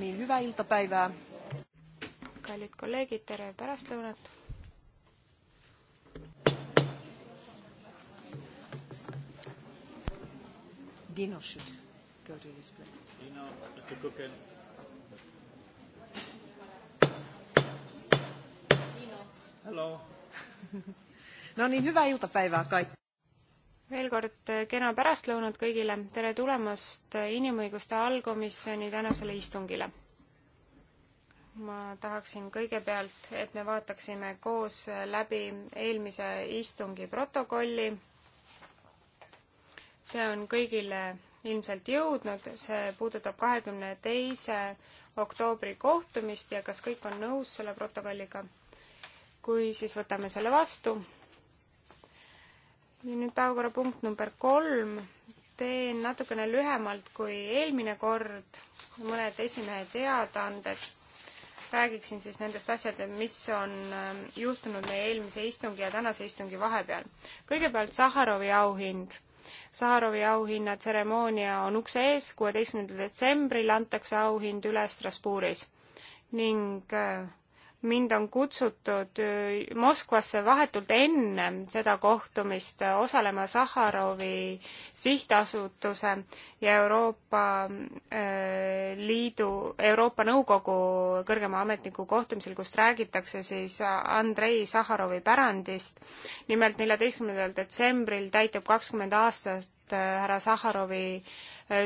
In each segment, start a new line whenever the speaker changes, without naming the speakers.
niin hyvää iltapäivää. Kallid kolleegid, tere pärastlõunat.
Dino should go to his place. Dino, to cook in.
Dino. Hello.
no niin, hyvää iltapäivää kaikki
veel kord kena pärastlõunat kõigile, tere tulemast inimõiguste allkomisjoni tänasele istungile. ma tahaksin kõigepealt, et me vaataksime koos läbi eelmise istungi protokolli. see on kõigile ilmselt jõudnud, see puudutab kahekümne teise oktoobri kohtumist ja kas kõik on nõus selle protokolliga? kui, siis võtame selle vastu ja nüüd päevakorrapunkt number kolm. teen natukene lühemalt kui eelmine kord, mõned esimehe teadaanded. räägiksin siis nendest asjadest, mis on ähm, juhtunud meie eelmise istungi ja tänase istungi vahepeal. kõigepealt Saharovi auhind Saharovi auhinna tseremoonia on ukse ees, kuueteistkümnendal detsembril antakse auhind üle Strasbourgis ning äh, mind on kutsutud äh, Moskvasse vahetult enne seda kohtumist osalema Saharovi sihtasutuse ja Euroopa äh, Liidu, Euroopa Nõukogu kõrgema ametniku kohtumisel, kust räägitakse siis Andrei Saharovi pärandist. nimelt neljateistkümnendal detsembril täitub kakskümmend aastat äh, härra Saharovi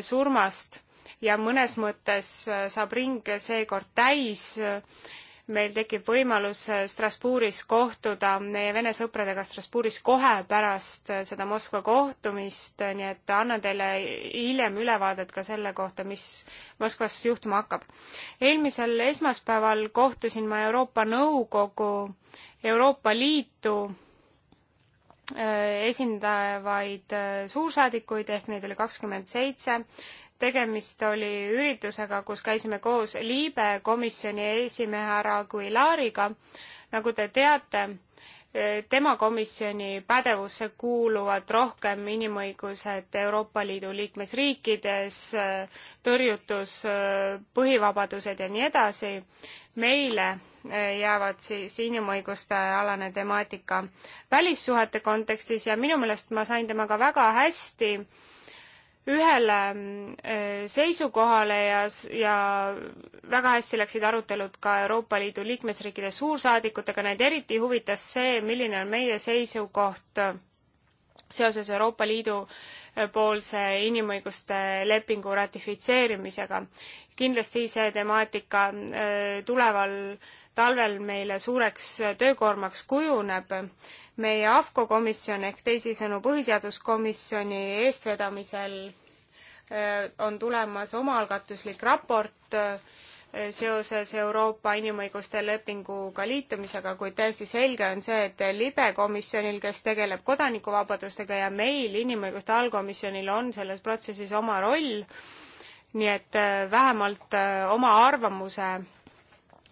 surmast ja mõnes mõttes saab ring seekord täis meil tekib võimalus äh, Strasbourgis kohtuda meie vene sõpradega Strasbourgis kohe pärast äh, seda Moskva kohtumist, äh, nii et annan teile hiljem ülevaadet ka selle kohta, mis Moskvas juhtuma hakkab. eelmisel esmaspäeval kohtusin ma Euroopa Nõukogu, Euroopa Liitu esindavaid suursaadikuid ehk neid oli kakskümmend seitse tegemist oli üritusega, kus käisime koos Liibe komisjoni esimehe härra Aguilariga. nagu te teate, tema komisjoni pädevusse kuuluvad rohkem inimõigused Euroopa Liidu liikmesriikides, tõrjutus, põhivabadused ja nii edasi. meile jäävad siis inimõiguste alane temaatika välissuhete kontekstis ja minu meelest ma sain temaga väga hästi äh, ühele äh, seisukohale ja, ja väga hästi läksid arutelud ka Euroopa Liidu liikmesriikide suursaadikutega, neid eriti huvitas see, milline on meie seisukoht äh, seoses Euroopa Liidu eh, poolse inimõiguste lepingu ratifitseerimisega. kindlasti see temaatika eh, tuleval talvel meile suureks eh, töökoormaks kujuneb. meie AFCO komisjon ehk teisisõnu põhiseaduskomisjoni eestvedamisel on tulemas omaalgatuslik raport seoses Euroopa inimõiguste lepinguga liitumisega, kuid täiesti selge on see, et libe komisjonil, kes tegeleb kodanikuvabadustega ja meil, inimõiguste allkomisjonil, on selles protsessis oma roll, nii et äh, vähemalt äh, oma arvamuse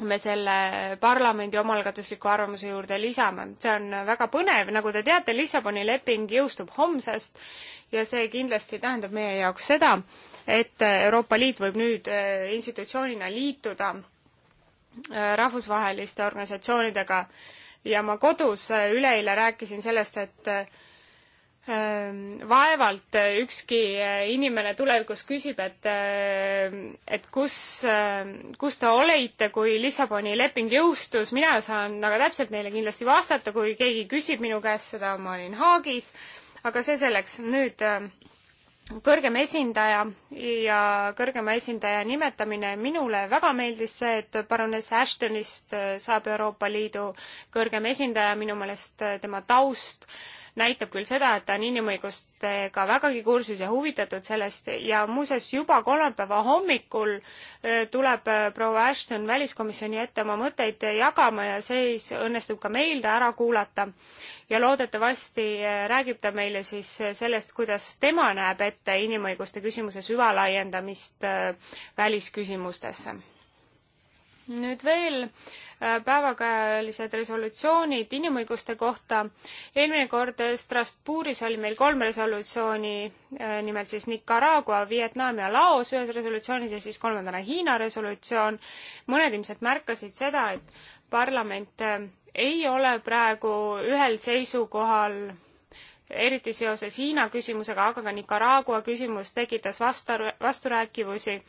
me selle parlamendi omaalgatusliku arvamuse juurde lisame. see on väga põnev, nagu te teate, Lissaboni leping jõustub homsest ja see kindlasti tähendab meie jaoks seda, et äh, Euroopa Liit võib nüüd äh, institutsioonina liituda äh, rahvusvaheliste organisatsioonidega ja ma kodus üleeile rääkisin sellest, et ähm, vaevalt ükski inimene tulevikus küsib, et, et kus, kus te olite, kui Lissaboni leping jõustus, mina saan väga täpselt neile kindlasti vastata, kui keegi küsib minu käest seda, ma olin Haagis, aga see selleks, nüüd äh, kõrgem esindaja ja kõrgema esindaja nimetamine, minule väga meeldis see, et baroness Ashtonist äh, saab Euroopa Liidu kõrgem esindaja, minu meelest äh, tema taust äh, näitab küll seda, et ta on inimõigustega vägagi kursis ja huvitatud sellest ja muuseas juba kolmapäeva hommikul äh, tuleb äh, proua Ashton väliskomisjoni ette oma mõtteid jagama ja siis õnnestub ka meil ta ära kuulata. ja loodetavasti äh, räägib ta meile siis sellest, kuidas tema näeb ette inimõiguste küsimuse süvalaiendamist välisküsimustesse nüüd veel äh, päevakajalised resolutsioonid inimõiguste kohta. eelmine kord Strasbourgis oli meil kolm resolutsiooni, äh, nimelt siis Nicaragua, Vietnam ja Laos ühes resolutsioonis ja siis kolmandana Hiina resolutsioon. mõned ilmselt märkasid seda, et parlament äh, ei ole praegu ühel seisukohal eriti seoses Hiina küsimusega, aga ka Nicaragua küsimus tekitas vastu, vasturääkivusi.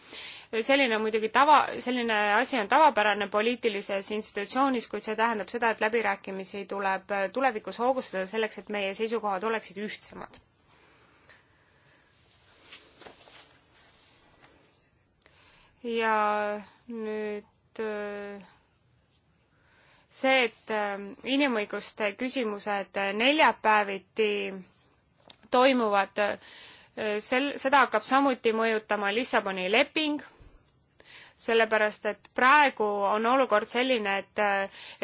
selline muidugi tava, selline asi on tavapärane poliitilises institutsioonis, kuid see tähendab seda, et läbirääkimisi tuleb tulevikus hoogustada selleks, et meie seisukohad oleksid ühtsemad. ja nüüd äh, see, et ähm, inimõiguste küsimused äh, neljapäeviti toimuvad, äh, sel, seda hakkab samuti mõjutama Lissaboni leping sellepärast et praegu on olukord selline, et,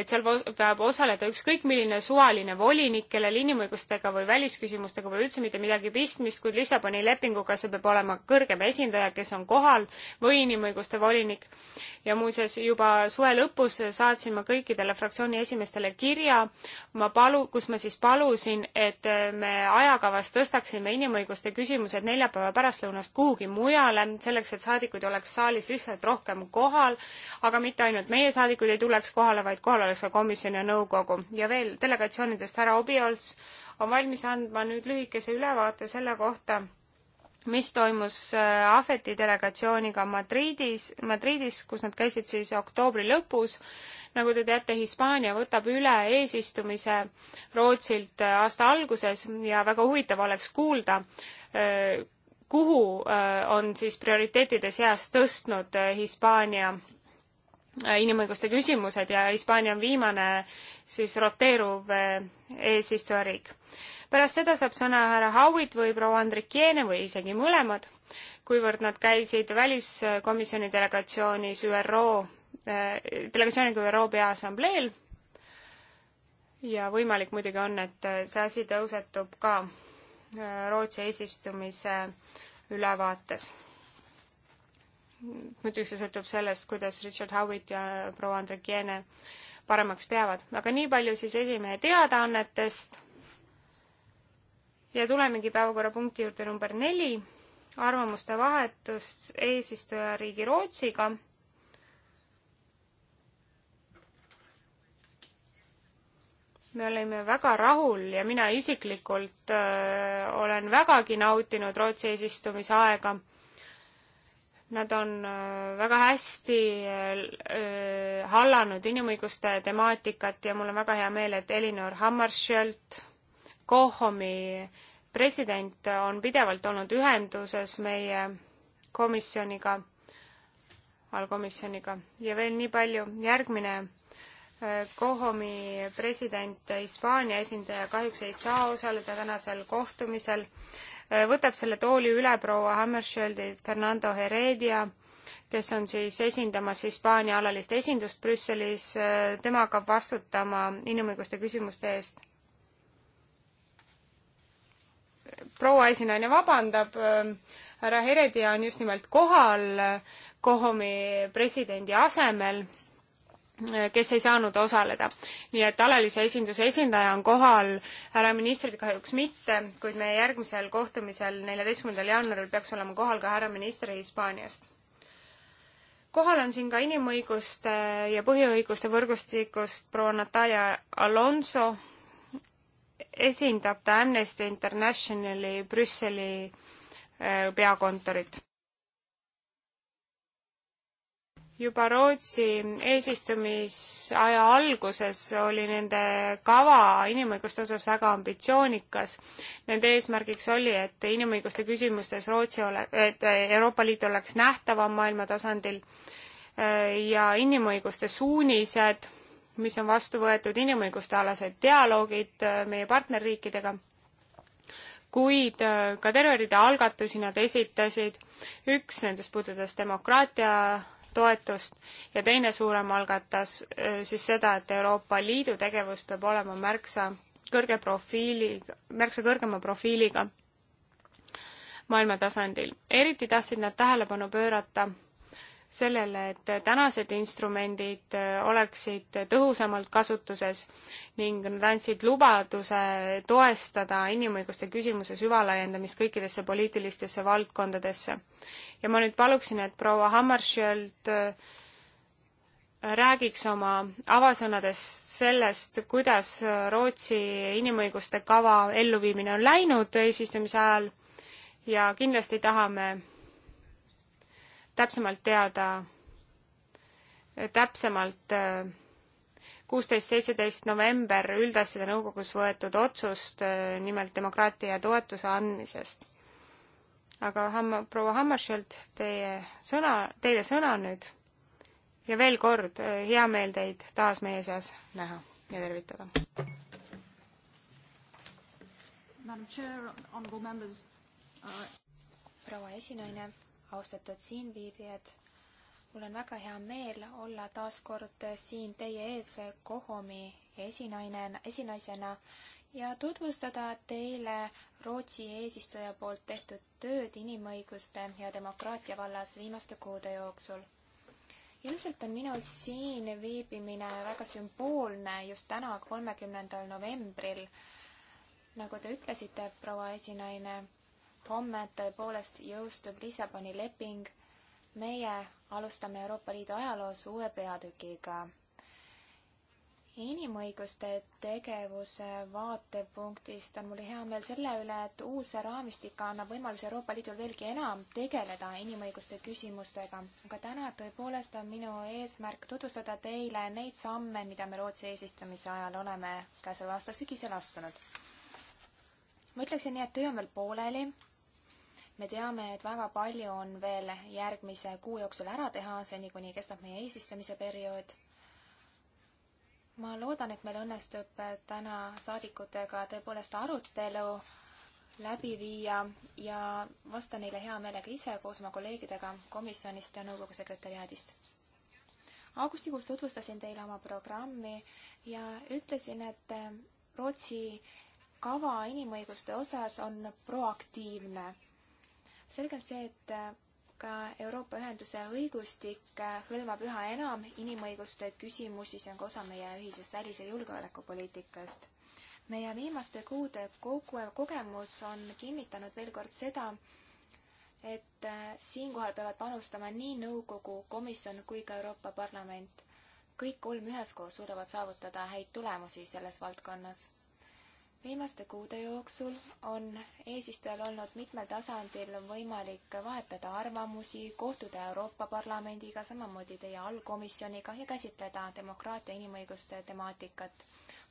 et seal peab osaleda ükskõik milline suvaline volinik, kellel inimõigustega või välisküsimustega pole üldse mitte midagi pistmist, kuid Lissaboni lepinguga see peab olema kõrgem esindaja, kes on kohal või inimõiguste volinik. ja muuseas, juba suve lõpus saatsin ma kõikidele fraktsiooni esimeestele kirja, ma palu, kus ma siis palusin, et me ajakavas tõstaksime inimõiguste küsimused neljapäeva pärastlõunast kuhugi mujale, selleks et saadikuid oleks saalis lihtsalt rohkem rohkem kohal, aga mitte ainult meie saadikud ei tuleks kohale, vaid kohal oleks ka komisjon ja nõukogu. ja veel delegatsioonidest härra Obiols on valmis andma nüüd lühikese ülevaate selle kohta, mis toimus äh, Ahveti delegatsiooniga Madridis, Madridis, kus nad käisid siis oktoobri lõpus. nagu te teate, Hispaania võtab üle eesistumise Rootsilt äh, aasta alguses ja väga huvitav oleks kuulda, äh, kuhu äh, on siis prioriteetide seas tõstnud äh, Hispaania äh, inimõiguste küsimused ja Hispaania on viimane siis roteeruv eesistujariik. pärast seda saab sõna härra Howitt või proua Andrikiene või isegi mõlemad, kuivõrd nad käisid väliskomisjoni delegatsioonis ÜRO, delegatsiooniga ÜRO Peaassambleel ja võimalik muidugi on, et see asi tõusetub ka Rootsi eesistumise ülevaates. muidugi see sõltub sellest, kuidas Richard Howitt ja proua Andrekiene paremaks peavad, aga nii palju siis esimehe teadaannetest. ja tulemegi päevakorrapunkti juurde number neli, arvamuste vahetust eesistujariigi Rootsiga me olime väga rahul ja mina isiklikult öö, äh, olen vägagi nautinud Rootsi eesistumise aega. Nad on öö, äh, väga hästi öö, äh, hallanud inimõiguste temaatikat ja mul on väga hea meel, et Elinor Hammarskjöld, Kohomi president, on pidevalt olnud ühenduses meie komisjoniga, allkomisjoniga ja veel nii palju, järgmine Kohomi president, Hispaania esindaja kahjuks ei saa osaleda tänasel kohtumisel, äh, võtab selle tooli üle proua Hammerschildi Fernando Heredia, kes on siis esindamas Hispaania alalist esindust Brüsselis, äh, tema hakkab vastutama inimõiguste küsimuste eest. proua esinaine vabandab, äh, härra Heredia on just nimelt kohal Kohomi presidendi asemel kes ei saanud osaleda. nii et alalise esinduse esindaja on kohal, härra ministrid kahjuks mitte, kuid meie järgmisel kohtumisel, neljateistkümnendal jaanuaril, peaks olema kohal ka härra minister Hispaaniast. kohal on siin ka inimõiguste ja põhiõiguste võrgustikust proua Natalja Alonso, esindab ta Amnesty Internationali Brüsseli äh, peakontorit juba Rootsi eesistumisaja alguses oli nende kava inimõiguste osas väga ambitsioonikas. Nende eesmärgiks oli, et inimõiguste küsimustes Rootsi ole, et Euroopa Liit oleks nähtavam maailma tasandil ja inimõiguste suunised, mis on vastu võetud, inimõiguste alased dialoogid meie partnerriikidega kuid ka terve rida algatusi nad esitasid. üks nendest puudutas demokraatia toetust ja teine suurem algatas äh, siis seda, et Euroopa Liidu tegevus peab olema märksa kõrge profiili, märksa kõrgema profiiliga maailma tasandil. eriti tahtsid nad tähelepanu pöörata sellele, et tänased instrumendid äh, oleksid tõhusamalt kasutuses ning nad andsid lubaduse toestada inimõiguste küsimuse süvalaiendamist kõikidesse poliitilistesse valdkondadesse. ja ma nüüd paluksin, et proua Hammarskjöld äh, räägiks oma avasõnadest sellest, kuidas Rootsi inimõiguste kava elluviimine on läinud eesistumise ajal ja kindlasti tahame täpsemalt teada täpsemalt äh, kuusteist, seitseteist november üldasjade nõukogus võetud otsust äh, nimelt demokraatia toetuse andmisest. aga Hamm-, proua Hammarskjöld, teie sõna, teile sõna nüüd ja veel kord, äh, hea meel teid taas meie seas näha ja tervitada.
Uh, proua esinaine austatud siinviibijad. mul on väga hea meel olla taas kord siin teie ees Kohomi esinaine, esinaisena ja tutvustada teile Rootsi eesistuja poolt tehtud tööd inimõiguste ja demokraatia vallas viimaste kuude jooksul ilmselt on minu siin viibimine väga sümboolne just täna, kolmekümnendal novembril. nagu te ütlesite, proua esinaine, homme tõepoolest jõustub Lissaboni leping. meie alustame Euroopa Liidu ajaloos uue peatükiga. inimõiguste tegevuse vaatepunktist on mul hea meel selle üle, et uus raamistik annab võimaluse Euroopa Liidul veelgi enam tegeleda inimõiguste küsimustega. aga täna tõepoolest on minu eesmärk tutvustada teile neid samme, mida me Rootsi eesistumise ajal oleme käesoleva aasta sügisel astunud ma ütleksin nii, et töö on veel pooleli, me teame, et väga palju on veel järgmise kuu jooksul ära teha, seni kuni kestab meie eesistumise periood. ma loodan, et meil õnnestub täna saadikutega tõepoolest arutelu läbi viia ja vastan neile hea meelega ise koos oma kolleegidega komisjonist ja nõukogu sekretäriaadist augustikuus tutvustasin teile oma programmi ja ütlesin, et Rootsi kava inimõiguste osas on proaktiivne selge on see, et äh, ka Euroopa Ühenduse õigustik äh, hõlmab üha enam inimõiguste küsimusi, see on ka osa meie ühisest välis- ja julgeolekupoliitikast. meie viimaste kuude kogu kogemus on kinnitanud veel kord seda, et äh, siinkohal peavad panustama nii nõukogu, komisjon kui ka Euroopa Parlament. kõik kolm üheskoos suudavad saavutada häid tulemusi selles valdkonnas viimaste kuude jooksul on eesistujal olnud mitmel tasandil võimalik vahetada arvamusi, kohtuda Euroopa Parlamendiga, samamoodi teie allkomisjoniga ja käsitleda demokraatia inimõiguste temaatikat.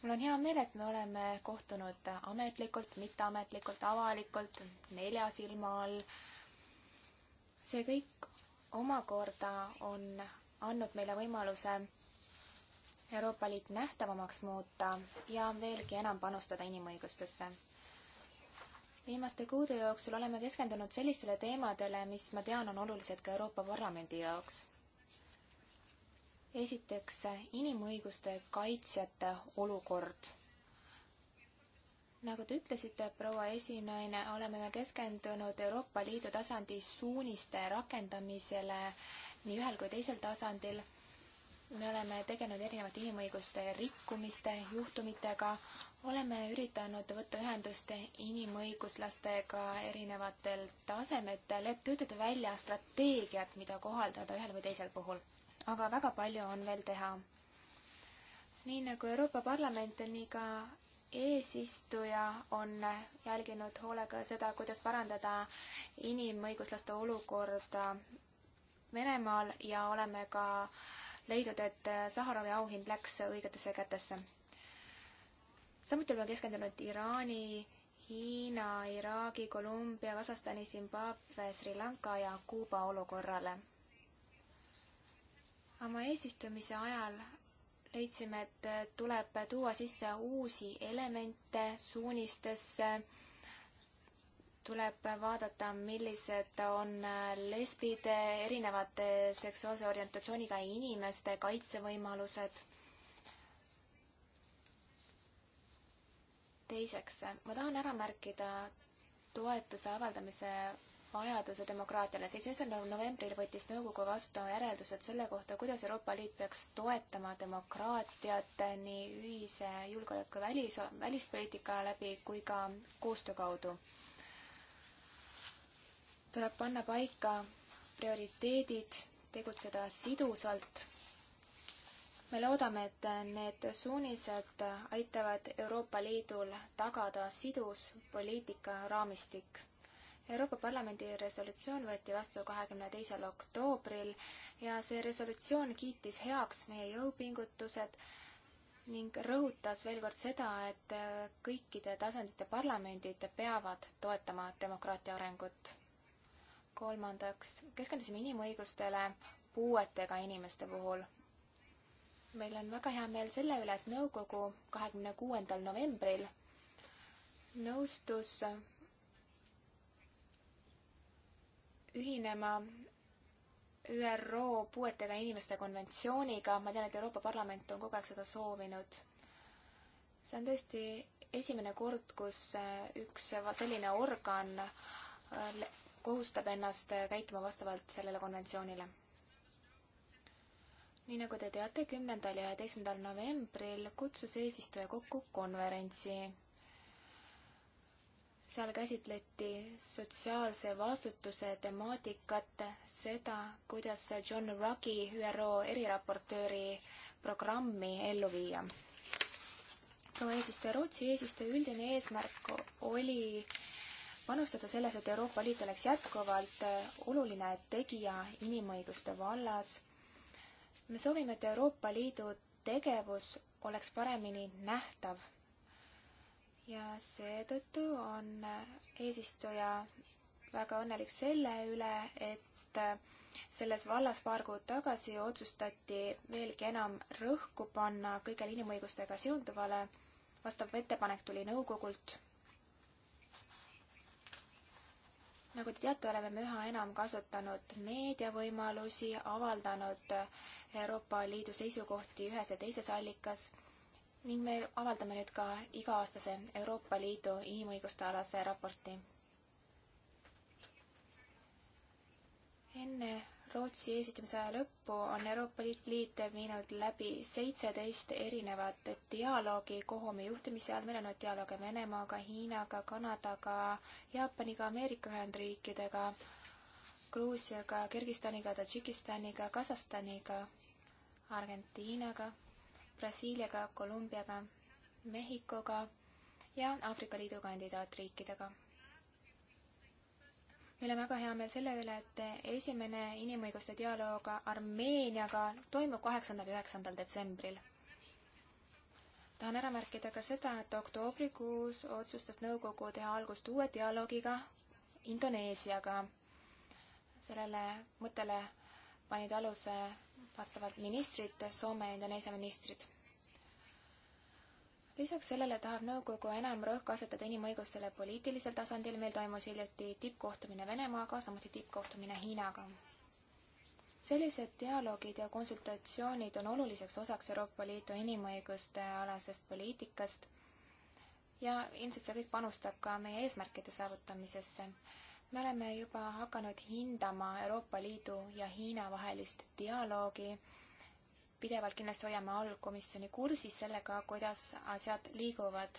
mul on hea meel, et me oleme kohtunud ametlikult, mitteametlikult, avalikult, nelja silma all. see kõik omakorda on andnud meile võimaluse Euroopa Liit nähtavamaks muuta ja veelgi enam panustada inimõigustesse. viimaste kuude jooksul oleme keskendunud sellistele teemadele, mis ma tean, on olulised ka Euroopa Parlamendi jaoks. esiteks, inimõiguste kaitsjate olukord nagu te ütlesite, proua esinaine, oleme me keskendunud Euroopa Liidu tasandi suuniste rakendamisele nii ühel kui teisel tasandil me oleme tegelenud erinevate inimõiguste rikkumiste juhtumitega, oleme üritanud võtta ühendust inimõiguslastega erinevatel tasemetel, et töötada välja strateegiat, mida kohaldada ühel või teisel puhul. aga väga palju on veel teha. nii nagu Euroopa Parlament, nii ka eesistuja on jälginud hoolega seda, kuidas parandada inimõiguslaste olukorda Venemaal ja oleme ka äh, leidnud, et äh, Saharovi auhind läks õigetesse kätesse. samuti oleme keskendunud Iraani, Hiina, Iraagi, Kolumbia, Kasahstani, Zimbabwe, Sri Lanka ja Kuuba olukorrale. oma eesistumise ajal leidsime, et äh, tuleb tuua sisse uusi elemente suunistesse tuleb vaadata, millised on lesbide, erinevate seksuaalse orientatsiooniga inimeste kaitsevõimalused. teiseks, ma tahan ära märkida toetuse avaldamise vajaduse demokraatiale. seitsmendal novembril võttis nõukogu vastu järeldused selle kohta, kuidas Euroopa Liit peaks toetama demokraatiat nii ühise julgeoleku välis, välispoliitika läbi kui ka koostöö kaudu tuleb panna paika prioriteedid, tegutseda sidusalt. me loodame, et need suunised aitavad Euroopa Liidul tagada sidus poliitikaraamistik Euroopa Parlamendi resolutsioon võeti vastu kahekümne teisel oktoobril ja see resolutsioon kiitis heaks meie jõupingutused ning rõhutas veel kord seda, et kõikide tasandite parlamendid peavad toetama demokraatia arengut kolmandaks, keskendusime inimõigustele puuetega inimeste puhul. meil on väga hea meel selle üle, et nõukogu kahekümne kuuendal novembril nõustus ühinema ÜRO puuetega inimeste konventsiooniga, ma tean, et Euroopa Parlament on kogu aeg seda soovinud. see on tõesti esimene kord, kus üks selline organ kohustab ennast käituma vastavalt sellele konventsioonile. nii nagu te teate, kümnendal ja üheteistkümnendal novembril kutsus eesistuja kokku konverentsi. seal käsitleti sotsiaalse vastutuse temaatikat, seda, kuidas John Ruggi ÜRO eriraportööri programmi ellu viia proua eesistuja, Rootsi eesistuja üldine eesmärk oli panustada selles, et Euroopa Liit oleks jätkuvalt äh, oluline tegija inimõiguste vallas. me soovime, et Euroopa Liidu tegevus oleks paremini nähtav. ja seetõttu on äh, eesistuja väga õnnelik selle üle, et äh, selles vallas paar kuud tagasi otsustati veelgi enam rõhku panna kõigele inimõigustega seonduvale. vastav ettepanek tuli nõukogult nagu te teate, oleme me üha enam kasutanud meediavõimalusi, avaldanud Euroopa Liidu seisukohti ühes ja teises allikas ning me avaldame nüüd ka iga-aastase Euroopa Liidu inimõiguste alase raporti. enne Rootsi eesistumise aja lõppu on Euroopa Liit viinud läbi seitseteist erinevat dialoogi Kohumi juhtimise all. meil on olnud dialoog Venemaaga, Hiinaga, Kanadaga, Jaapaniga, Ameerika Ühendriikidega, Gruusiaga, Kirgistaniga, Tadžikistaniga, Kasahstaniga, Argentiinaga, Brasiiliaga, Kolumbiaga, Mehhikoga ja Aafrika Liidu kandidaatriikidega meil on väga hea meel selle üle, et esimene inimõiguste dialoog Armeeniaga toimub kaheksandal ja üheksandal detsembril. tahan ära märkida ka seda, et oktoobrikuus otsustas nõukogu teha algust uue dialoogiga Indoneesiaga. sellele mõttele panid aluse vastavad ministrid, Soome ja Indoneesia ministrid lisaks sellele tahab nõukogu enam rõhku asetada inimõigustele poliitilisel tasandil, meil toimus hiljuti tippkohtumine Venemaaga, samuti tippkohtumine Hiinaga. sellised dialoogid ja konsultatsioonid on oluliseks osaks Euroopa Liidu inimõiguste alasest poliitikast ja ilmselt see kõik panustab ka meie eesmärkide saavutamisesse. me oleme juba hakanud hindama Euroopa Liidu ja Hiina vahelist dialoogi pidevalt kindlasti hoiame all komisjoni kursis sellega, kuidas asjad liiguvad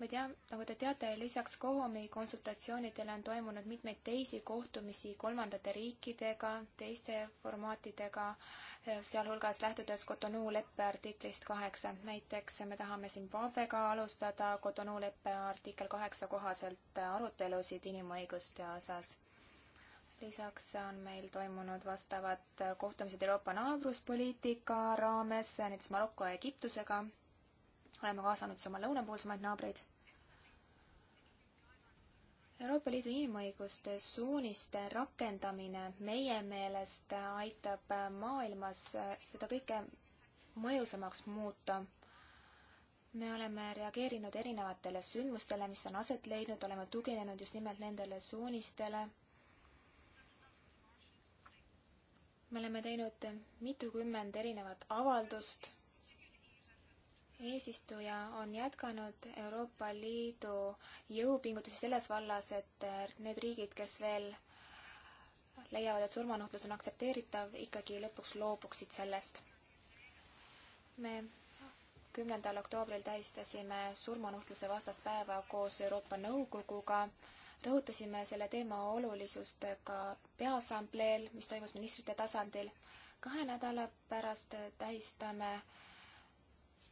ma tean, nagu te teate, lisaks Kohomi konsultatsioonidele on toimunud mitmeid teisi kohtumisi kolmandate riikidega, teiste formaatidega, sealhulgas lähtudes Cotonou leppe artiklist kaheksa. näiteks me tahame Zimbabwega alustada Cotonou leppe artikkel kaheksa kohaselt arutelusid inimõiguste osas lisaks on meil toimunud vastavad kohtumised Euroopa naabruspoliitika raames, näiteks Maroko ja Egiptusega. oleme kaasanud siis oma lõunapoolsemaid naabreid. Euroopa Liidu inimõiguste suuniste rakendamine meie meelest aitab maailmas seda kõike mõjusamaks muuta me oleme reageerinud erinevatele sündmustele, mis on aset leidnud, oleme tuginenud just nimelt nendele suunistele me oleme teinud mitukümmend erinevat avaldust. eesistuja on jätkanud Euroopa Liidu jõupingutusi selles vallas, et need riigid, kes veel leiavad, et surmanuhtlus on aktsepteeritav, ikkagi lõpuks loobuksid sellest. me kümnendal oktoobril tähistasime surmanuhtluse vastast päeva koos Euroopa Nõukoguga rõhutasime selle teema olulisust ka Peaassambleel, mis toimus ministrite tasandil. kahe nädala pärast tähistame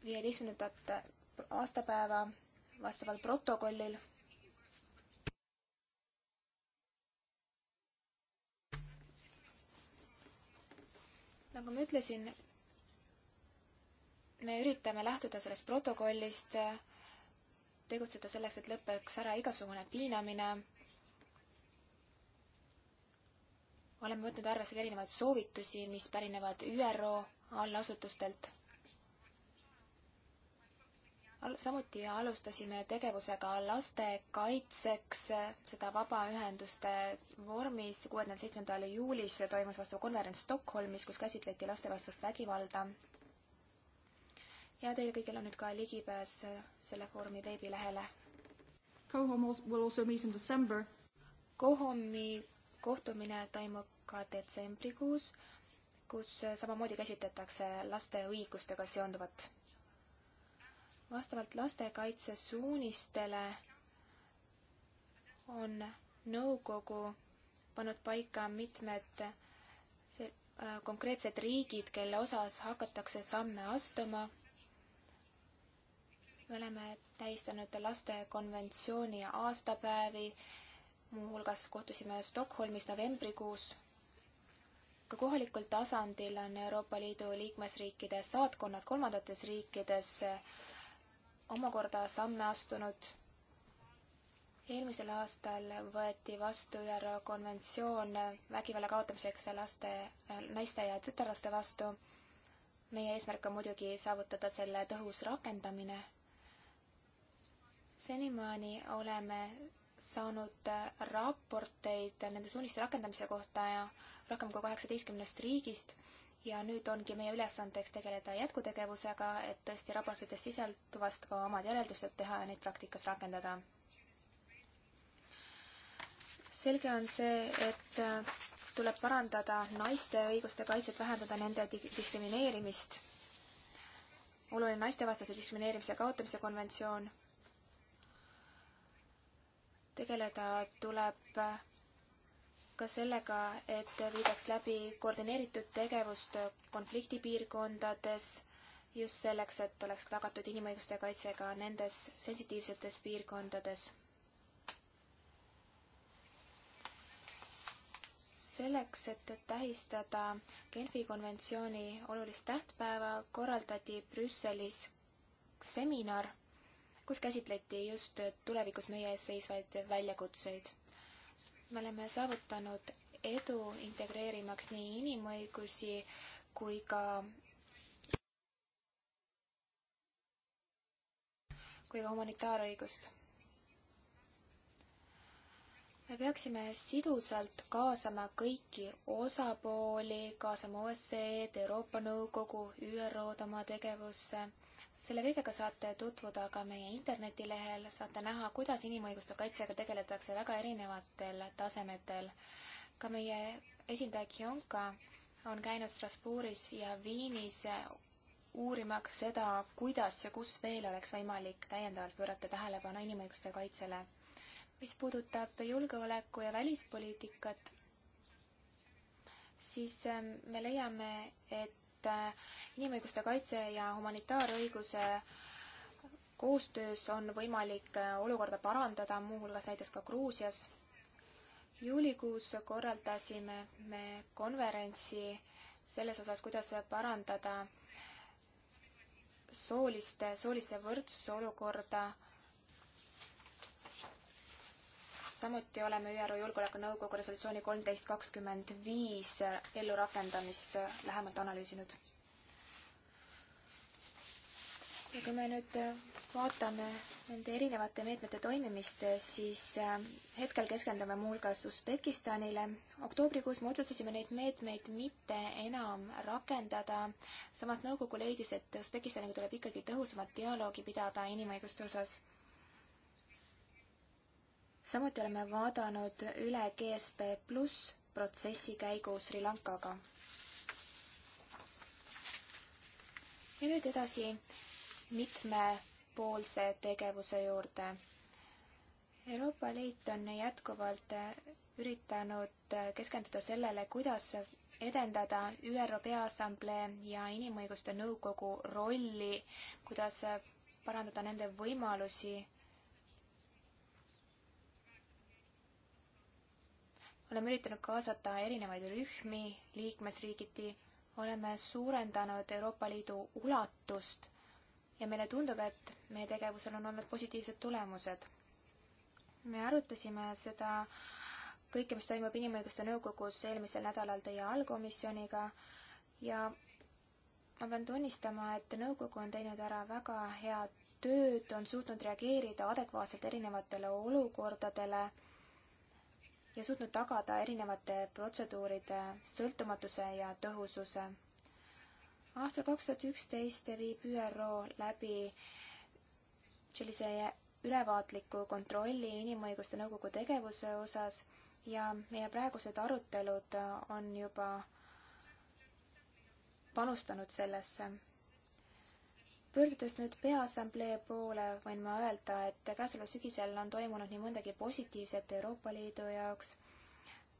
viieteistkümnendat aastapäeva vastaval protokollil. nagu ma ütlesin, me üritame lähtuda sellest protokollist tegutseda selleks, et lõpeks ära igasugune piinamine. oleme võtnud arvesse ka erinevaid soovitusi, mis pärinevad ÜRO allasutustelt. samuti alustasime tegevusega laste kaitseks, seda vabaühenduste vormis. kuuendal, seitsmendal juulis toimus vastav konverents Stockholmis, kus käsitleti lastevastast vägivalda ja teil kõigil on nüüd ka ligipääs äh, selle foorumi veebilehele. Cohomi kohtumine toimub ka detsembrikuus, kus äh, samamoodi käsitletakse laste õigustega seonduvat. vastavalt lastekaitsesuunistele on nõukogu pannud paika mitmed äh, konkreetsed riigid, kelle osas hakatakse samme astuma me oleme tähistanud laste konventsiooni aastapäevi, muuhulgas kohtusime Stockholmis novembrikuus. ka kohalikul tasandil on Euroopa Liidu liikmesriikide saatkonnad kolmandates riikides omakorda samme astunud eelmisel aastal võeti vastu ÜRO konventsioon vägivalla kaotamiseks laste, naiste ja tütarlaste vastu. meie eesmärk on muidugi saavutada selle tõhus rakendamine senimaani oleme saanud äh, raporteid nende suuniste rakendamise kohta ja rohkem kui kaheksateistkümnest riigist ja nüüd ongi meie ülesandeks tegeleda jätkutegevusega, et tõesti raportites sisalduvast ka omad järeldused teha ja neid praktikas rakendada. selge on see, et äh, tuleb parandada naiste õiguste kaitset, vähendada nende diskrimineerimist. oluline naistevastase diskrimineerimise kaotamise konventsioon tegeleda tuleb ka sellega, et viidaks läbi koordineeritud tegevust konfliktipiirkondades, just selleks, et oleks tagatud inimõiguste kaitse ka nendes sensitiivsetes piirkondades. selleks, et tähistada Genfi konventsiooni olulist tähtpäeva, korraldati Brüsselis seminar kus käsitleti just tulevikus meie ees seisvaid väljakutseid. me oleme saavutanud edu integreerimaks nii inimõigusi kui ka kui ka humanitaarõigust. me peaksime sidusalt kaasama kõiki osapooli, kaasama OSCE-d, Euroopa Nõukogu, ÜRO-d oma tegevusse selle kõigega saate tutvuda ka meie internetilehel, saate näha, kuidas inimõiguste kaitsega tegeletakse väga erinevatel tasemetel. ka meie esindaja Kionka on käinud Strasbourgis ja Viinis uurimaks seda, kuidas ja kus veel oleks võimalik täiendavalt pöörata tähelepanu inimõiguste kaitsele. mis puudutab julgeoleku ja välispoliitikat, siis ähm, me leiame, et et äh, inimõiguste kaitse ja humanitaarõiguse koostöös on võimalik äh, olukorda parandada, muuhulgas näiteks ka Gruusias. juulikuus korraldasime me konverentsi selles osas, kuidas parandada soolist, soolise võrdsuse olukorda samuti oleme ÜRO Julgeolekunõukogu resolutsiooni kolmteist kakskümmend viis ellurakendamist lähemalt analüüsinud. ja kui me nüüd vaatame nende erinevate meetmete toimimist, siis hetkel keskendume muuhulgas Usbekistanile. oktoobrikuus me otsustasime neid meetmeid mitte enam rakendada. samas nõukogu leidis, et Usbekistaniga tuleb ikkagi tõhusamat dialoogi pidada inimõiguste osas samuti oleme vaadanud üle GSP pluss protsessi käigu Sri Lankaga. ja nüüd edasi mitmepoolse tegevuse juurde. Euroopa Liit on jätkuvalt üritanud keskenduda sellele, kuidas edendada ÜRO Peaassamblee ja Inimõiguste Nõukogu rolli, kuidas parandada nende võimalusi oleme üritanud kaasata erinevaid rühmi liikmesriigiti, oleme suurendanud Euroopa Liidu ulatust ja meile tundub, et meie tegevusel on olnud positiivsed tulemused. me arutasime seda kõike, mis toimub Inimõiguste Nõukogus eelmisel nädalal teie allkomisjoniga ja ma pean tunnistama, et nõukogu on teinud ära väga head tööd, on suutnud reageerida adekvaatselt erinevatele olukordadele ja suutnud tagada erinevate protseduuride sõltumatuse ja tõhususe. aastal kaks tuhat üksteist viib ÜRO läbi sellise ülevaatliku kontrolli Inimõiguste Nõukogu tegevuse osas ja meie praegused arutelud on juba panustanud sellesse pöördudes nüüd Peaassamblee poole, võin ma öelda, et käesoleval sügisel on toimunud nii mõndagi positiivset Euroopa Liidu jaoks.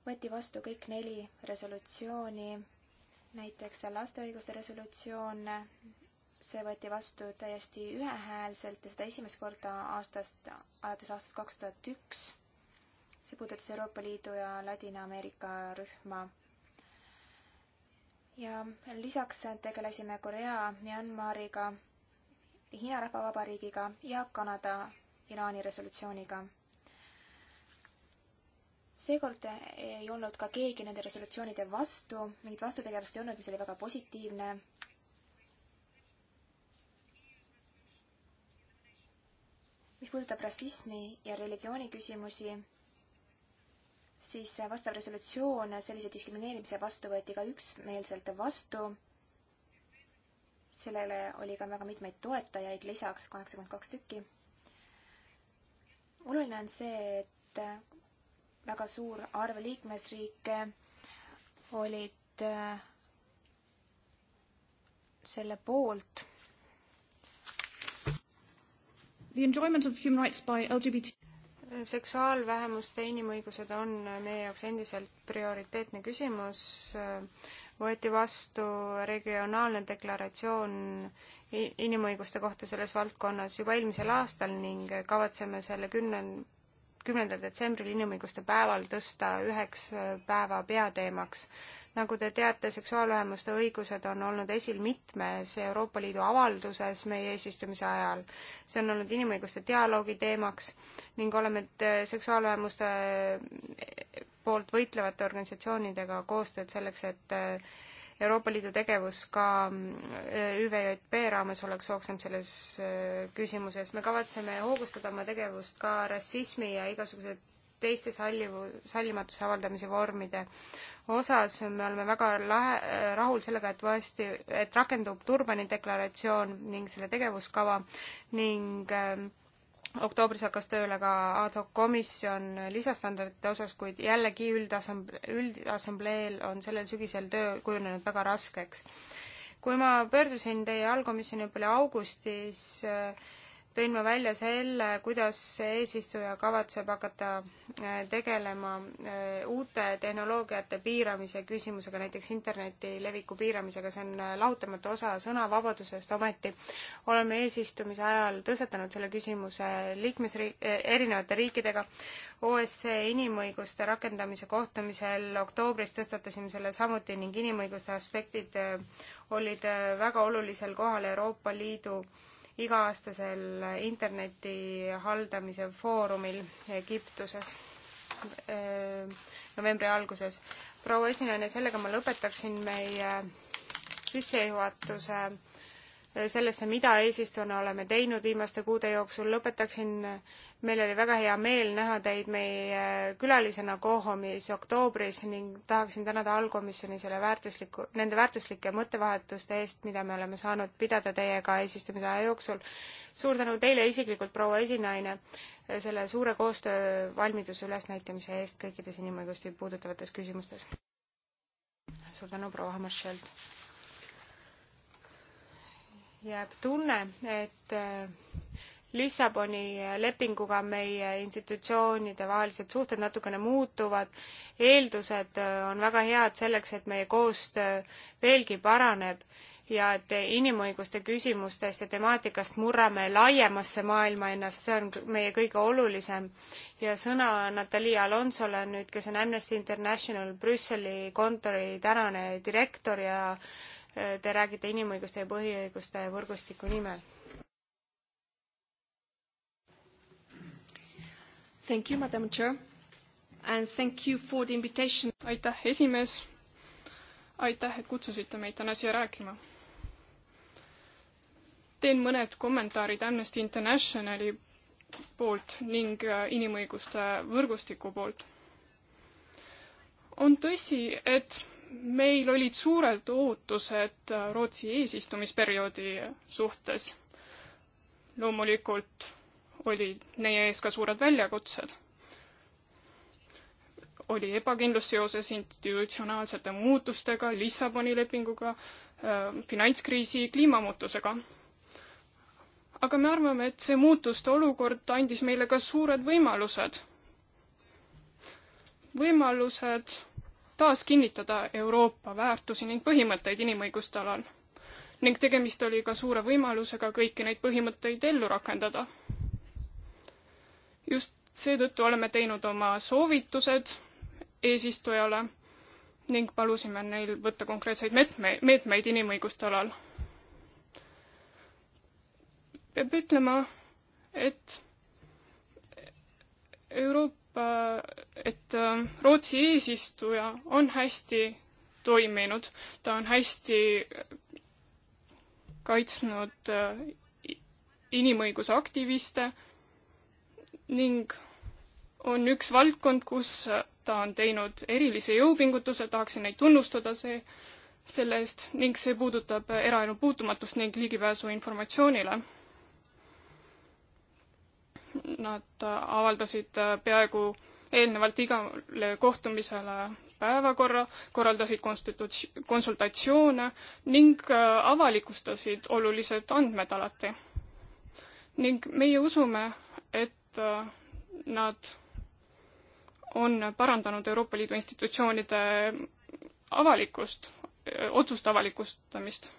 võeti vastu kõik neli resolutsiooni, näiteks laste õiguste resolutsioon, see võeti vastu täiesti ühehäälselt ja seda esimest korda aastast, alates aastast kaks tuhat üks. see puudutas Euroopa Liidu ja Ladina-Ameerika rühma. ja lisaks tegelesime Korea, Myanmariga Hiina Rahvavabariigiga ja Kanada Iraani resolutsiooniga. seekord ei olnud ka keegi nende resolutsioonide vastu, mingit vastutegevust ei olnud, mis oli väga positiivne. mis puudutab rassismi ja religiooni küsimusi, siis vastav resolutsioon sellise diskrimineerimise vastu võeti ka üksmeelselt vastu sellele oli ka väga mitmeid toetajaid, lisaks kaheksakümmend kaks tükki. oluline on see, et väga suur arv liikmesriike olid äh, selle poolt.
The enjoyment of human rights by LGBT seksuaalvähemuste inimõigused on meie jaoks endiselt prioriteetne küsimus võeti vastu regionaalne deklaratsioon inimõiguste kohta selles valdkonnas juba eelmisel aastal ning kavatseme selle kümnen-, kümnendal detsembril inimõiguste päeval tõsta üheks päeva peateemaks. nagu te teate, seksuaalvähemuste õigused on olnud esil mitmes Euroopa Liidu avalduses meie eesistumise ajal. see on olnud inimõiguste dialoogi teemaks ning oleme seksuaalvähemuste poolt võitlevate organisatsioonidega koostööd selleks, et äh, Euroopa Liidu tegevus ka äh, ÜVJP raames oleks sooksam selles äh, küsimuses. me kavatseme hoogustada oma tegevust ka rassismi ja igasuguse teiste sallivu, sallimatuse avaldamise vormide osas. me oleme väga lahe, rahul sellega, et võesti, et rakendub Turbani deklaratsioon ning selle tegevuskava ning äh, oktoobris hakkas tööle ka ad hoc komisjon lisastandardite osas, kuid jällegi üldasamblee, üldassambleel on sellel sügisel töö kujunenud väga raskeks. kui ma pöördusin teie allkomisjoni poole augustis äh, tõin ma välja selle, kuidas eesistuja kavatseb hakata äh, tegelema äh, uute tehnoloogiate piiramise küsimusega, näiteks interneti leviku piiramisega, see on äh, lahutamatu osa sõnavabadusest, ometi oleme eesistumise ajal tõstatanud selle küsimuse liikmesriik, erinevate riikidega. OSCE inimõiguste rakendamise kohtumisel oktoobris tõstatasime selle samuti ning inimõiguste aspektid olid väga olulisel kohal Euroopa Liidu iga-aastasel interneti haldamise foorumil Egiptuses äh, novembri alguses. proua esinaine, sellega ma lõpetaksin meie sissejuhatuse sellesse, mida eesistujana oleme teinud viimaste kuude jooksul, lõpetaksin, meil oli väga hea meel näha teid meie külalisena Kohomis oktoobris ning tahaksin tänada allkomisjoni selle väärtusliku, nende väärtuslike mõttevahetuste eest, mida me oleme saanud pidada teiega eesistumise aja jooksul. suur tänu teile isiklikult, proua esinaine, selle suure koostöövalmiduse ülesnäitamise eest kõikides inimõigusi puudutavates küsimustes. suur tänu, proua Hammarskjöld! jääb tunne, et äh, Lissaboni lepinguga meie institutsioonide vahelised suhted natukene muutuvad, eeldused äh, on väga head selleks, et meie koostöö veelgi paraneb ja et inimõiguste küsimustest ja temaatikast murrame laiemasse maailma ennast, see on meie kõige olulisem. ja sõna Natalja Alonsole nüüd, kes on Amnesty International Brüsseli kontori tänane direktor ja te räägite inimõiguste ja põhiõiguste võrgustiku nimel.
Thank you, madam chair and thank you for the invitation. aitäh, esimees. aitäh, et kutsusite meid täna siia rääkima. teen mõned kommentaarid Amnesty Internationali poolt ning äh, inimõiguste võrgustiku poolt. on tõsi, et meil olid suured ootused Rootsi eesistumisperioodi suhtes. loomulikult olid meie ees ka suured väljakutsed. oli ebakindlus seoses institutsionaalsete muutustega, Lissaboni lepinguga, äh, finantskriisi, kliimamuutusega. aga me arvame, et see muutuste olukord andis meile ka suured võimalused. võimalused taas kinnitada Euroopa väärtusi ning põhimõtteid inimõiguste alal. ning tegemist oli ka suure võimalusega kõiki neid põhimõtteid ellu rakendada. just seetõttu oleme teinud oma soovitused eesistujale ning palusime neil võtta konkreetseid meetme, meetmeid inimõiguste alal. peab ütlema, et Euroopa et äh, Rootsi eesistuja on hästi toiminud, ta on hästi kaitsnud äh, inimõiguse aktiviste ning on üks valdkond, kus ta on teinud erilise jõupingutuse, tahaksin neid tunnustada see, selle eest ning see puudutab eraelu puutumatust ning ligipääsu informatsioonile nad avaldasid äh, peaaegu eelnevalt igale kohtumisele päevakorra, korraldasid konstituts-, konsultatsioone ning äh, avalikustasid olulised andmed alati. ning meie usume, et äh, nad on parandanud Euroopa Liidu institutsioonide avalikkust, otsuste avalikustamist.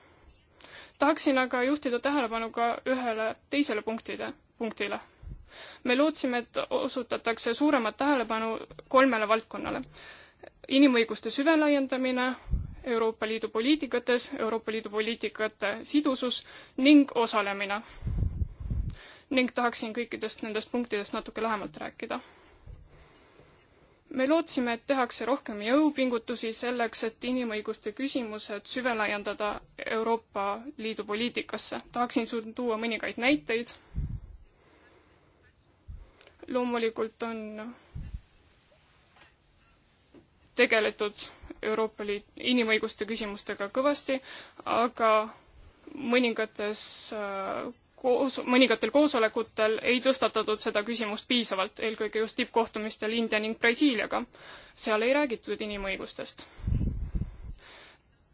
tahaksin aga juhtida tähelepanu ka ühele teisele punktide, punktile me lootsime, et osutatakse suuremat tähelepanu kolmele valdkonnale. inimõiguste süvelaiendamine Euroopa Liidu poliitikates, Euroopa Liidu poliitikate sidusus ning osalemine. ning tahaksin kõikidest nendest punktidest natuke lähemalt rääkida me lootsime, et tehakse rohkem jõupingutusi selleks, et inimõiguste küsimused süvelaiendada Euroopa Liidu poliitikasse. tahaksin siin tuua mõningaid näiteid loomulikult on tegeletud Euroopa Liit inimõiguste küsimustega kõvasti, aga mõningates äh, koos, mõningatel koosolekutel ei tõstatatud seda küsimust piisavalt, eelkõige just tippkohtumistel India ning Brasiiliaga. seal ei räägitud inimõigustest.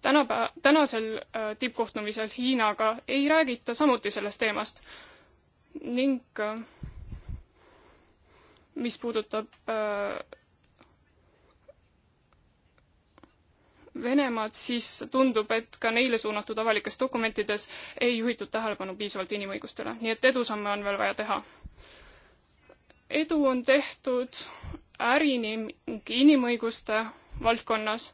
tänapäeva, tänasel äh, tippkohtumisel Hiinaga ei räägita samuti sellest teemast ning äh, mis puudutab äh, Venemaad, siis tundub, et ka neile suunatud avalikes dokumentides ei juhitud tähelepanu piisavalt inimõigustele, nii et edusamme on veel vaja teha. edu on tehtud äri ning inimõiguste valdkonnas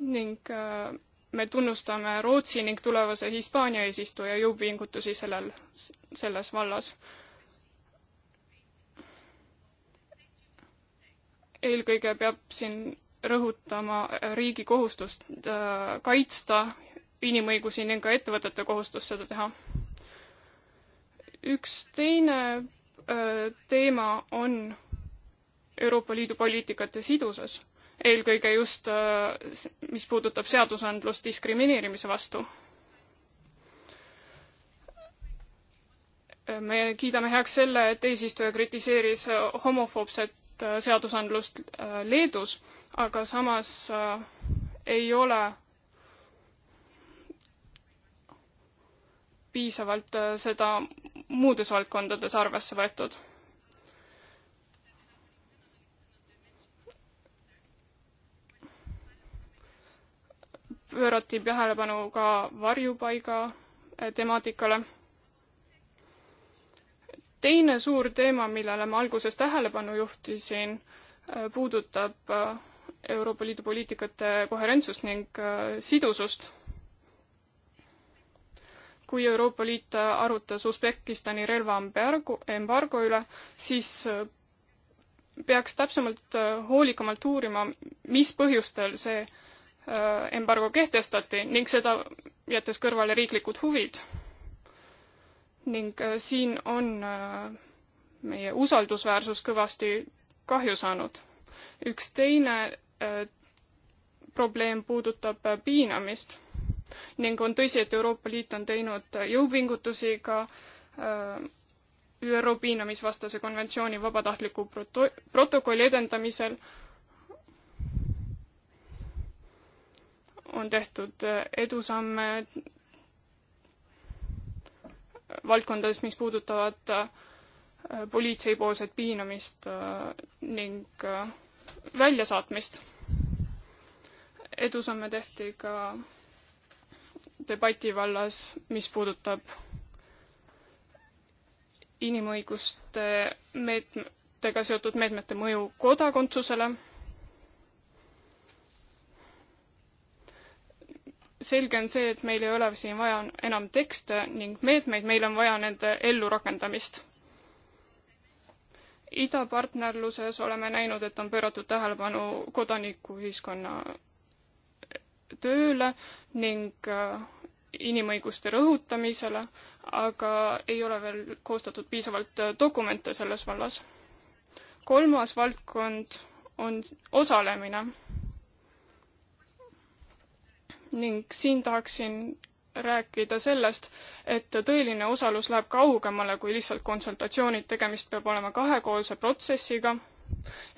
ning äh, me tunnustame Rootsi ning tulevase Hispaania eesistuja jõupingutusi sellel, selles vallas. eelkõige peab siin rõhutama riigi kohustust äh, kaitsta inimõigusi ning ka ettevõtete kohustust seda teha. üks teine äh, teema on Euroopa Liidu poliitikate sidusus eelkõige just, äh, mis puudutab seadusandlust diskrimineerimise vastu. me kiidame heaks selle, et eesistuja kritiseeris homofoobset äh, seadusandlust äh, Leedus, aga samas ei ole piisavalt seda muudes valdkondades arvesse võetud pöörati tähelepanu ka varjupaiga äh, temaatikale. teine suur teema, millele ma alguses tähelepanu juhtisin, äh, puudutab äh, Euroopa Liidu poliitikate koherentsust ning sidusust. kui Euroopa Liit arutas Usbekistani relvaembargo, embargo üle, siis peaks täpsemalt hoolikamalt uurima, mis põhjustel see äh, Äh, embargo kehtestati ning seda jättes kõrvale riiklikud huvid. ning äh, siin on äh, meie usaldusväärsus kõvasti kahju saanud. üks teine probleem puudutab piinamist ning on tõsi, et Euroopa Liit on teinud jõupingutusi ka ÜRO piinamisvastase konventsiooni vabatahtliku proto-, protokolli edendamisel on tehtud edusamme valdkondades, mis puudutavad äh, politseipoolset piinamist äh, ning äh, väljasaatmist. edusamme tehti ka debati vallas, mis puudutab inimõiguste meetmetega seotud meetmete mõju kodakondsusele selge on see, et meil ei ole siin vaja enam tekste ning meetmeid, meil on vaja nende ellurakendamist. idapartnerluses oleme näinud, et on pööratud tähelepanu kodanikuühiskonna tööle ning äh, inimõiguste rõhutamisele, aga ei ole veel koostatud piisavalt äh, dokumente selles vallas. kolmas valdkond on osalemine ning siin tahaksin rääkida sellest, et tõeline osalus läheb kaugemale kui lihtsalt konsultatsioonid, tegemist peab olema kahekoolse protsessiga,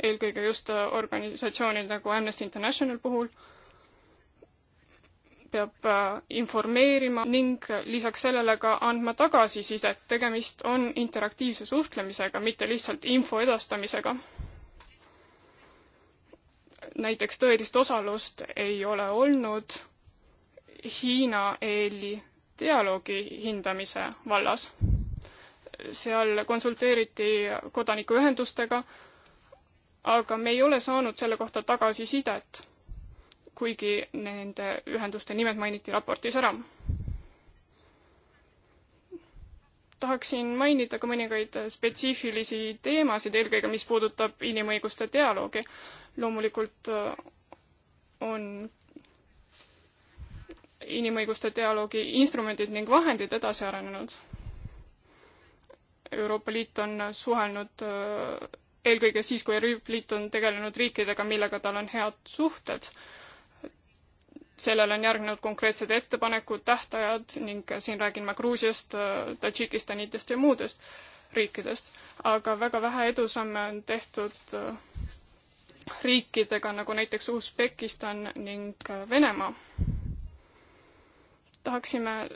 eelkõige just organisatsioonid nagu Amnesty International puhul, peab äh, informeerima ning lisaks sellele ka andma tagasisidet, tegemist on interaktiivse suhtlemisega, mitte lihtsalt info edastamisega. näiteks tõelist osalust ei ole olnud Hiina-EL-i dialoogi hindamise vallas. seal konsulteeriti kodanikuühendustega, aga me ei ole saanud selle kohta tagasisidet, kuigi nende ühenduste nimed mainiti raportis ära. tahaksin mainida ka mõningaid spetsiifilisi teemasid, eelkõige mis puudutab inimõiguste dialoogi. loomulikult äh, on inimõiguste dialoogi instrumendid ning vahendid edasi arenenud. Euroopa Liit on suhelnud äh, eelkõige siis, kui Euroopa Liit on tegelenud riikidega, millega tal on head suhted. sellele on järgnenud konkreetsed ettepanekud, tähtajad ning siin räägin ma Gruusiast, äh, Tadžikistanitest ja muudest riikidest, aga väga vähe edusamme on tehtud äh, riikidega, nagu näiteks Usbekistan ning Venemaa tahaksime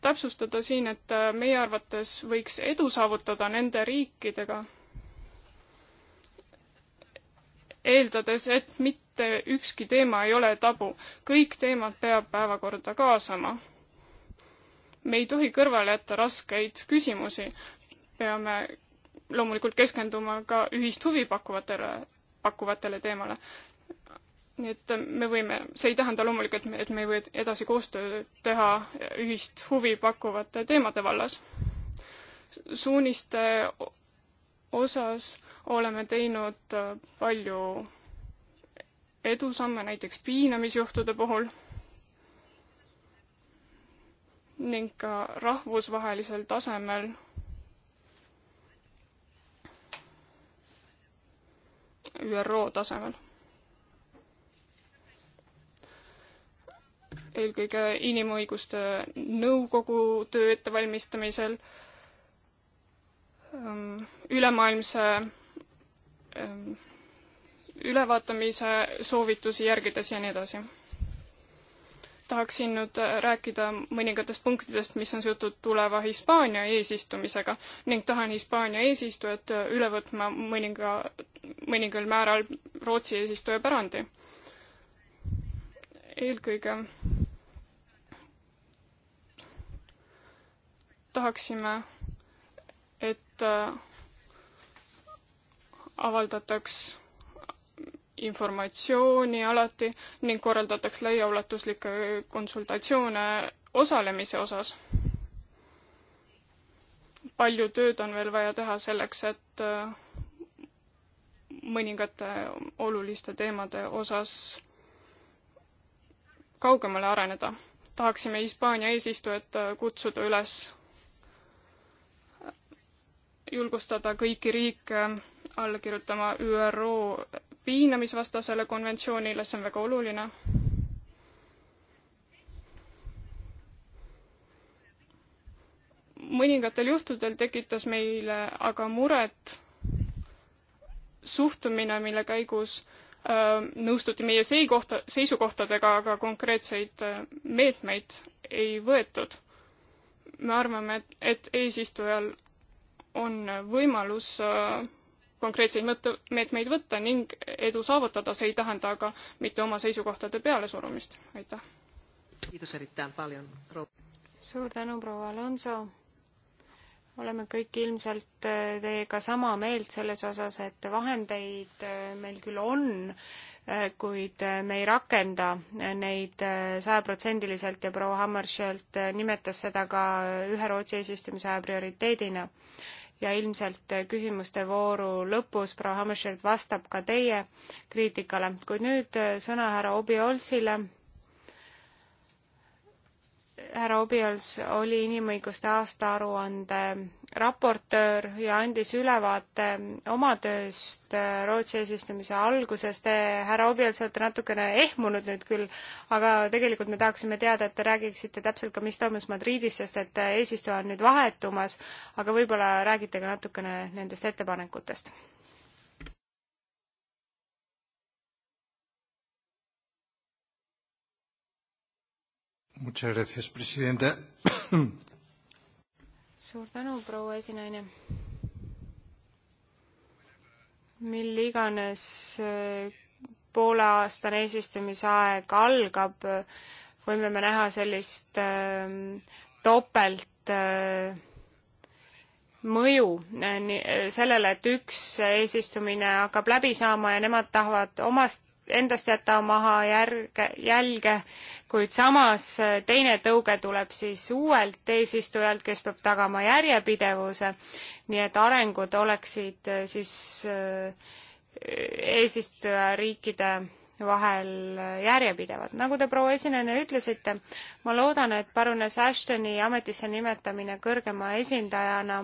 täpsustada siin, et äh, meie arvates võiks edu saavutada nende riikidega, eeldades, et mitte ükski teema ei ole tabu. kõik teemad peab päevakorda kaasama. me ei tohi kõrvale jätta raskeid küsimusi. peame loomulikult keskenduma ka ühist huvi pakkuvatele, pakkuvatele teemale nii et me võime, see ei tähenda loomulikult, et me ei või edasi koostööd teha ühist huvi pakkuvate teemade vallas. suuniste osas oleme teinud äh, palju edusamme näiteks piinamisjuhtude puhul ning ka rahvusvahelisel tasemel ÜRO tasemel eelkõige Inimõiguste Nõukogu töö ettevalmistamisel, ähm, ülemaailmse ähm, ülevaatamise soovitusi järgides ja nii edasi. tahaksin nüüd äh, rääkida mõningatest punktidest, mis on seotud tuleva Hispaania eesistumisega ning tahan Hispaania eesistujat äh, üle võtma mõninga, mõningal määral Rootsi eesistuja pärandi eelkõige tahaksime, et äh, avaldataks informatsiooni alati ning korraldataks laiaulatuslikke konsultatsioone osalemise osas. palju tööd on veel vaja teha selleks, et äh, mõningate oluliste teemade osas kaugemale areneda. tahaksime Hispaania eesistujat äh, kutsuda üles julgustada kõiki riike alla kirjutama ÜRO piinamisvastasele konventsioonile, see on väga oluline. mõningatel juhtudel tekitas meile aga muret suhtumine, mille käigus äh, nõustuti meie seikohta, seisukohtadega, aga konkreetseid äh, meetmeid ei võetud. me arvame, et, et eesistujal on võimalus äh, konkreetseid mõtte, meetmeid võtta ning edu saavutada, see ei tähenda aga mitte oma seisukohtade pealesurumist, aitäh.
suur tänu, proua Alonso. oleme kõik ilmselt äh, teiega sama meelt selles osas, et vahendeid äh, meil küll on, kuid me ei rakenda neid sajaprotsendiliselt ja proua Hammarskjöld nimetas seda ka ühe Rootsi eesistumise aja prioriteedina ja ilmselt küsimuste vooru lõpus proua Hammerschild vastab ka teie kriitikale, kuid nüüd äh, sõna härra Obiolsile. härra Obiols oli inimõiguste aastaaruande raportöör ja andis ülevaate oma tööst äh, Rootsi eesistumise alguses. Te, härra Objel, te olete natukene ehmunud nüüd küll, aga tegelikult me tahaksime teada, et te räägiksite täpselt ka, mis toimus Madridis, sest et äh, eesistuja on nüüd vahetumas, aga võib-olla räägite ka natukene nendest ettepanekutest.
Muchas gracias, presidenta
suur tänu, proua esinaine. mil iganes äh, pooleaastane eesistumisaeg algab, võime me näha sellist äh, topelt äh, mõju äh, äh sellele, et üks eesistumine hakkab läbi saama ja nemad tahavad omast endast jätta maha järge, jälge, kuid samas äh, teine tõuge tuleb siis uuelt eesistujalt, kes peab tagama järjepidevuse, nii et arengud oleksid äh, siis äh, eesistujariikide vahel järjepidevad. nagu te, proua esinejana ütlesite, ma loodan, et parunes Ashtoni ametisse nimetamine kõrgema esindajana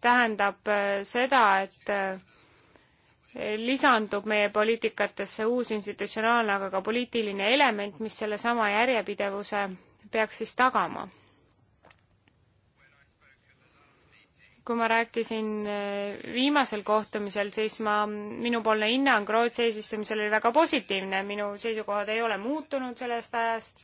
tähendab seda, et lisandub meie poliitikatesse uus institutsionaalne, aga ka poliitiline element, mis sellesama järjepidevuse peaks siis tagama. kui ma rääkisin äh, viimasel kohtumisel, siis ma, minupoolne hinnang Rootsi eesistumisel oli väga positiivne, minu seisukohad ei ole muutunud sellest ajast.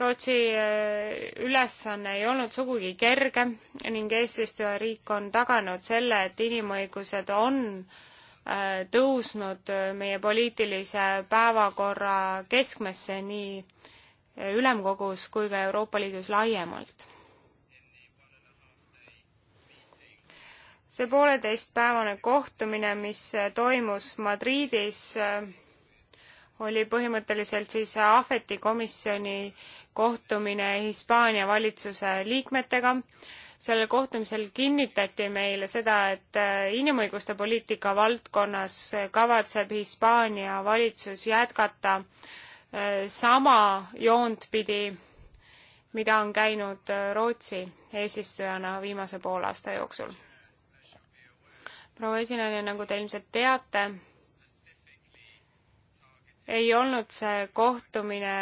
Rootsi äh, ülesanne ei olnud sugugi kerge ning eesistujariik on taganud selle, et inimõigused on äh, Äh, tõusnud äh, meie poliitilise päevakorra keskmesse nii äh, ülemkogus kui ka Euroopa Liidus laiemalt. see pooleteistpäevane kohtumine, mis toimus Madridis, oli põhimõtteliselt siis Ahveti komisjoni kohtumine Hispaania valitsuse liikmetega sellel kohtumisel kinnitati meile seda, et äh, inimõiguste poliitika valdkonnas kavatseb Hispaania valitsus jätkata äh, sama joont pidi, mida on käinud äh, Rootsi eesistujana viimase poolaasta jooksul. proua esinaine, nagu te ilmselt teate, ei olnud see kohtumine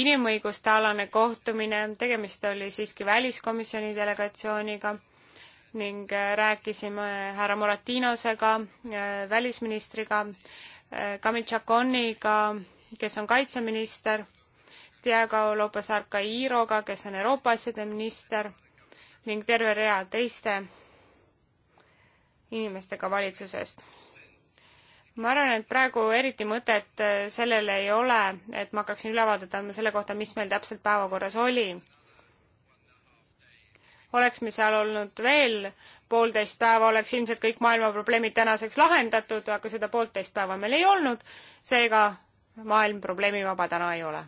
inimõiguste alane kohtumine, tegemist oli siiski väliskomisjoni delegatsiooniga ning äh, rääkisime härra Moratinosega, äh, välisministriga, äh, Kamitšakoniga, kes on kaitseminister, Diego Lopez Arcairoga, kes on Euroopa asjade minister ning terve rea teiste inimestega valitsusest ma arvan, et praegu eriti mõtet äh, sellel ei ole, et ma hakkaksin ülevaadet andma selle kohta, mis meil täpselt päevakorras oli. oleks me seal olnud veel poolteist päeva, oleks ilmselt kõik maailma probleemid tänaseks lahendatud, aga seda poolteist päeva meil ei olnud, seega maailm probleemivaba täna ei ole.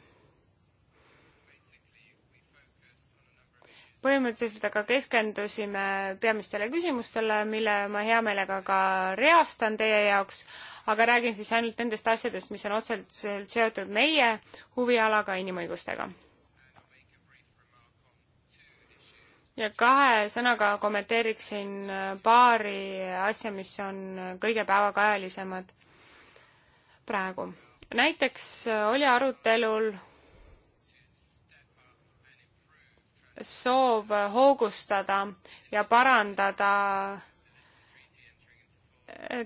põhimõtteliselt aga keskendusime peamistele küsimustele, mille ma hea meelega ka reastan teie jaoks, aga räägin siis ainult nendest asjadest, mis on otseselt seotud meie huvialaga, inimõigustega. ja kahe sõnaga kommenteeriksin paari asja, mis on kõige päevakajalisemad praegu. näiteks oli arutelul soov hoogustada ja parandada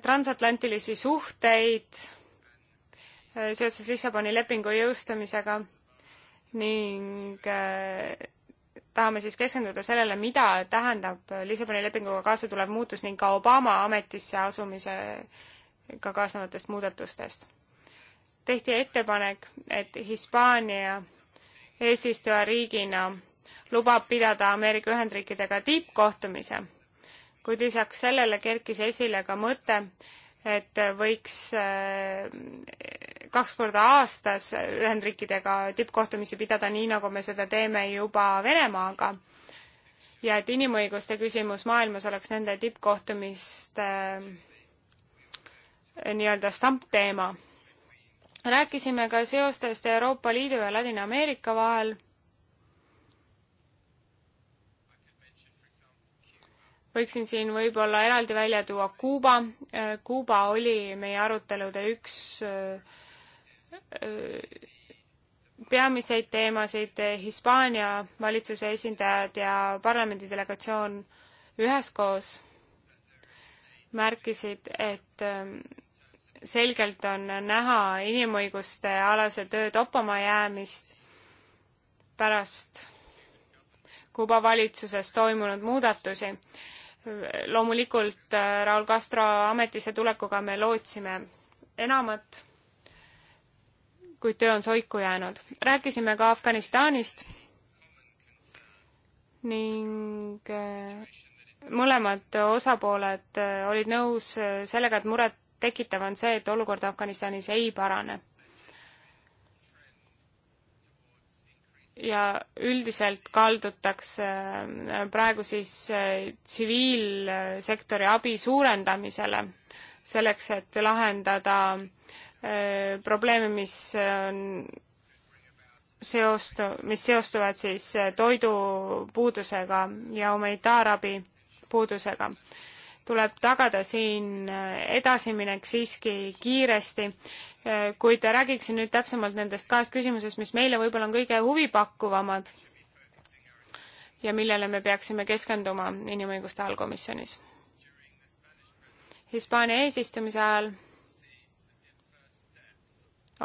transatlantilisi suhteid äh, seoses Lissaboni lepingu jõustamisega ning äh, tahame siis keskenduda sellele, mida tähendab Lissaboni lepinguga kaasa tulev muutus ning ka Obama ametisse asumisega ka kaasnevatest muudatustest. tehti ettepanek, et Hispaania eesistujariigina lubab pidada Ameerika Ühendriikidega tippkohtumise kuid lisaks sellele kerkis esile ka mõte, et võiks äh, kaks korda aastas Ühendriikidega tippkohtumisi pidada, nii nagu me seda teeme juba Venemaaga. ja et inimõiguste küsimus maailmas oleks nende tippkohtumiste äh, nii-öelda stampteema. rääkisime ka seostest Euroopa Liidu ja Ladina-Ameerika vahel võiksin siin võib-olla eraldi välja tuua Kuuba. Äh, Kuuba oli meie arutelude üks äh, äh, peamiseid teemasid, Hispaania valitsuse esindajad ja parlamendi delegatsioon üheskoos märkisid, et selgelt on näha inimõiguste alase töö toppama jäämist pärast Kuuba valitsuses toimunud muudatusi loomulikult äh, Raul Castro ametisse tulekuga me lootsime enamat, kuid töö on soiku jäänud. rääkisime ka Afganistanist ning äh, mõlemad osapooled äh, olid nõus sellega, et muret tekitav on see, et olukord Afganistanis ei parane ja üldiselt kaldutakse äh, praegu siis äh, tsiviilsektori abi suurendamisele, selleks et lahendada äh, probleeme, mis on seostu, mis seostuvad siis toidupuudusega ja humanitaarabi puudusega. tuleb tagada siin edasiminek siiski kiiresti Eh, kuid räägiksin nüüd täpsemalt nendest kahest küsimusest, mis meile võib-olla on kõige huvipakkuvamad ja millele me peaksime keskenduma inimõiguste allkomisjonis. Hispaania eesistumise ajal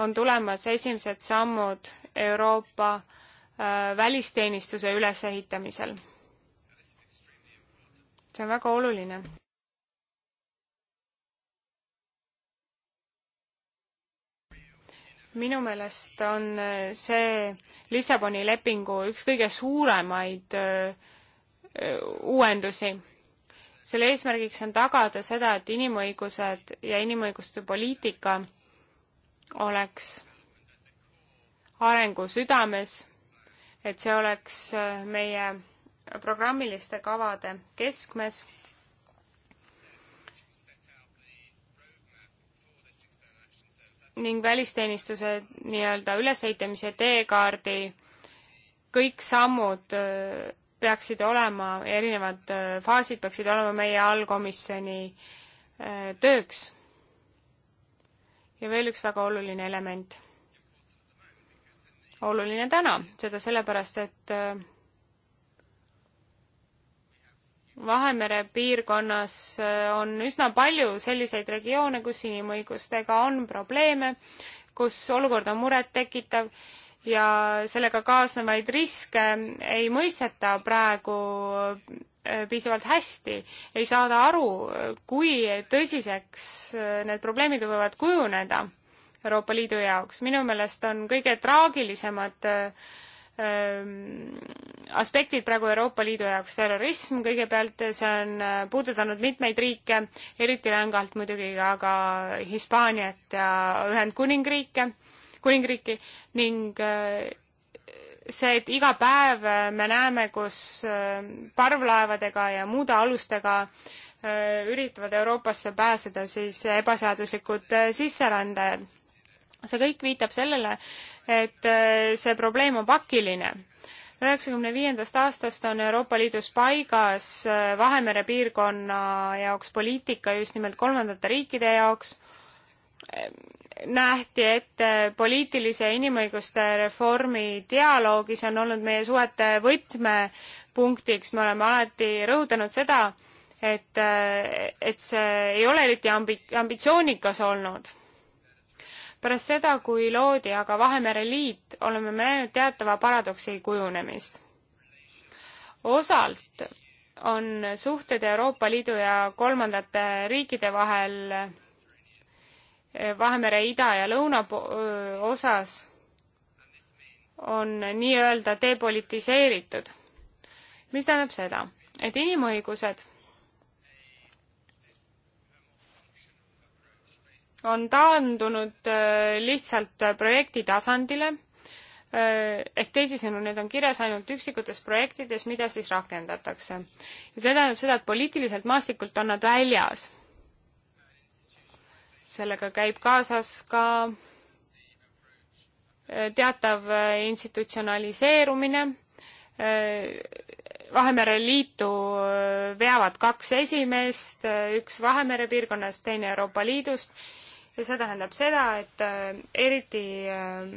on tulemas esimesed sammud Euroopa äh, välisteenistuse ülesehitamisel. see on väga oluline. minu meelest on eh, see Lissaboni lepingu üks kõige suuremaid eh, eh, uuendusi. selle eesmärgiks on tagada seda, et inimõigused ja inimõiguste poliitika oleks arengu südames, et see oleks meie programmiliste kavade keskmes ning välisteenistuse nii-öelda ülesehitamise teekaardi kõik sammud äh, peaksid olema, erinevad äh, faasid peaksid olema meie allkomisjoni äh, tööks. ja veel üks väga oluline element. oluline täna, seda sellepärast, et Vahemere piirkonnas äh, on üsna palju selliseid regioone, kus inimõigustega on probleeme, kus olukord on murettekitav ja sellega kaasnevaid riske ei mõisteta praegu äh, piisavalt hästi, ei saada aru, kui tõsiseks äh, need probleemid võivad kujuneda Euroopa Liidu jaoks. minu meelest on kõige traagilisemad äh, Ehm, aspektid praegu Euroopa Liidu jaoks, terrorism kõigepealt, see on äh, puudutanud mitmeid riike, eriti rängalt muidugi aga Hispaaniat ja Ühendkuningriike, kuningriiki ning äh, see, et iga päev äh, me näeme, kus parvlaevadega ja muude alustega üritavad Euroopasse pääseda siis ebaseaduslikud sisserändajad see kõik viitab sellele, et äh, see probleem on pakiline. üheksakümne viiendast aastast on Euroopa Liidus paigas äh, Vahemere piirkonna jaoks poliitika just nimelt kolmandate riikide jaoks nähti ette poliitilise ja inimõiguste reformi dialoogi, see on olnud meie suhete võtmepunktiks, me oleme alati rõhutanud seda, et, äh, et see ei ole eriti ambi-, ambitsioonikas olnud pärast seda, kui loodi aga Vahemere Liit, oleme me näinud teatava paradoksi kujunemist. osalt on suhted Euroopa Liidu ja kolmandate riikide vahel eh, Vahemere ida ja lõuna osas on nii-öelda depolitiseeritud. mis tähendab seda, et inimõigused on taandunud äh, lihtsalt äh, projekti tasandile, äh, ehk teisisõnu, need on kirjas ainult üksikutes projektides, mida siis rakendatakse. ja see tähendab seda, et poliitiliselt maastikult on nad väljas. sellega käib kaasas ka teatav institutsionaliseerumine, Vahemere Liitu veavad kaks esimeest, üks Vahemere piirkonnast, teine Euroopa Liidust ja see tähendab seda, et äh, eriti äh,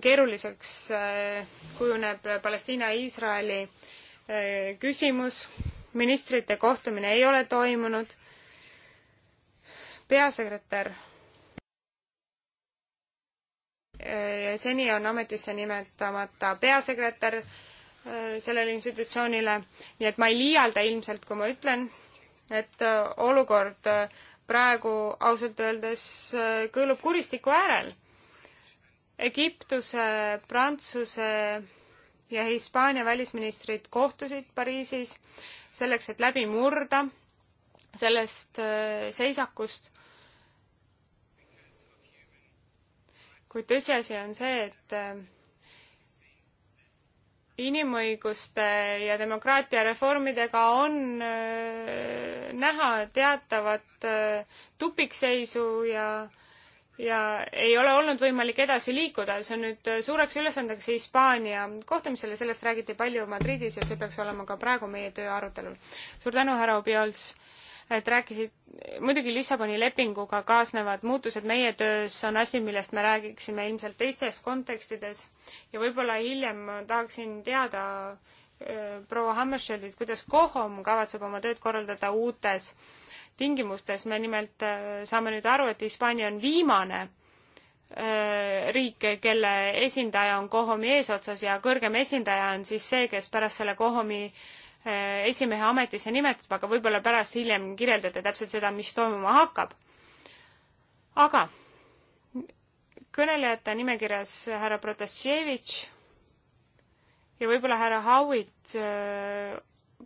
keeruliseks äh, kujuneb Palestiina-Iisraeli küsimus, ministrite kohtumine ei ole toimunud, peasekretär seni on ametisse nimetamata peasekretär sellele institutsioonile, nii et ma ei liialda ilmselt, kui ma ütlen, et olukord praegu ausalt öeldes äh, kõõlub kuristiku äärel. Egiptuse, Prantsuse ja Hispaania välisministrid kohtusid Pariisis selleks, et läbi murda sellest äh, seisakust. kuid tõsiasi on see, et äh, inimõiguste ja demokraatia reformidega on äh, näha teatavat äh, tupikseisu ja ja ei ole olnud võimalik edasi liikuda, see on nüüd äh, suureks ülesandeks Hispaania kohtumisele, sellest räägiti palju Madridis ja see peaks olema ka praegu meie töö arutelul. suur tänu, härra Obiols! et rääkisid, muidugi Lissaboni lepinguga kaasnevad muutused meie töös on asi, millest me räägiksime ilmselt teistes kontekstides ja võib-olla hiljem tahaksin teada äh, proua Hammarskjöldilt, kuidas Kohom kavatseb oma tööd korraldada uutes tingimustes. me nimelt äh, saame nüüd aru, et Hispaania on viimane äh, riik, kelle esindaja on Kohomi eesotsas ja kõrgem esindaja on siis see, kes pärast selle Kohomi äh, Äh, esimehe ametisse nimetab, aga võib-olla pärast hiljem kirjeldate täpselt seda, mis toimuma hakkab. aga kõnelejate nimekirjas härra Protasevitš ja võib-olla härra Howitt, äh,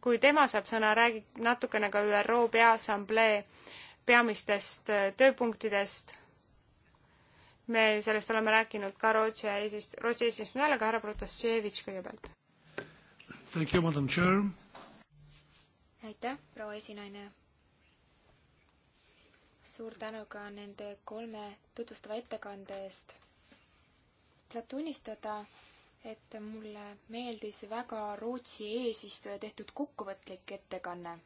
kui tema saab sõna, räägib natukene ka ÜRO Peaassamblee peamistest äh, tööpunktidest. me sellest oleme rääkinud ka Rootsi eesist-, Rootsi eesistumise ajal, aga härra Protasevitš kõigepealt.
Thank you, madam chair
aitäh, proua
esinaine. suur tänu ka nende kolme tutvustava ettekande eest. tuleb tunnistada, et mulle meeldis väga Rootsi eesistuja tehtud kokkuvõtlik ettekanne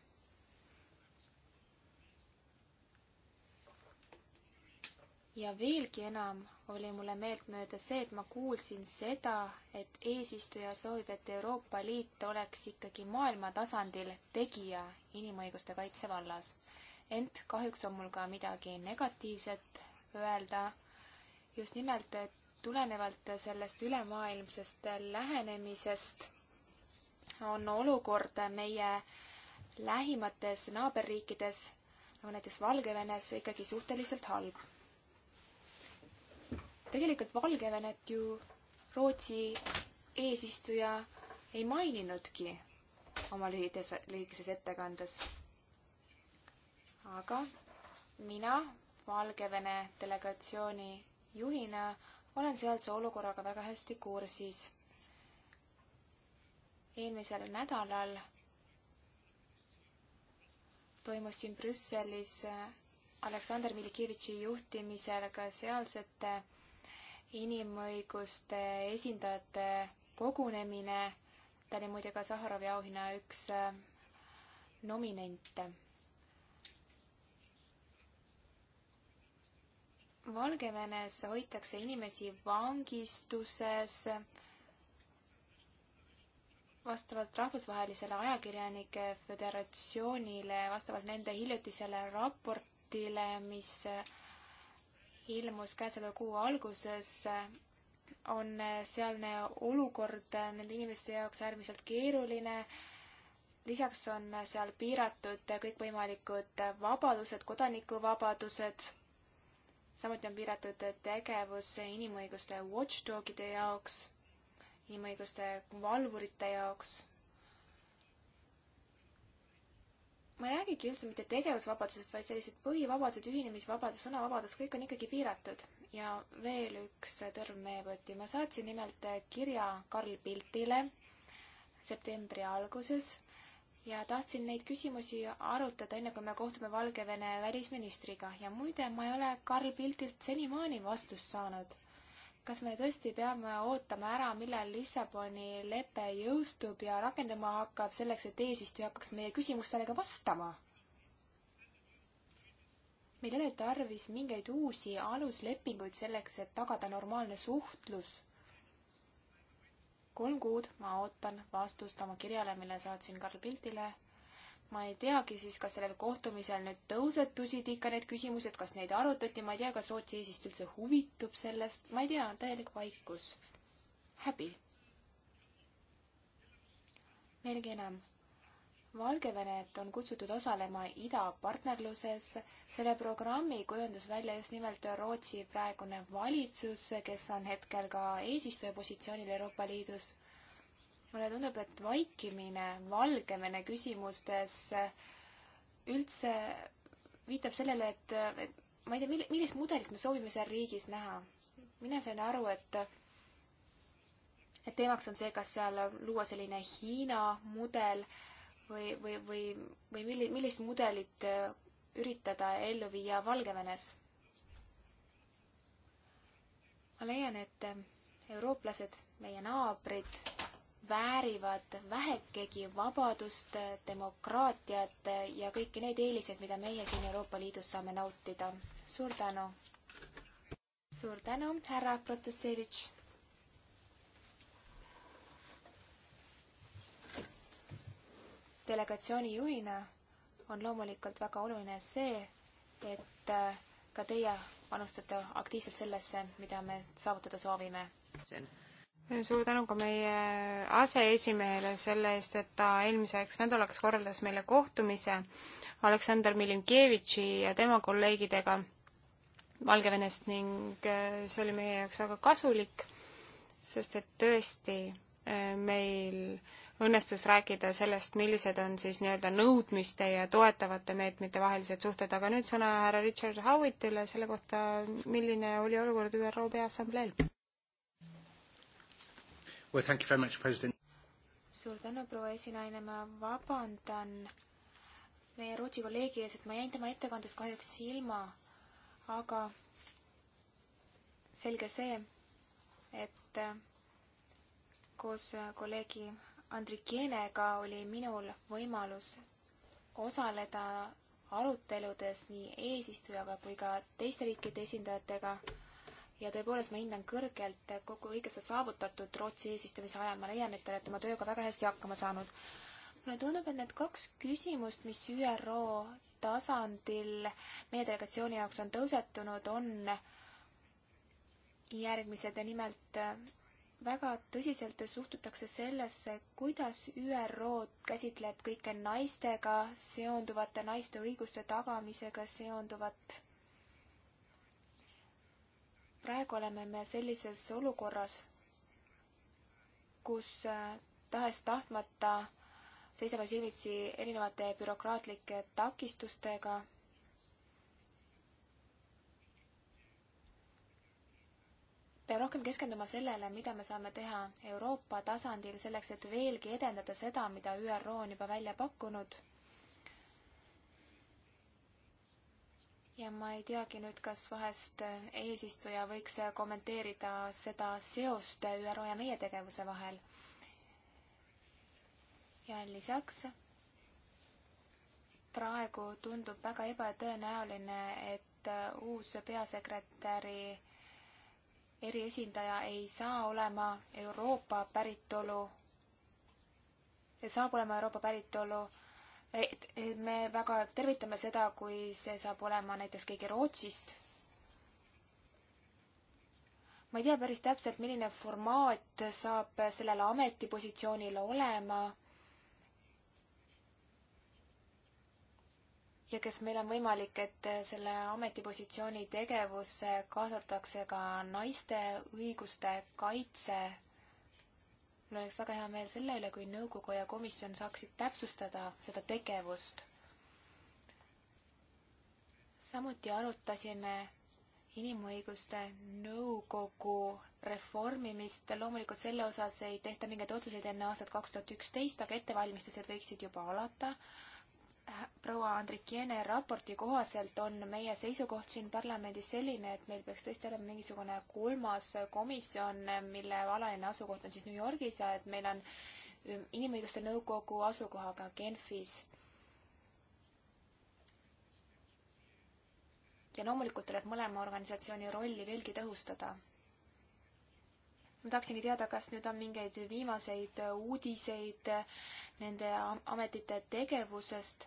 ja veelgi enam oli mulle meeltmööda see, et ma kuulsin seda, et eesistuja soovib, et Euroopa Liit oleks ikkagi maailma tasandil tegija inimõiguste kaitse vallas. ent kahjuks on mul ka midagi negatiivset öelda. just nimelt, et tulenevalt sellest ülemaailmsest lähenemisest on olukord meie lähimates naaberriikides, nagu näiteks Valgevenes, ikkagi suhteliselt halb tegelikult Valgevenet ju Rootsi eesistuja ei maininudki oma lühides, lühikeses ettekandes. aga mina Valgevene delegatsiooni juhina olen sealse olukorraga väga hästi kursis. eelmisel nädalal toimus siin Brüsselis Aleksandr Milikevitši juhtimisel ka sealsete inimõiguste esindajate kogunemine. ta oli muide ka Saharovi auhinna üks äh, nominente Valgevenes hoitakse inimesi vangistuses vastavalt rahvusvahelisele ajakirjanike föderatsioonile, vastavalt nende hiljutisele raportile, mis äh, ilmus käesoleva kuu alguses, on sealne olukord nende inimeste jaoks äärmiselt keeruline. lisaks on seal piiratud kõikvõimalikud vabadused, kodanikuvabadused. samuti on piiratud tegevus inimõiguste watchdogide jaoks, inimõiguste valvurite jaoks ma ei räägigi üldse mitte tegevusvabadusest, vaid sellised põhivabadused, ühinemisvabadus, sõnavabadus, kõik on ikkagi piiratud. ja veel üks tõrv meepotti. ma saatsin nimelt kirja Karl Piltile septembri alguses ja tahtsin neid küsimusi arutada, enne kui me kohtume Valgevene välisministriga. ja muide, ma ei ole Karl Piltilt senimaani vastust saanud kas me tõesti peame ootama ära, millal Lissaboni lepe jõustub ja rakendama hakkab, selleks et eesistuja hakkaks meie küsimustele ka vastama? meil ei ole tarvis mingeid uusi aluslepinguid selleks, et tagada normaalne suhtlus. kolm kuud ma ootan vastust oma kirjale, mille saatsin Karl Pildile ma ei teagi siis, kas sellel kohtumisel nüüd tõusetusid ikka need küsimused, kas neid arutati, ma ei tea, kas Rootsi eesistuja üldse huvitub sellest, ma ei tea, täielik vaikus. häbi. veelgi enam. Valgevenet on kutsutud osalema idapartnerluses. selle programmi kujundas välja just nimelt Rootsi praegune valitsus, kes on hetkel ka eesistuja positsioonil Euroopa Liidus mulle tundub, et vaikimine Valgevene küsimustes äh, üldse viitab sellele, et, äh, et ma ei tea, millist mudelit me soovime seal riigis näha. mina sain aru, et, et teemaks on see, kas seal luua selline Hiina mudel või, või, või, või milli-, millist mudelit äh, üritada ellu viia Valgevenes. ma leian, et eurooplased, meie naabrid väärivad vähekegi vabadust, demokraatiat ja kõiki neid eeliseid, mida meie siin Euroopa Liidus saame nautida. suur tänu! suur tänu, härra Protasevitš! delegatsiooni juhina on loomulikult väga oluline see, et äh, ka teie panustate aktiivselt sellesse, mida me saavutada soovime
suur tänu ka meie aseesimehele selle eest, et ta eelmiseks nädalaks korraldas meile kohtumise Aleksander Milinkevitši ja tema kolleegidega Valgevenest ning äh, see oli meie jaoks väga kasulik, sest et tõesti äh, meil õnnestus rääkida sellest, millised on siis nii-öelda nõudmiste ja toetavate meetmete vahelised suhted, aga nüüd sõna härra Richard Howittile selle kohta, milline oli olukord ÜRO Peaassambleel.
Well, thank you very much,
president.
suur tänu, proua esinaine, ma vabandan meie Rootsi kolleegi ees, et ma jäin tema ettekandest kahjuks ilma, aga selge see, et koos kolleegi Andrikienega oli minul võimalus osaleda aruteludes nii eesistujaga kui ka teiste riikide esindajatega ja tõepoolest ma hindan kõrgelt kogu kõike seda saavutatud Rootsi eesistumise ajal, ma leian, et te olete oma tööga väga hästi hakkama saanud. mulle tundub, et need kaks küsimust, mis ÜRO tasandil meie delegatsiooni jaoks on tõusetunud, on järgmised ja nimelt väga tõsiselt suhtutakse sellesse, kuidas ÜRO käsitleb kõike naistega seonduvate naiste õiguste tagamisega seonduvat praegu oleme me sellises olukorras, kus äh, tahes-tahtmata seisame silmitsi erinevate bürokraatlike takistustega. peame rohkem keskenduma sellele, mida me saame teha Euroopa tasandil selleks, et veelgi edendada seda, mida ÜRO on juba välja pakkunud ja ma ei teagi nüüd, kas vahest eesistuja võiks kommenteerida seda seost ÜRO ja meie tegevuse vahel. ja lisaks praegu tundub väga ebatõenäoline, et uus peasekretäri eriesindaja ei saa olema Euroopa päritolu, saab olema Euroopa päritolu et, et me väga tervitame seda, kui see saab olema näiteks keegi Rootsist. ma ei tea päris täpselt, milline formaat saab sellele ametipositsioonile olema. ja kas meil on võimalik, et selle ametipositsiooni tegevusse kaasatakse ka naiste õiguste kaitse mul oleks väga hea meel selle üle, kui nõukogu ja komisjon saaksid täpsustada seda tegevust. samuti arutasime inimõiguste nõukogu reformimist, loomulikult selle osas ei tehta mingeid otsuseid enne aastat kaks tuhat üksteist, aga ettevalmistused võiksid juba alata proua Andrikiene raporti kohaselt on meie seisukoht siin parlamendis selline, et meil peaks tõesti olema mingisugune kolmas komisjon, mille alaline asukoht on siis New Yorgis ja et meil on ähm, inimõiguste nõukogu asukohaga Genfis. ja loomulikult tuleb mõlema organisatsiooni rolli veelgi tõhustada. ma tahaksingi teada, kas nüüd on mingeid viimaseid uudiseid nende ametite tegevusest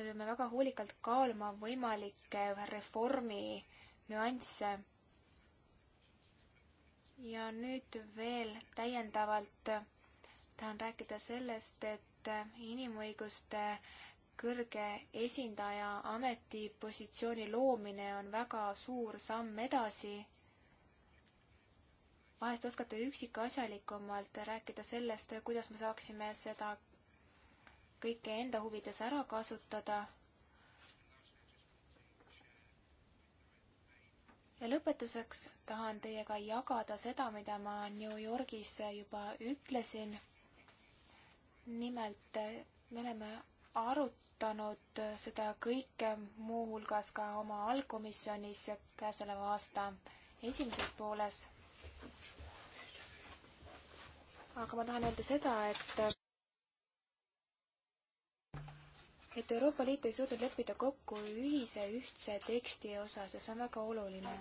me peame väga hoolikalt kaaluma võimalikke reformi nüansse. ja nüüd veel täiendavalt tahan rääkida sellest, et inimõiguste kõrge esindaja ametipositsiooni loomine on väga suur samm edasi vahest oskate üksikasjalikumalt rääkida sellest, kuidas me saaksime seda kõike enda huvides ära kasutada. ja lõpetuseks tahan teiega jagada seda, mida ma New Yorgis juba ütlesin. nimelt me oleme arutanud seda kõike muuhulgas ka oma allkomisjonis käesoleva aasta esimeses pooles aga ma tahan öelda seda, et et Euroopa Liit ei suutnud leppida kokku ühise ühtse teksti osas ja see on väga oluline.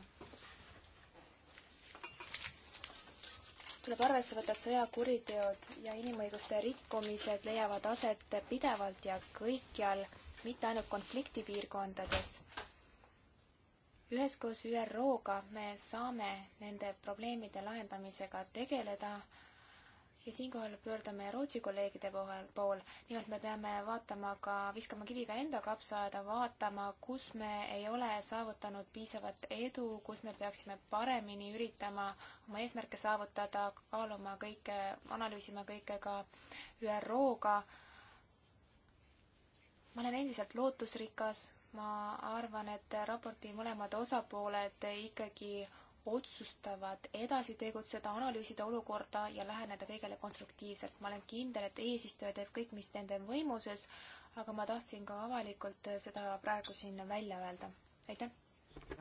tuleb arvesse võtta, et sõjakuriteod ja inimõiguste rikkumised leiavad aset pidevalt ja kõikjal, mitte ainult konfliktipiirkondades. üheskoos ÜRO-ga me saame nende probleemide lahendamisega tegeleda ja siinkohal pöördume Rootsi kolleegide pool, nimelt me peame vaatama ka, viskama kiviga enda kapsaaeda, vaatama, kus me ei ole saavutanud piisavat edu, kus me peaksime paremini üritama oma eesmärke saavutada, kaaluma kõike, analüüsima kõike ka ÜRO-ga. ma olen endiselt lootusrikas, ma arvan, et raporti mõlemad osapooled ikkagi otsustavad edasi tegutseda, analüüsida olukorda ja läheneda kõigele konstruktiivselt. ma olen kindel, et eesistuja teeb kõik, mis nende võimuses, aga ma tahtsin ka avalikult seda praegu siin välja öelda. aitäh!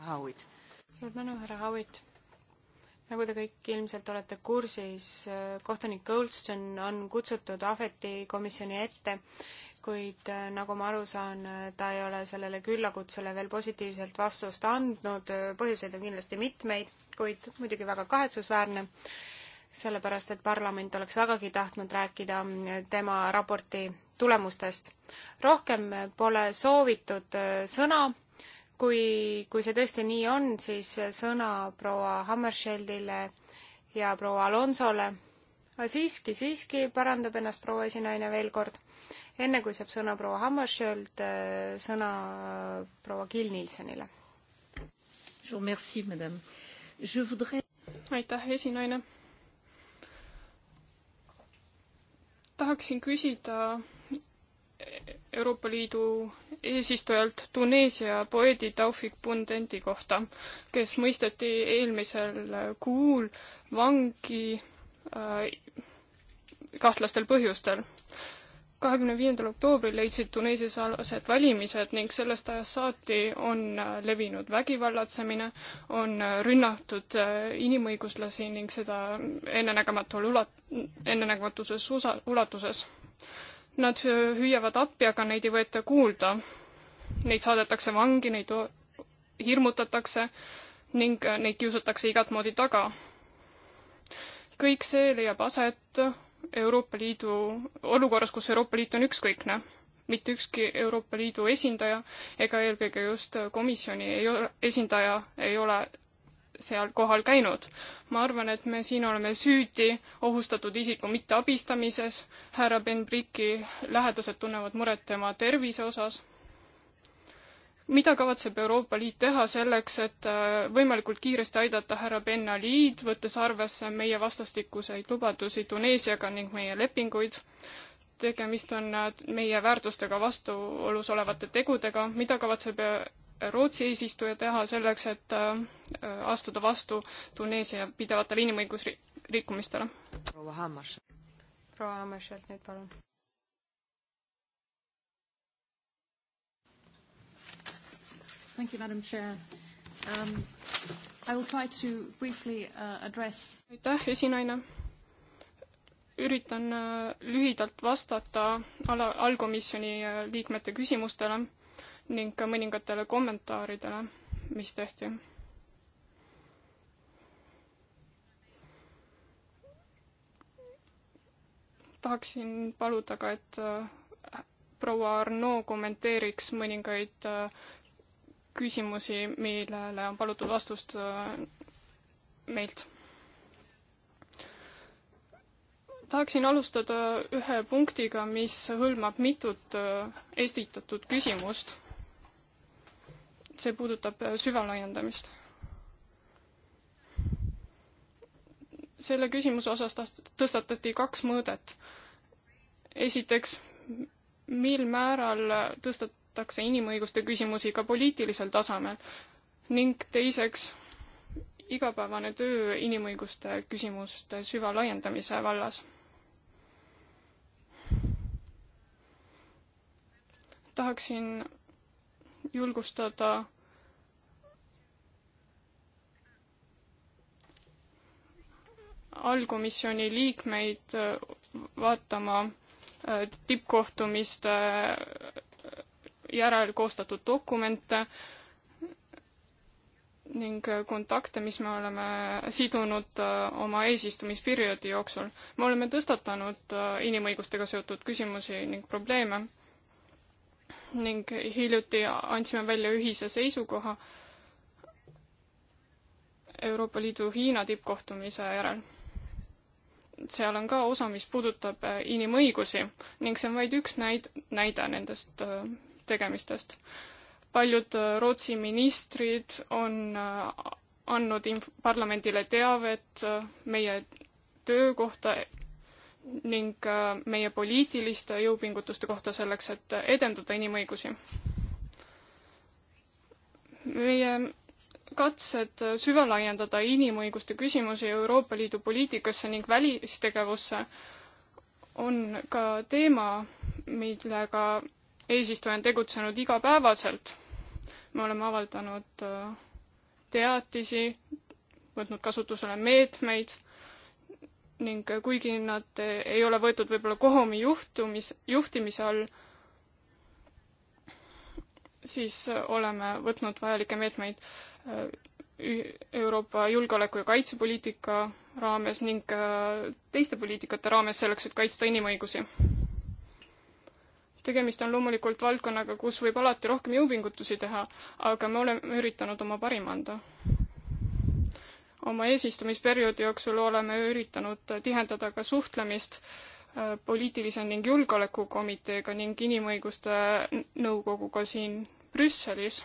Howitt.
suur tänu, härra Howitt! nagu te kõik ilmselt olete kursis, eh, kohtunik Goldstone on kutsutud Ahveti komisjoni ette kuid äh, nagu ma aru saan, äh, ta ei ole sellele küllakutsele veel positiivselt vastust andnud, äh, põhjuseid on kindlasti mitmeid, kuid muidugi väga kahetsusväärne, sellepärast et parlament oleks vägagi tahtnud rääkida tema raporti tulemustest. rohkem pole soovitud sõna, kui, kui see tõesti nii on, siis sõna proua Hammarskjöldile ja proua Alonsole siiski, siiski parandab ennast proua esinaine veel kord. enne kui saab sõna proua Hammarskjöld, äh, sõna proua Kill Nielsenile.
aitäh, esinaine. tahaksin küsida Euroopa Liidu eesistujalt Tuneesia poeedi Taufik Bundendi kohta, kes mõisteti eelmisel kuul vangi äh, kahtlastel põhjustel. kahekümne viiendal oktoobril leidsid Tuneesias alased valimised ning sellest ajast saati on äh, levinud vägivallatsemine, on äh, rünnatud äh, inimõiguslasi ning seda ennenägematul ulat-, ennenägematuses usa-, ulatuses. Nad hüüavad appi, aga neid ei võeta kuulda. Neid saadetakse vangi, neid hirmutatakse ning neid kiusatakse igat moodi taga. kõik see leiab aset Euroopa Liidu, olukorras, kus Euroopa Liit on ükskõikne. Noh. mitte ükski Euroopa Liidu esindaja ega eelkõige just komisjoni ei ole, esindaja ei ole seal kohal käinud. ma arvan, et me siin oleme süüdi ohustatud isiku mitteabistamises, härra Ben Bricki lähedased tunnevad muret tema tervise osas mida kavatseb Euroopa Liit teha selleks, et äh, võimalikult kiiresti aidata härra Ben Aliid, võttes arvesse meie vastastikuseid lubadusi Tuneesiaga ning meie lepinguid? tegemist on äh, meie väärtustega vastuolus olevate tegudega, mida kavatseb äh, Rootsi eesistuja teha selleks, et astuda vastu Tuneesia pidevatele inimõigusrikkumistele? proua
Hammarskjöld nüüd palun. Thank you, Madam Chair.
Um, I will try to briefly uh, address aitäh, esinaine! üritan uh, lühidalt vastata ala, allkomisjoni uh, liikmete küsimustele ning ka mõningatele kommentaaridele, mis tehti. tahaksin paluda ka, et uh, proua Arno kommenteeriks mõningaid küsimusi, millele on palutud vastust äh, meilt. tahaksin alustada ühe punktiga, mis hõlmab mitut äh, esitatud küsimust. see puudutab äh, süvalaiendamist. selle küsimuse osas tõstatati kaks mõõdet. esiteks, mil määral tõstat-, vaadatakse inimõiguste küsimusi ka poliitilisel tasemel ning teiseks, igapäevane töö inimõiguste küsimuste süvalaiendamise vallas. tahaksin julgustada allkomisjoni liikmeid vaatama äh, tippkohtumiste järel koostatud dokumente ning kontakte, mis me oleme sidunud äh, oma eesistumisperioodi jooksul. me oleme tõstatanud äh, inimõigustega seotud küsimusi ning probleeme ning hiljuti andsime välja ühise seisukoha Euroopa Liidu Hiina tippkohtumise järel. seal on ka osa, mis puudutab äh, inimõigusi ning see on vaid üks näid-, näide nendest tegemistest. paljud äh, Rootsi ministrid on äh, andnud inf-, parlamendile teavet äh, meie töö kohta ning meie poliitiliste jõupingutuste kohta selleks, et edendada inimõigusi. meie katsed süvalaiendada inimõiguste küsimusi Euroopa Liidu poliitikasse ning välistegevusse on ka teema, millega eesistuja on tegutsenud igapäevaselt. me oleme avaldanud äh, teatisi, võtnud kasutusele meetmeid ning äh, kuigi nad äh, ei ole võetud võib-olla Kohomi juhtumis, juhtimise all, siis oleme võtnud vajalikke meetmeid Euroopa julgeoleku- ja kaitsepoliitika raames ning teiste poliitikate raames selleks, et kaitsta inimõigusi tegemist on loomulikult valdkonnaga, kus võib alati rohkem jõupingutusi teha, aga me oleme üritanud oma parima anda. oma eesistumisperioodi jooksul oleme üritanud tihendada ka suhtlemist äh, poliitilise ning julgeolekukomiteega ning inimõiguste nõukoguga siin Brüsselis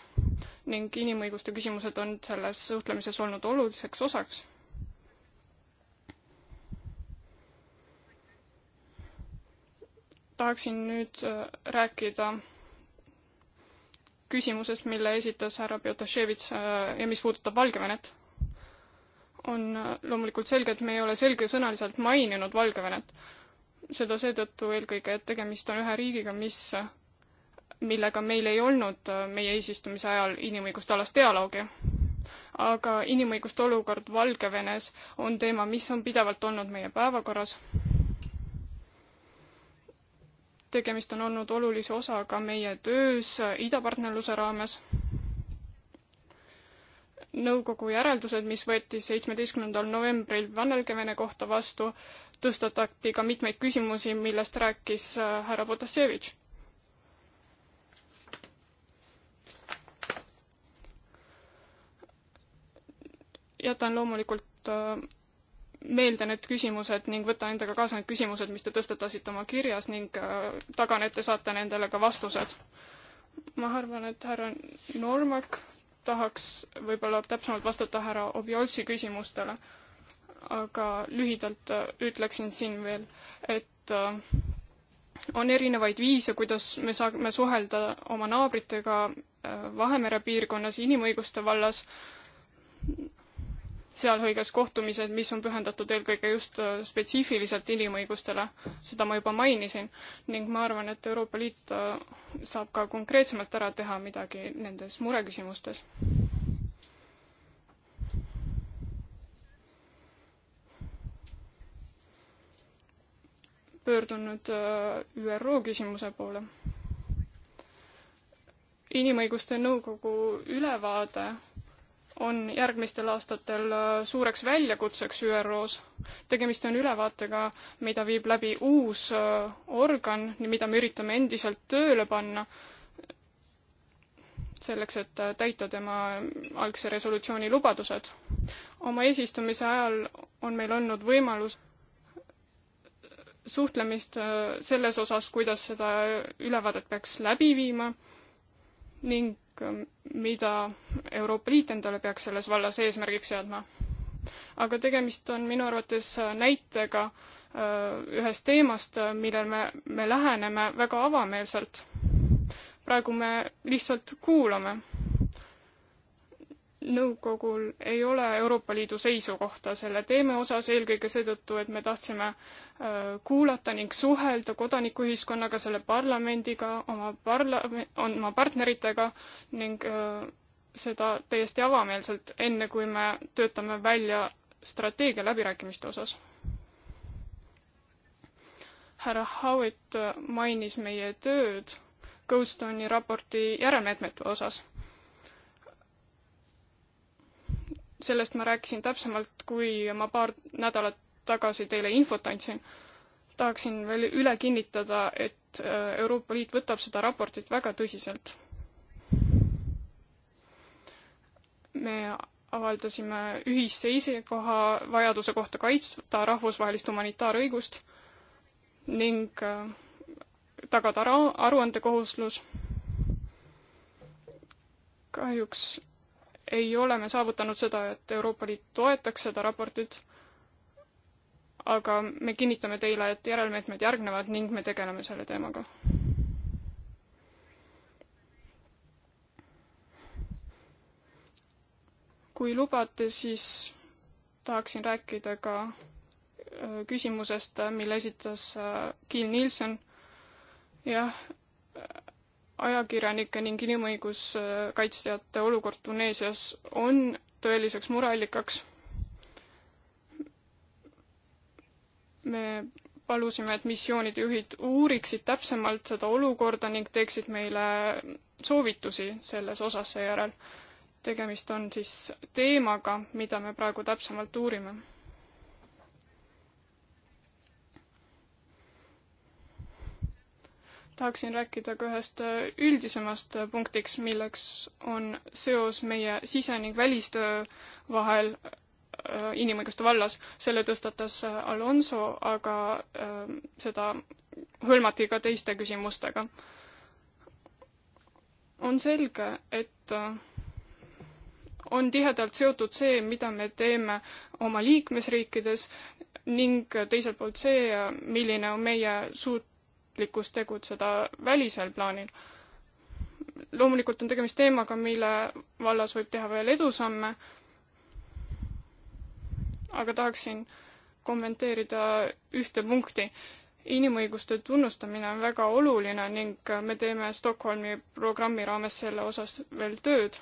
ning inimõiguste küsimused on selles suhtlemises olnud oluliseks osaks tahaksin nüüd äh, rääkida küsimusest, mille esitas härra Pjotaševitš äh, ja mis puudutab Valgevenet. on äh, loomulikult selge, et me ei ole selgesõnaliselt maininud Valgevenet. seda seetõttu eelkõige, et tegemist on ühe riigiga, mis, millega meil ei olnud meie eesistumise ajal inimõiguste alast dialoogi. aga inimõiguste olukord Valgevenes on teema, mis on pidevalt olnud meie päevakorras tegemist on olnud olulise osaga meie töös idapartnerluse raames. nõukogu järeldused, mis võeti seitsmeteistkümnendal novembril Vanelgevene kohta vastu, tõstatati ka mitmeid küsimusi, millest rääkis äh, härra Potasevitš jätan loomulikult äh, meelde need küsimused ning võtan endaga kaasa need küsimused, mis te tõstatasite oma kirjas ning äh, tagan, et te saate nendele ka vastused. ma arvan, et härra Normak tahaks võib-olla täpsemalt vastata härra Obiolsi küsimustele, aga lühidalt äh, ütleksin siin veel, et äh, on erinevaid viise, kuidas me saame suhelda oma naabritega Vahemere piirkonnas inimõiguste vallas sealhulgas kohtumised, mis on pühendatud eelkõige just äh, spetsiifiliselt inimõigustele, seda ma juba mainisin, ning ma arvan, et Euroopa Liit äh, saab ka konkreetsemalt ära teha midagi nendes mureküsimustes. pöördun nüüd äh, ÜRO küsimuse poole. inimõiguste nõukogu ülevaade on järgmistel aastatel äh, suureks väljakutseks ÜRO-s. tegemist on ülevaatega, mida viib läbi uus äh, organ, mida me üritame endiselt tööle panna, selleks, et äh, täita tema algse resolutsiooni lubadused. oma eesistumise ajal on meil olnud võimalus suhtlemist selles osas, kuidas seda ülevaadet peaks läbi viima ning ähm, mida Euroopa Liit endale peaks selles vallas eesmärgiks seadma. aga tegemist on minu arvates äh, näitega äh, ühest teemast, äh, millel me, me läheneme väga avameelselt. praegu me lihtsalt kuulame nõukogul ei ole Euroopa Liidu seisukohta selle teema osas, eelkõige seetõttu, et me tahtsime äh, kuulata ning suhelda kodanikuühiskonnaga, selle parlamendiga, oma parla-, oma partneritega ning äh, seda täiesti avameelselt, enne kui me töötame välja strateegia läbirääkimiste osas. härra Howitt mainis meie tööd Goldstone'i raporti järelmeetmete osas sellest ma rääkisin täpsemalt, kui ma paar nädalat tagasi teile infot andsin. tahaksin veel üle kinnitada, et äh, Euroopa Liit võtab seda raportit väga tõsiselt. me avaldasime ühise isekoha vajaduse kohta kaitsta rahvusvahelist humanitaarõigust ning äh, tagada aru, aruandekohuslus. kahjuks ei ole me saavutanud seda, et Euroopa Liit toetaks seda raportit, aga me kinnitame teile, et järelmeetmed järgnevad ning me tegeleme selle teemaga. kui lubate, siis tahaksin rääkida ka äh, küsimusest, mille esitas äh, Kiil Nielsen. jah, ajakirjanike ning inimõiguskaitsjate olukord Tuneesias on tõeliseks mureallikaks. me palusime, et missioonide juhid uuriksid täpsemalt seda olukorda ning teeksid meile soovitusi selles osas seejärel. tegemist on siis teemaga, mida me praegu täpsemalt uurime tahaksin rääkida ka ühest äh, üldisemast äh, punktiks, milleks on seos meie sise- ning välistöö vahel äh, inimõiguste vallas. selle tõstatas Alonso, aga seda hõlmati ka teiste küsimustega. on selge, et on tihedalt seotud see, mida me teeme oma liikmesriikides ning teiselt poolt see, milline on meie suut-, mõistlikkus tegutseda välisel plaanil. loomulikult on tegemist teemaga, mille vallas võib teha veel edusamme, aga tahaksin kommenteerida ühte punkti. inimõiguste tunnustamine on väga oluline ning me teeme Stockholmi programmi raames selle osas veel tööd.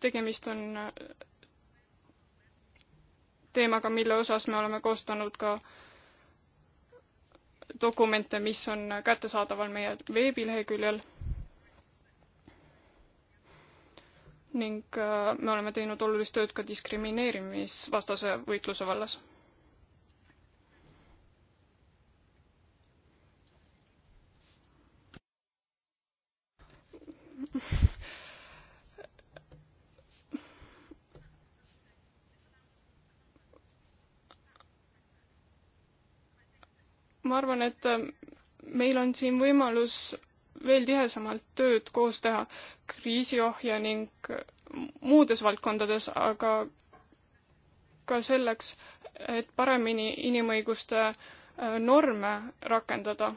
tegemist on teemaga, mille osas me oleme koostanud ka dokumente, mis on kättesaadaval meie veebileheküljel. ning äh, me oleme teinud olulist tööd ka diskrimineerimisvastase võitluse vallas. ma arvan, et äh, meil on siin võimalus veel tihesamalt tööd koos teha kriisiohje ning äh, muudes valdkondades, aga ka selleks, et paremini inimõiguste äh, norme rakendada.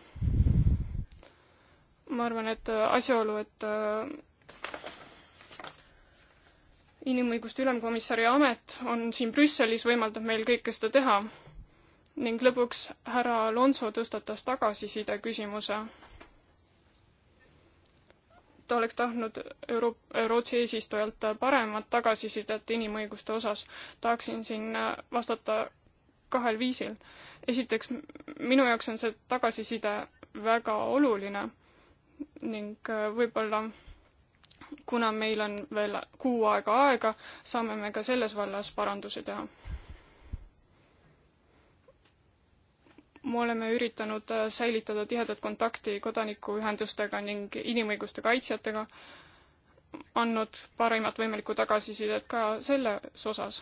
ma arvan, et asjaolu, et inimõiguste ülemkomissari amet on siin Brüsselis, võimaldab meil kõike seda teha ning lõpuks härra Alonso tõstatas tagasiside küsimuse. ta oleks tahtnud Euro-, Rootsi eesistujalt paremat tagasisidet inimõiguste osas. tahaksin siin vastata kahel viisil. esiteks, minu jaoks on see tagasiside väga oluline ning võib-olla kuna meil on veel kuu aega aega, saame me ka selles vallas parandusi teha me oleme üritanud äh, säilitada tihedat kontakti kodanikuühendustega ning inimõiguste kaitsjatega, andnud parimat võimalikku tagasisidet ka selles osas.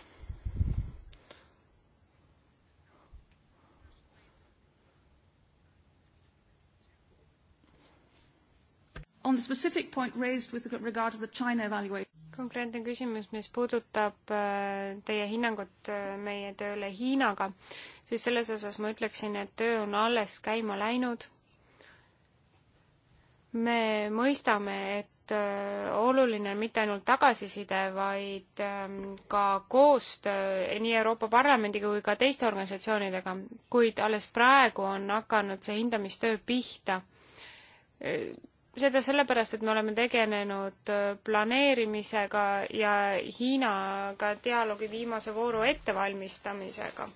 On the specific point raised with regard to the China evaluation
konkreetne küsimus, mis puudutab äh, teie hinnangut äh, meie tööle Hiinaga siis selles osas ma ütleksin, et töö on alles käima läinud. me mõistame, et äh, oluline on mitte ainult tagasiside, vaid ähm, ka koostöö nii Euroopa Parlamendiga kui ka teiste organisatsioonidega, kuid alles praegu on hakanud see hindamistöö pihta äh, seda sellepärast, et me oleme tegelenud äh, planeerimisega ja Hiinaga dialoogi viimase vooru ettevalmistamisega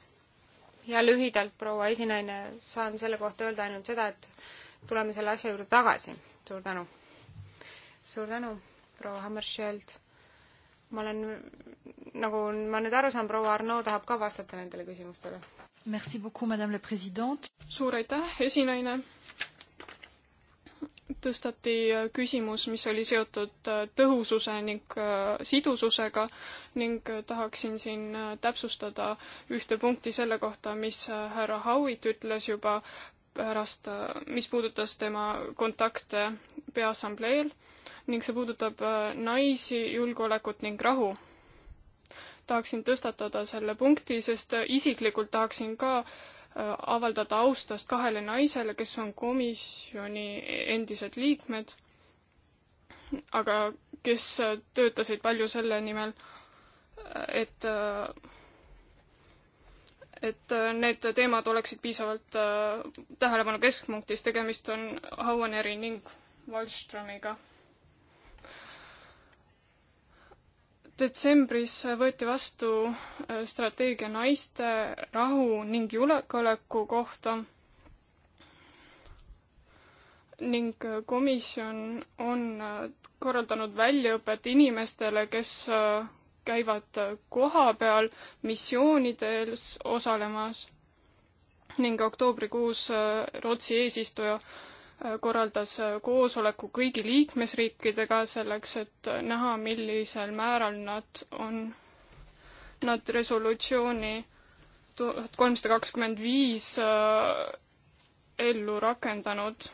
ja lühidalt, proua esinaine, saan selle kohta öelda ainult seda, et tuleme selle asja juurde tagasi. suur tänu. suur tänu, proua Hammarskjöld. ma olen, nagu ma nüüd aru saan, proua Arno tahab ka vastata nendele
küsimustele. suur aitäh, esinaine tõstati küsimus, mis oli seotud äh, tõhususe ning äh, sidususega ning äh, tahaksin siin täpsustada ühte punkti selle kohta, mis härra Howitt ütles juba pärast, mis puudutas tema kontakte Peaassambleel ning see puudutab naisi, julgeolekut ning rahu tahaksin tõstatada selle punkti, sest isiklikult tahaksin ka äh, avaldada austust kahele naisele, kes on komisjoni endised liikmed, aga kes töötasid palju selle nimel, et, et need teemad oleksid piisavalt äh, tähelepanu keskpunktis, tegemist on Hauaneri ning Wallströmiga detsembris võeti vastu äh, strateegia naiste, rahu ning julgeoleku kohta ning äh, komisjon on äh, korraldanud väljaõpet inimestele, kes käivad kohapeal missioonides osalemas ning oktoobrikuus Rootsi eesistuja korraldas koosoleku kõigi liikmesriikidega selleks, et näha, millisel määral nad on, nad resolutsiooni tuhat kolmsada kakskümmend viis äh, ellu rakendanud.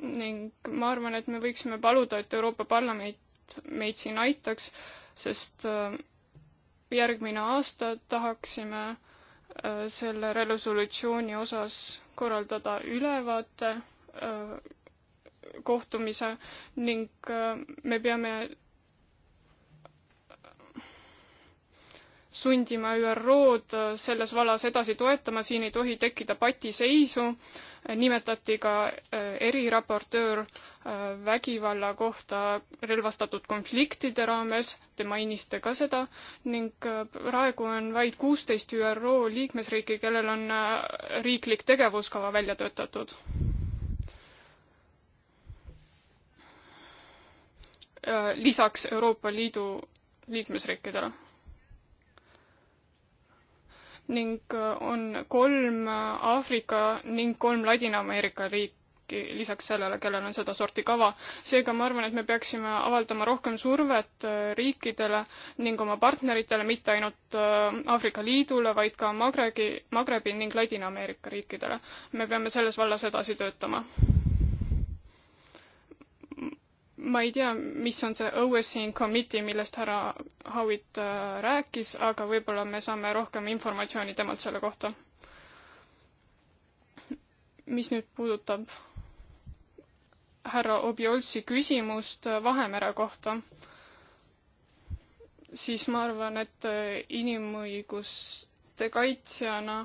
ning ma arvan, et me võiksime paluda, et Euroopa Parlament meid siin aitaks, sest äh, järgmine aasta tahaksime Äh, selle resolutsiooni osas korraldada ülevaate äh, kohtumise ning äh, me peame sundima ÜRO-d selles vallas edasi toetama, siin ei tohi tekkida patiseisu nimetati ka äh, eriraportöör äh, vägivalla kohta relvastatud konfliktide raames, te mainisite ka seda, ning äh, praegu on vaid kuusteist ÜRO liikmesriiki, kellel on riiklik tegevuskava välja töötatud. lisaks Euroopa Liidu liikmesriikidele ning äh, on kolm äh, Aafrika ning kolm Ladina-Ameerika riiki lisaks sellele, kellel on sedasorti kava. seega ma arvan, et me peaksime avaldama rohkem survet äh, riikidele ning oma partneritele, mitte ainult Aafrika Liidule, vaid ka Magregi, Magrebi ning Ladina-Ameerika riikidele. me peame selles vallas edasi töötama ma ei tea, mis on see OSCE committee, millest härra Howitt äh, rääkis, aga võib-olla me saame rohkem informatsiooni temalt selle kohta. mis nüüd puudutab härra Obiolsi küsimust äh, Vahemere kohta, siis ma arvan, et äh, inimõiguste kaitsjana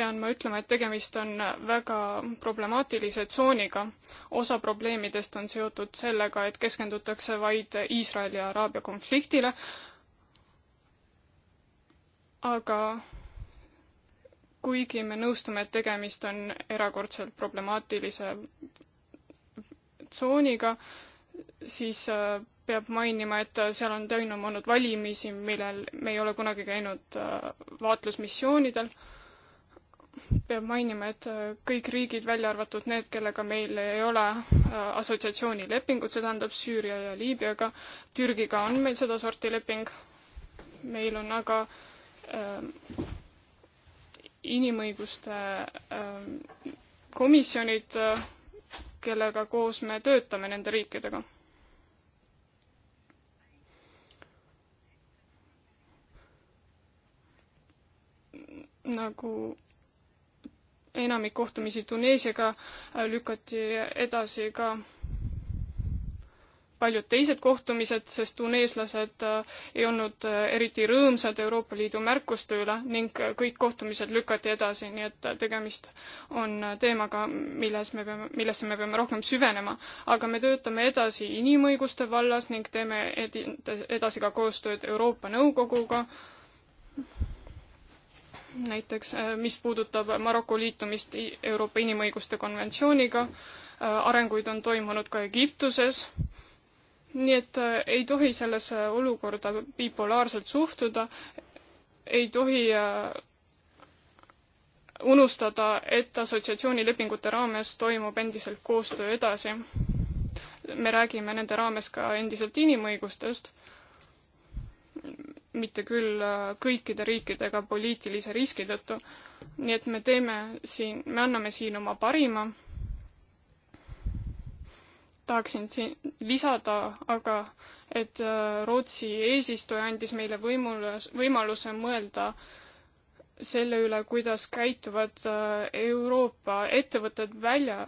pean ma ütlema, et tegemist on väga problemaatilise tsooniga. osa probleemidest on seotud sellega, et keskendutakse vaid Iisraeli ja Araabia konfliktile, aga kuigi me nõustume, et tegemist on erakordselt problemaatilise tsooniga, siis äh, peab mainima, et äh, seal on toimunud valimisi, millel me ei ole kunagi käinud äh, vaatlusmissioonidel äh, peab mainima, et äh, kõik riigid, välja arvatud need, kellega meil ei ole äh, assotsiatsioonilepingut, see tähendab Süüria ja Liibüaga, Türgiga on meil sedasorti leping, meil on aga ähm, ähm, äh, inimõiguste äh, komisjonid, kellega koos me töötame nende riikidega nagu enamik kohtumisi Tuneesiaga äh, lükati edasi ka paljud teised kohtumised, sest tuneeslased äh, ei olnud äh, eriti rõõmsad Euroopa Liidu märkuste üle ning kõik kohtumised lükati edasi, nii et tegemist on teemaga, milles me peame, millesse me peame rohkem süvenema. aga me töötame edasi inimõiguste vallas ning teeme edi-, edasi ka koostööd Euroopa Nõukoguga näiteks, äh, mis puudutab Maroko liitumist Euroopa Inimõiguste konventsiooniga, äh, arenguid on toimunud ka Egiptuses, nii et äh, ei tohi sellesse olukorda bipolaarselt suhtuda, ei tohi unustada, et assotsiatsioonilepingute raames toimub endiselt koostöö edasi. me räägime nende raames ka endiselt inimõigustest mitte küll äh, kõikide riikidega poliitilise riski tõttu. nii et me teeme siin, me anname siin oma parima. tahaksin siin lisada aga, et äh, Rootsi eesistuja andis meile võimalus, võimaluse mõelda selle üle, kuidas käituvad äh, Euroopa ettevõtted välja,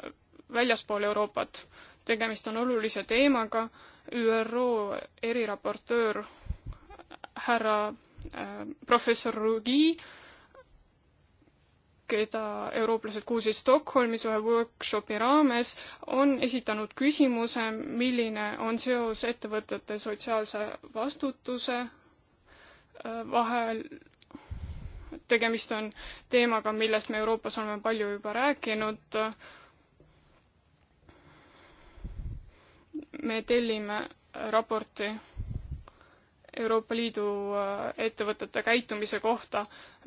väljaspool Euroopat. tegemist on olulise teemaga, ÜRO eriraportöör härra äh, professor Rugi, keda eurooplased kuulsid Stockholmis ühe workshopi raames, on esitanud küsimuse, milline on seos ettevõtete sotsiaalse vastutuse äh, vahel. tegemist on teemaga, millest me Euroopas oleme palju juba rääkinud. me tellime raporti Euroopa Liidu äh, ettevõtete käitumise kohta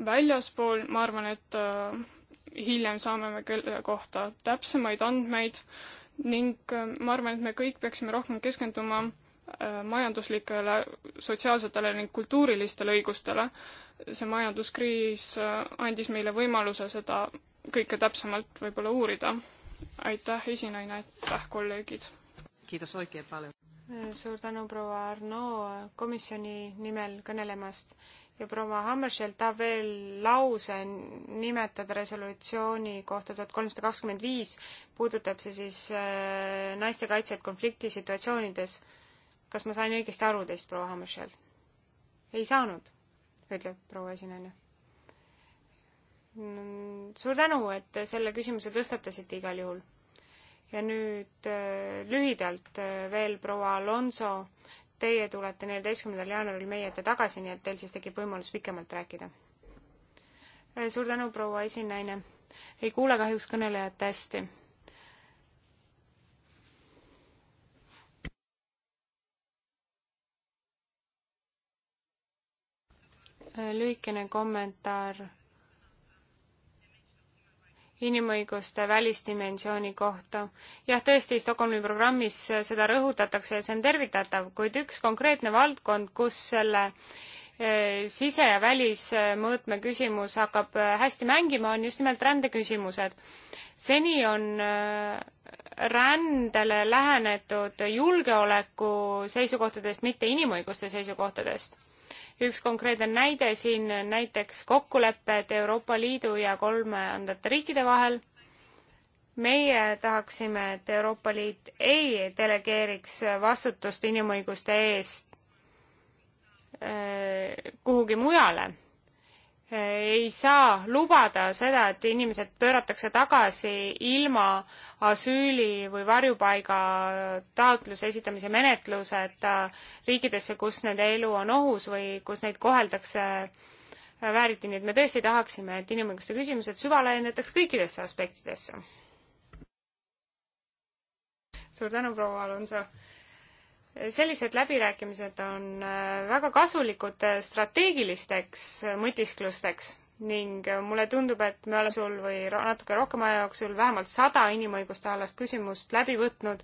väljaspool, ma arvan, et äh, hiljem saame me kelle kohta täpsemaid andmeid ning äh, ma arvan, et me kõik peaksime rohkem keskenduma majanduslikele, sotsiaalsetele ning kultuurilistele õigustele. see majanduskriis andis meile võimaluse seda kõike täpsemalt võib-olla uurida. aitäh, esinaine, aitäh, kolleegid! kiitos oikein palju!
suur tänu, proua Arno, komisjoni nimel kõnelemast ja proua Hammershell tahab veel lause nimetada resolutsiooni kohta tuhat kolmsada kakskümmend viis, puudutab see siis äh, naiste kaitset konfliktisituatsioonides. kas ma sain õigesti aru teist, proua Hammershell? ei saanud, ütleb proua esinaine. Mm, suur tänu, et selle küsimuse tõstatasite igal juhul ja nüüd äh, lühidalt äh, veel proua Alonso, teie tulete neljateistkümnendal jaanuaril meie ette tagasi, nii et teil siis tekib võimalus pikemalt rääkida. Äh, suur tänu, proua esinaine. ei kuule kahjuks kõnelejat hästi lühikene kommentaar inimõiguste välisdimensiooni kohta. jah, tõesti, Stockholmi programmis seda rõhutatakse ja see on tervitatav, kuid üks konkreetne valdkond, kus selle eh, sise- ja välismõõtme küsimus hakkab eh, hästi mängima, on just nimelt rändeküsimused. seni on eh, rändele lähenetud julgeoleku seisukohtadest, mitte inimõiguste seisukohtadest üks konkreetne näide siin, näiteks kokkulepped Euroopa Liidu ja kolmandate riikide vahel. meie tahaksime, et Euroopa Liit ei delegeeriks vastutust inimõiguste eest äh, kuhugi mujale ei saa lubada seda, et inimesed pööratakse tagasi ilma asüüli või varjupaiga taotluse esitamise menetluseta riikidesse, kus nende elu on ohus või kus neid koheldakse vääriti, nii et me tõesti tahaksime, et inimõiguste küsimused süvalaiendataks kõikidesse aspektidesse. suur tänu, proua Alonso sellised läbirääkimised on äh, väga kasulikud äh, strateegilisteks äh, mõtisklusteks ning mulle tundub, et me oleme sul või natuke rohkem aja jooksul vähemalt sada inimõiguste alast küsimust läbi võtnud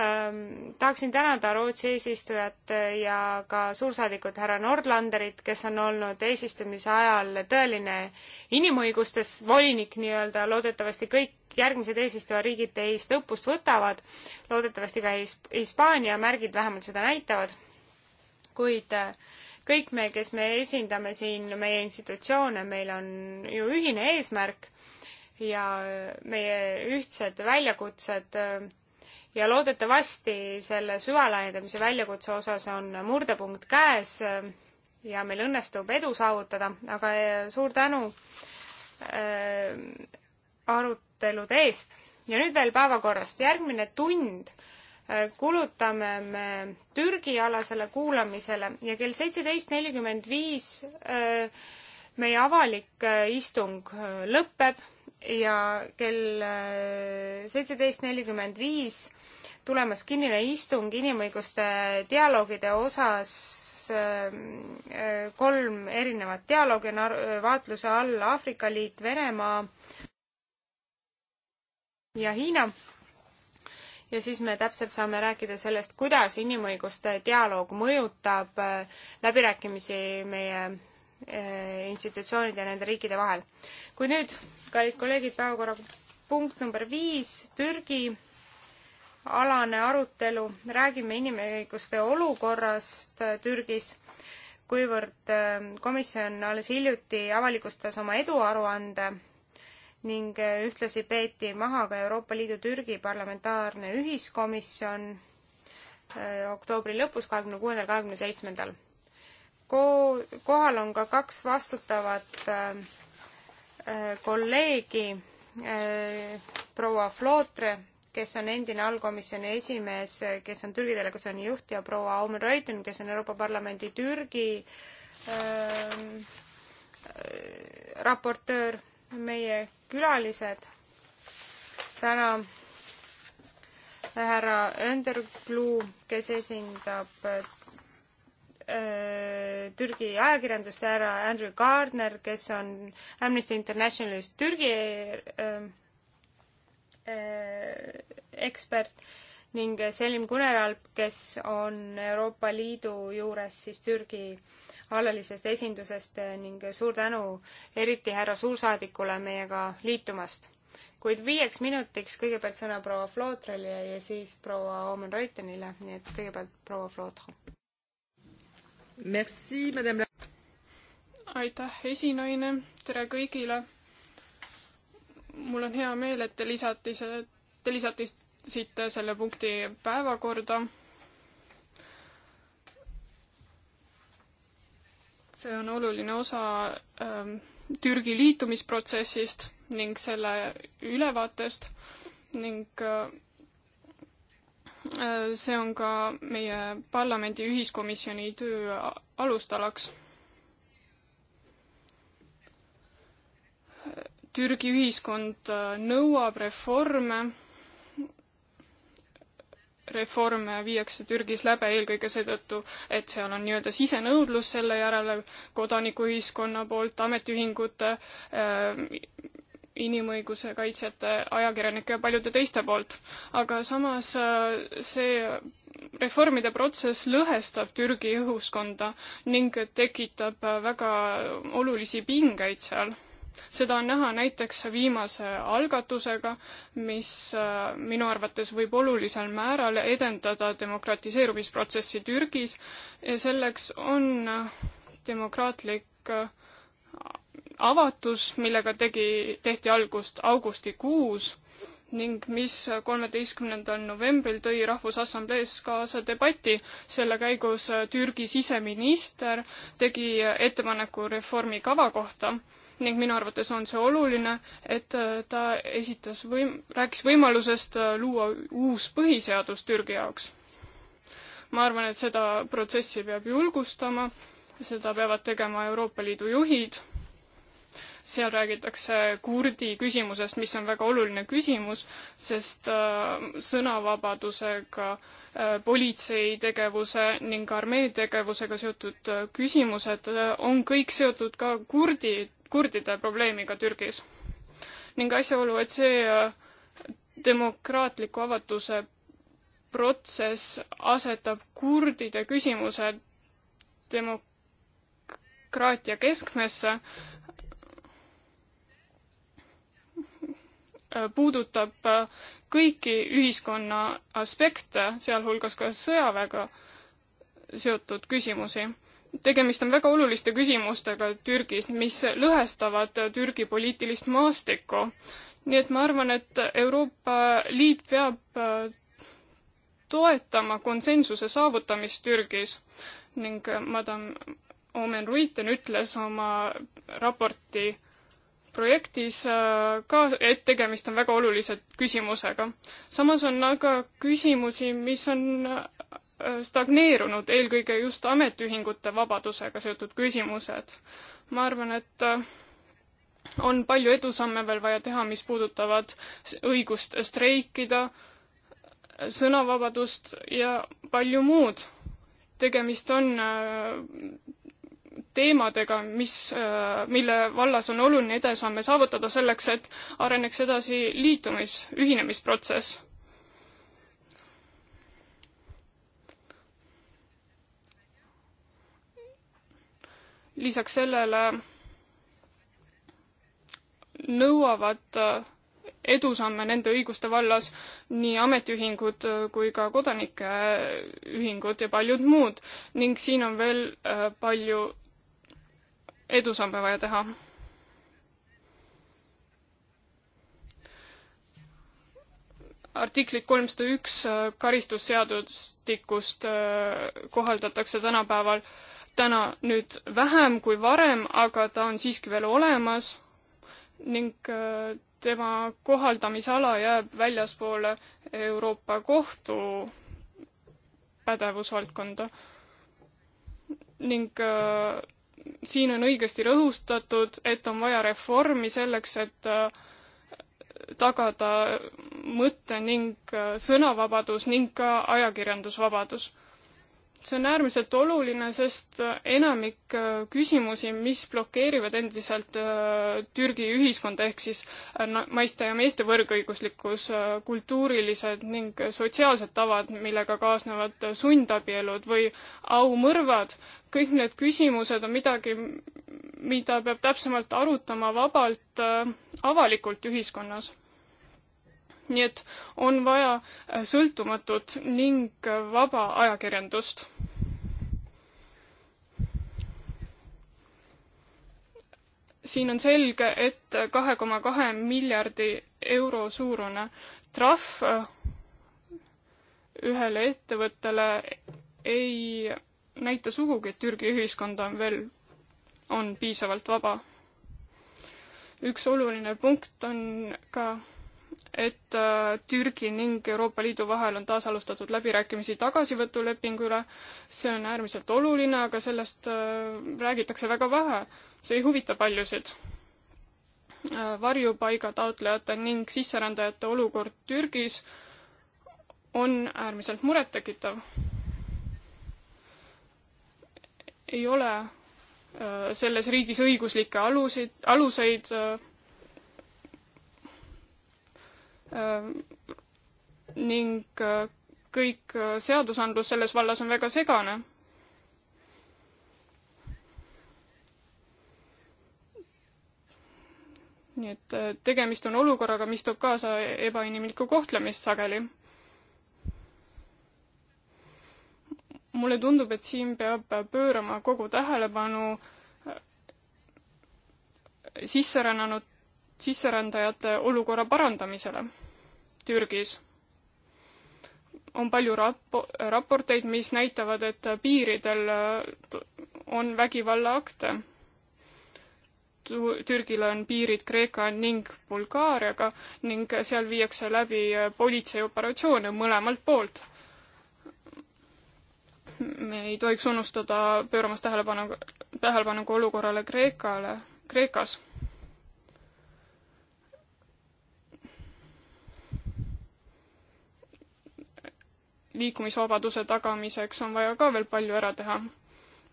ähm,. tahaksin tänada Rootsi eesistujat ja ka suursaadikut härra Nordlanderit, kes on olnud eesistumise ajal tõeline inimõigustes volinik nii-öelda, loodetavasti kõik järgmised eesistujariigid teist õppust võtavad, loodetavasti ka His-, Hispaania märgid vähemalt seda näitavad, kuid äh, kõik me, kes me esindame siin meie institutsioone, meil on ju ühine eesmärk ja äh, meie ühtsed väljakutsed äh, ja loodetavasti selle süvalaiendamise väljakutse osas on murdepunkt käes äh, ja meil õnnestub edu saavutada, aga äh, suur tänu äh, arutelude eest. ja nüüd veel päevakorrast. järgmine tund äh, kulutame me Türgi alasele kuulamisele ja kell seitseteist nelikümmend viis meie avalik istung lõpeb ja kell seitseteist nelikümmend viis tulemas kinnine istung inimõiguste dialoogide osas, ähm, äh, kolm erinevat dialoogi on vaatluse all Aafrika Liit, Venemaa ja Hiina. ja siis me täpselt saame rääkida sellest, kuidas inimõiguste dialoog mõjutab äh, läbirääkimisi meie äh, institutsioonide ja nende riikide vahel. kui nüüd, kallid kolleegid, päevakorrapunkt number viis, Türgi alane arutelu, räägime inimõiguste olukorrast äh, Türgis, kuivõrd äh, komisjon alles hiljuti avalikustas oma eduaruande ning äh, ühtlasi peeti maha ka Euroopa Liidu Türgi parlamentaarne ühiskomisjon oktoobri lõpus, kahekümne kuuendal, kahekümne seitsmendal. Ko-, kohal on ka kaks vastutavat äh, kolleegi äh,, proua Flootre kes on endine allkomisjoni esimees, kes on Türgi delegatsiooni juht ja proua Aumen Reuten, kes on Euroopa Parlamendi Türgi ähm, äh, raportöör, meie külalised täna härra Öndergluu, kes esindab äh, Türgi ajakirjandust ja härra Andrew Gardner, kes on Amnesty Internationalist Türgi äh, Äh, ekspert ning Selim Kuneralp, kes on Euroopa Liidu juures siis Türgi alalisest esindusest äh, ning suur tänu eriti härra suursaadikule meiega liitumast. kuid viieks minutiks kõigepealt sõna proua Flootrile ja siis proua Omen Reutenile, nii et kõigepealt proua Flootro.
Merci, madame la aitäh, esinaine, tere kõigile mul on hea meel, et te lisati see, te lisasite selle punkti päevakorda. see on oluline osa ähm, Türgi liitumisprotsessist ning selle ülevaatest ning äh, äh see on ka meie parlamendi ühiskomisjoni töö alustalaks Türgi ühiskond äh, nõuab reforme, reforme viiakse Türgis läbi eelkõige seetõttu, et seal on nii-öelda sisenõudlus selle järele kodanikuühiskonna poolt, ametiühingute, äh, inimõiguse kaitsjate, ajakirjanike ja paljude teiste poolt. aga samas äh, see reformide protsess lõhestab Türgi õhuskonda ning tekitab väga olulisi pingeid seal seda on näha näiteks viimase algatusega, mis äh, minu arvates võib olulisel määral edendada demokratiseerumisprotsessi Türgis ja selleks on äh, demokraatlik äh, avatus, millega tegi, tehti algust augustikuus ning mis kolmeteistkümnendal novembril tõi Rahvusassamblees kaasa debati. selle käigus Türgi siseminister tegi ettepaneku reformikava kohta ning minu arvates on see oluline, et ta esitas võim-, rääkis võimalusest luua uus põhiseadus Türgi jaoks. ma arvan, et seda protsessi peab julgustama, seda peavad tegema Euroopa Liidu juhid seal räägitakse kurdi küsimusest, mis on väga oluline küsimus, sest äh, sõnavabadusega, äh, politsei tegevuse ning armee tegevusega seotud äh, küsimused on kõik seotud ka kurdi, kurdide probleemiga Türgis. ning asjaolu, et see demokraatliku avatuse protsess asetab kurdide küsimuse demok-, demokraatia keskmesse, Äh, puudutab äh, kõiki ühiskonna aspekte, sealhulgas ka sõjaväega seotud küsimusi. tegemist on väga oluliste küsimustega Türgis, mis lõhestavad Türgi poliitilist maastikku. nii et ma arvan, et Euroopa Liit peab äh, toetama konsensuse saavutamist Türgis ning madam Omen Ruiten ütles oma raporti projektis äh, ka, et tegemist on väga olulise küsimusega. samas on aga küsimusi, mis on äh, stagneerunud, eelkõige just ametiühingute vabadusega seotud küsimused. ma arvan, et äh, on palju edusamme veel vaja teha, mis puudutavad õigust streikida, sõnavabadust ja palju muud. tegemist on teemadega, mis, äh, mille vallas on oluline edesamme saavutada selleks, et areneks edasi liitumis, ühinemisprotsess. lisaks sellele nõuavad äh, edusamme nende õiguste vallas nii ametiühingud äh, kui ka kodanikeühingud ja paljud muud ning siin on veel palju edusamme vaja teha. artiklit kolmsada üks äh, karistusseadustikust äh, kohaldatakse tänapäeval täna nüüd vähem kui varem, aga ta on siiski veel olemas ning äh, tema kohaldamisala jääb väljaspoole Euroopa Kohtu pädevusvaldkonda. ning siin on õigesti rõhustatud, et on vaja reformi selleks, et äh, tagada mõtte ning äh, sõnavabadus ning ka ajakirjandusvabadus see on äärmiselt oluline, sest enamik äh, küsimusi, mis blokeerivad endiselt äh, Türgi ühiskonda, ehk siis äh, naiste ja meeste võrgõiguslikkus, kultuurilised ning sotsiaalsed tavad, millega kaasnevad sundabielud või aumõrvad, kõik need küsimused on midagi, mida peab täpsemalt arutama vabalt, avalikult ühiskonnas nii et on vaja äh, sõltumatut ning äh, vaba ajakirjandust. siin on selge, et äh, kahe koma kahe miljardi euro suurune trahv ühele ettevõttele ei näita sugugi, et Türgi ühiskonda on veel, on piisavalt vaba. üks oluline punkt on ka et äh, Türgi ning Euroopa Liidu vahel on taas alustatud läbirääkimisi tagasivõtulepingu üle. see on äärmiselt oluline, aga sellest äh, räägitakse väga vähe. see ei huvita paljusid. Äh, varjupaiga taotlejate ning sisserändajate olukord Türgis on äärmiselt murettekitav. ei ole selles riigis õiguslikke alusid, aluseid Äh, ning äh, kõik äh, seadusandlus selles vallas on väga segane. nii et tegemist on olukorraga, mis toob kaasa ebainimlikku kohtlemist sageli. mulle tundub, et siin peab pöörama kogu tähelepanu sisserännanud sisserändajate olukorra parandamisele Türgis. on palju rapo-, raporteid, mis näitavad, et piiridel äh, on vägivallaakte. Türgil on piirid Kreeka ning Bulgaariaga ning seal viiakse läbi äh, politseioperatsioone mõlemalt poolt me ei tohiks unustada pööramas tähelepanu, tähelepanu ka olukorrale Kreekale, Kreekas. liikumisvabaduse tagamiseks on vaja ka veel palju ära teha.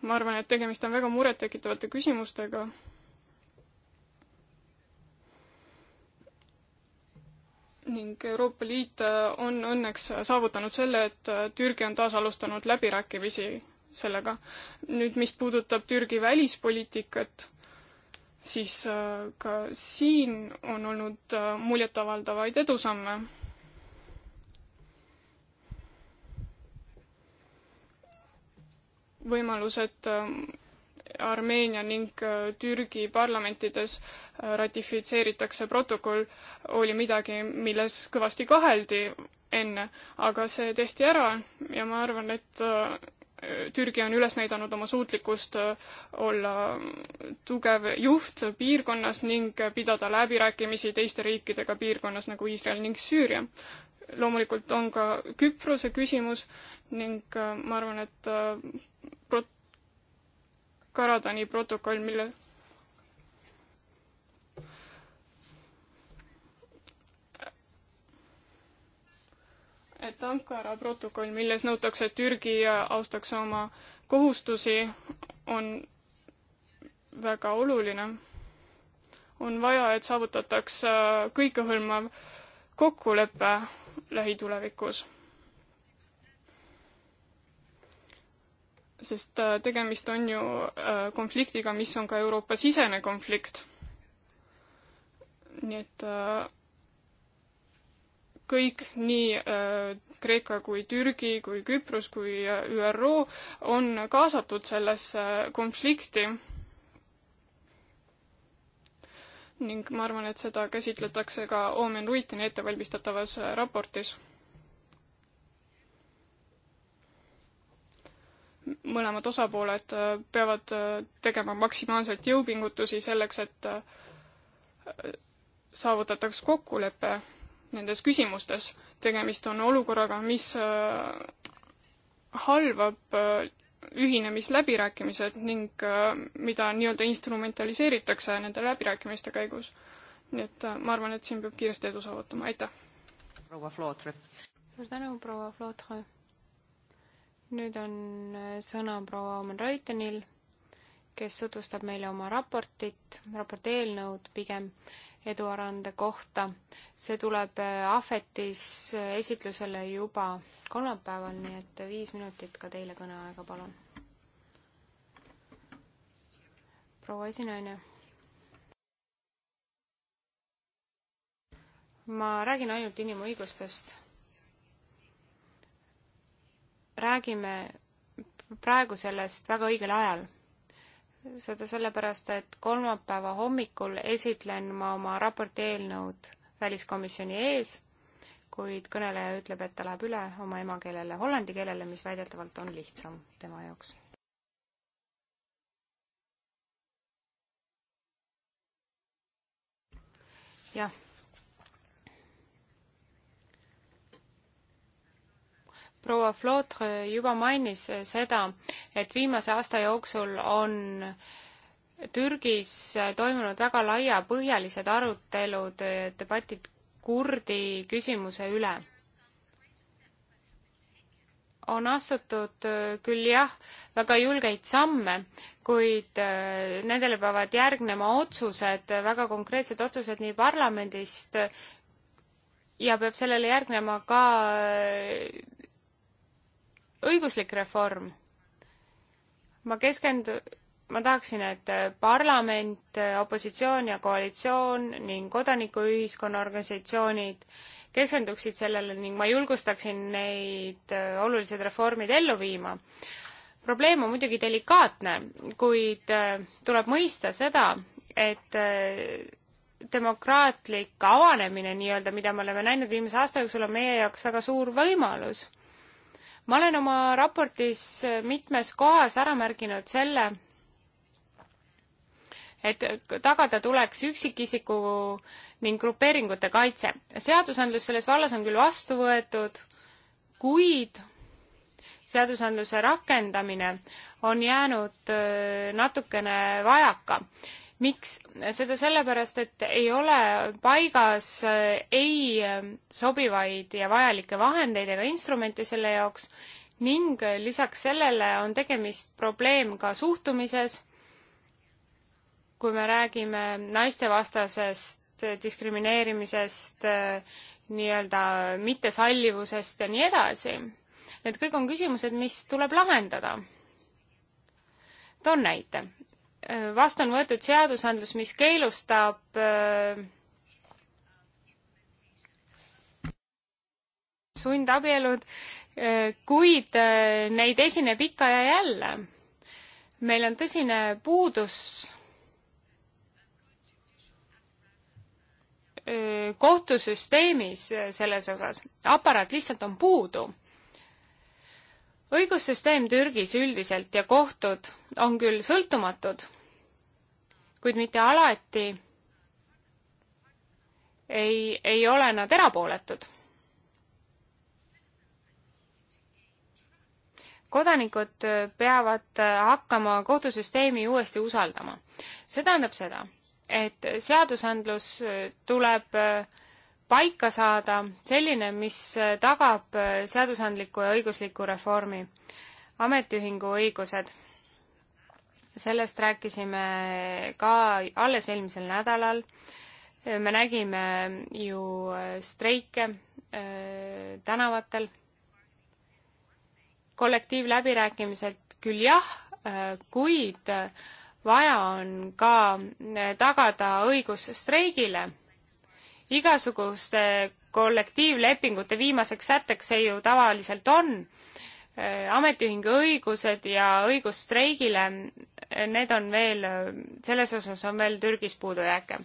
ma arvan, et tegemist on väga murettekitavate küsimustega. ning Euroopa Liit äh, on õnneks saavutanud selle, et äh, Türgi on taas alustanud läbirääkimisi sellega. nüüd, mis puudutab Türgi välispoliitikat, siis äh, ka siin on olnud muljetavaldavaid edusamme võimalused ähm, Armeenia ning äh, Türgi parlamentides äh, ratifitseeritakse protokoll, oli midagi, milles kõvasti kaheldi enne, aga see tehti ära ja ma arvan, et äh, Türgi on üles näidanud oma suutlikkust olla mm, tugev juht piirkonnas ning pidada läbirääkimisi teiste riikidega piirkonnas nagu Iisrael ning Süüria. loomulikult on ka Küprose küsimus ning ma arvan, et prot-, Karadani protokoll, mille et Ankara protokoll, milles nõutakse, et Türgi austaks oma kohustusi, on väga oluline. on vaja, et saavutataks kõikehõlmav kokkulepe lähitulevikus sest äh, tegemist on ju äh, konfliktiga, mis on ka Euroopa-sisene konflikt. nii et äh, kõik, nii Kreeka kui Türgi kui Küpros kui ÜRO on kaasatud sellesse konflikti. ning ma arvan, et seda käsitletakse ka Oomen Ruitini ettevalmistatavas raportis mõlemad osapooled äh, peavad äh, tegema maksimaalselt jõupingutusi selleks, et äh, saavutataks kokkulepe nendes küsimustes. tegemist on olukorraga, mis halvab ühinemisläbirääkimised ning mida nii-öelda instrumentaliseeritakse nende läbirääkimiste käigus. nii et ma arvan, et siin peab kiiresti edu saavutama, aitäh! proua
Flootre. suur tänu, proua Flootre! nüüd on sõna proua Omen Reutenil, kes tutvustab meile oma raportit, raporti eelnõud pigem eduarande kohta. see tuleb äh, Ahvetis esitlusele juba kolmapäeval, nii et viis minutit ka teile kõneaega, palun. proua esinaine. ma räägin ainult inimõigustest räägime praegu sellest väga õigel ajal. seda sellepärast, et kolmapäeva hommikul esitlen ma oma raporti eelnõud väliskomisjoni ees, kuid kõneleja ütleb, et ta läheb üle oma emakeelele hollandi keelele, mis väidetavalt on lihtsam tema jaoks. jah proua Flotre juba mainis seda, et viimase aasta jooksul on Türgis toimunud väga laiapõhjalised arutelud, debatid kurdi küsimuse üle. on astutud küll jah, väga julgeid samme, kuid äh, nendele peavad järgnema otsused, väga konkreetsed otsused nii parlamendist ja peab sellele järgnema ka äh, õiguslik reform. ma keskendu-, ma tahaksin, et parlament, opositsioon ja koalitsioon ning kodanikuühiskonna organisatsioonid keskenduksid sellele ning ma julgustaksin neid äh, olulised reformid ellu viima. probleem on muidugi delikaatne, kuid äh, tuleb mõista seda, et äh, demokraatlik avanemine nii-öelda, mida me oleme näinud viimase aasta jooksul, on meie jaoks väga suur võimalus ma olen oma raportis mitmes kohas ära märginud selle, et tagada tuleks üksikisiku ning grupeeringute kaitse. seadusandlus selles vallas on küll vastu võetud, kuid seadusandluse rakendamine on jäänud äh, natukene vajaka miks? seda sellepärast, et ei ole paigas äh, ei ähm, sobivaid ja vajalikke vahendeid ega instrumente selle jaoks ning lisaks sellele on tegemist probleem ka suhtumises, kui me räägime naistevastasest äh, diskrimineerimisest, äh, nii-öelda mittesallivusest ja nii edasi. Need kõik on küsimused, mis tuleb lahendada. toon näite. Äh, vastu on võetud seadusandlus, mis keelustab äh, sundabielud, äh, kuid neid esineb ikka ja jälle. meil on tõsine puudus kohtusüsteemis selles osas, aparaat lihtsalt on puudu õigussüsteem Türgis üldiselt ja kohtud on küll sõltumatud, kuid mitte alati ei, ei ole nad erapooletud. kodanikud peavad hakkama kohtusüsteemi uuesti usaldama. see tähendab seda, et seadusandlus tuleb paika saada selline, mis tagab seadusandliku ja õigusliku reformi, ametiühingu õigused sellest rääkisime ka alles eelmisel nädalal. me nägime ju streike äh, tänavatel. kollektiivläbirääkimised küll jah, äh, kuid vaja on ka äh, tagada õigus streigile. igasuguste kollektiivlepingute viimaseks sätteks see ju tavaliselt on ametiühingu õigused ja õigus streigile need on veel, selles osas on veel Türgis puudujääke.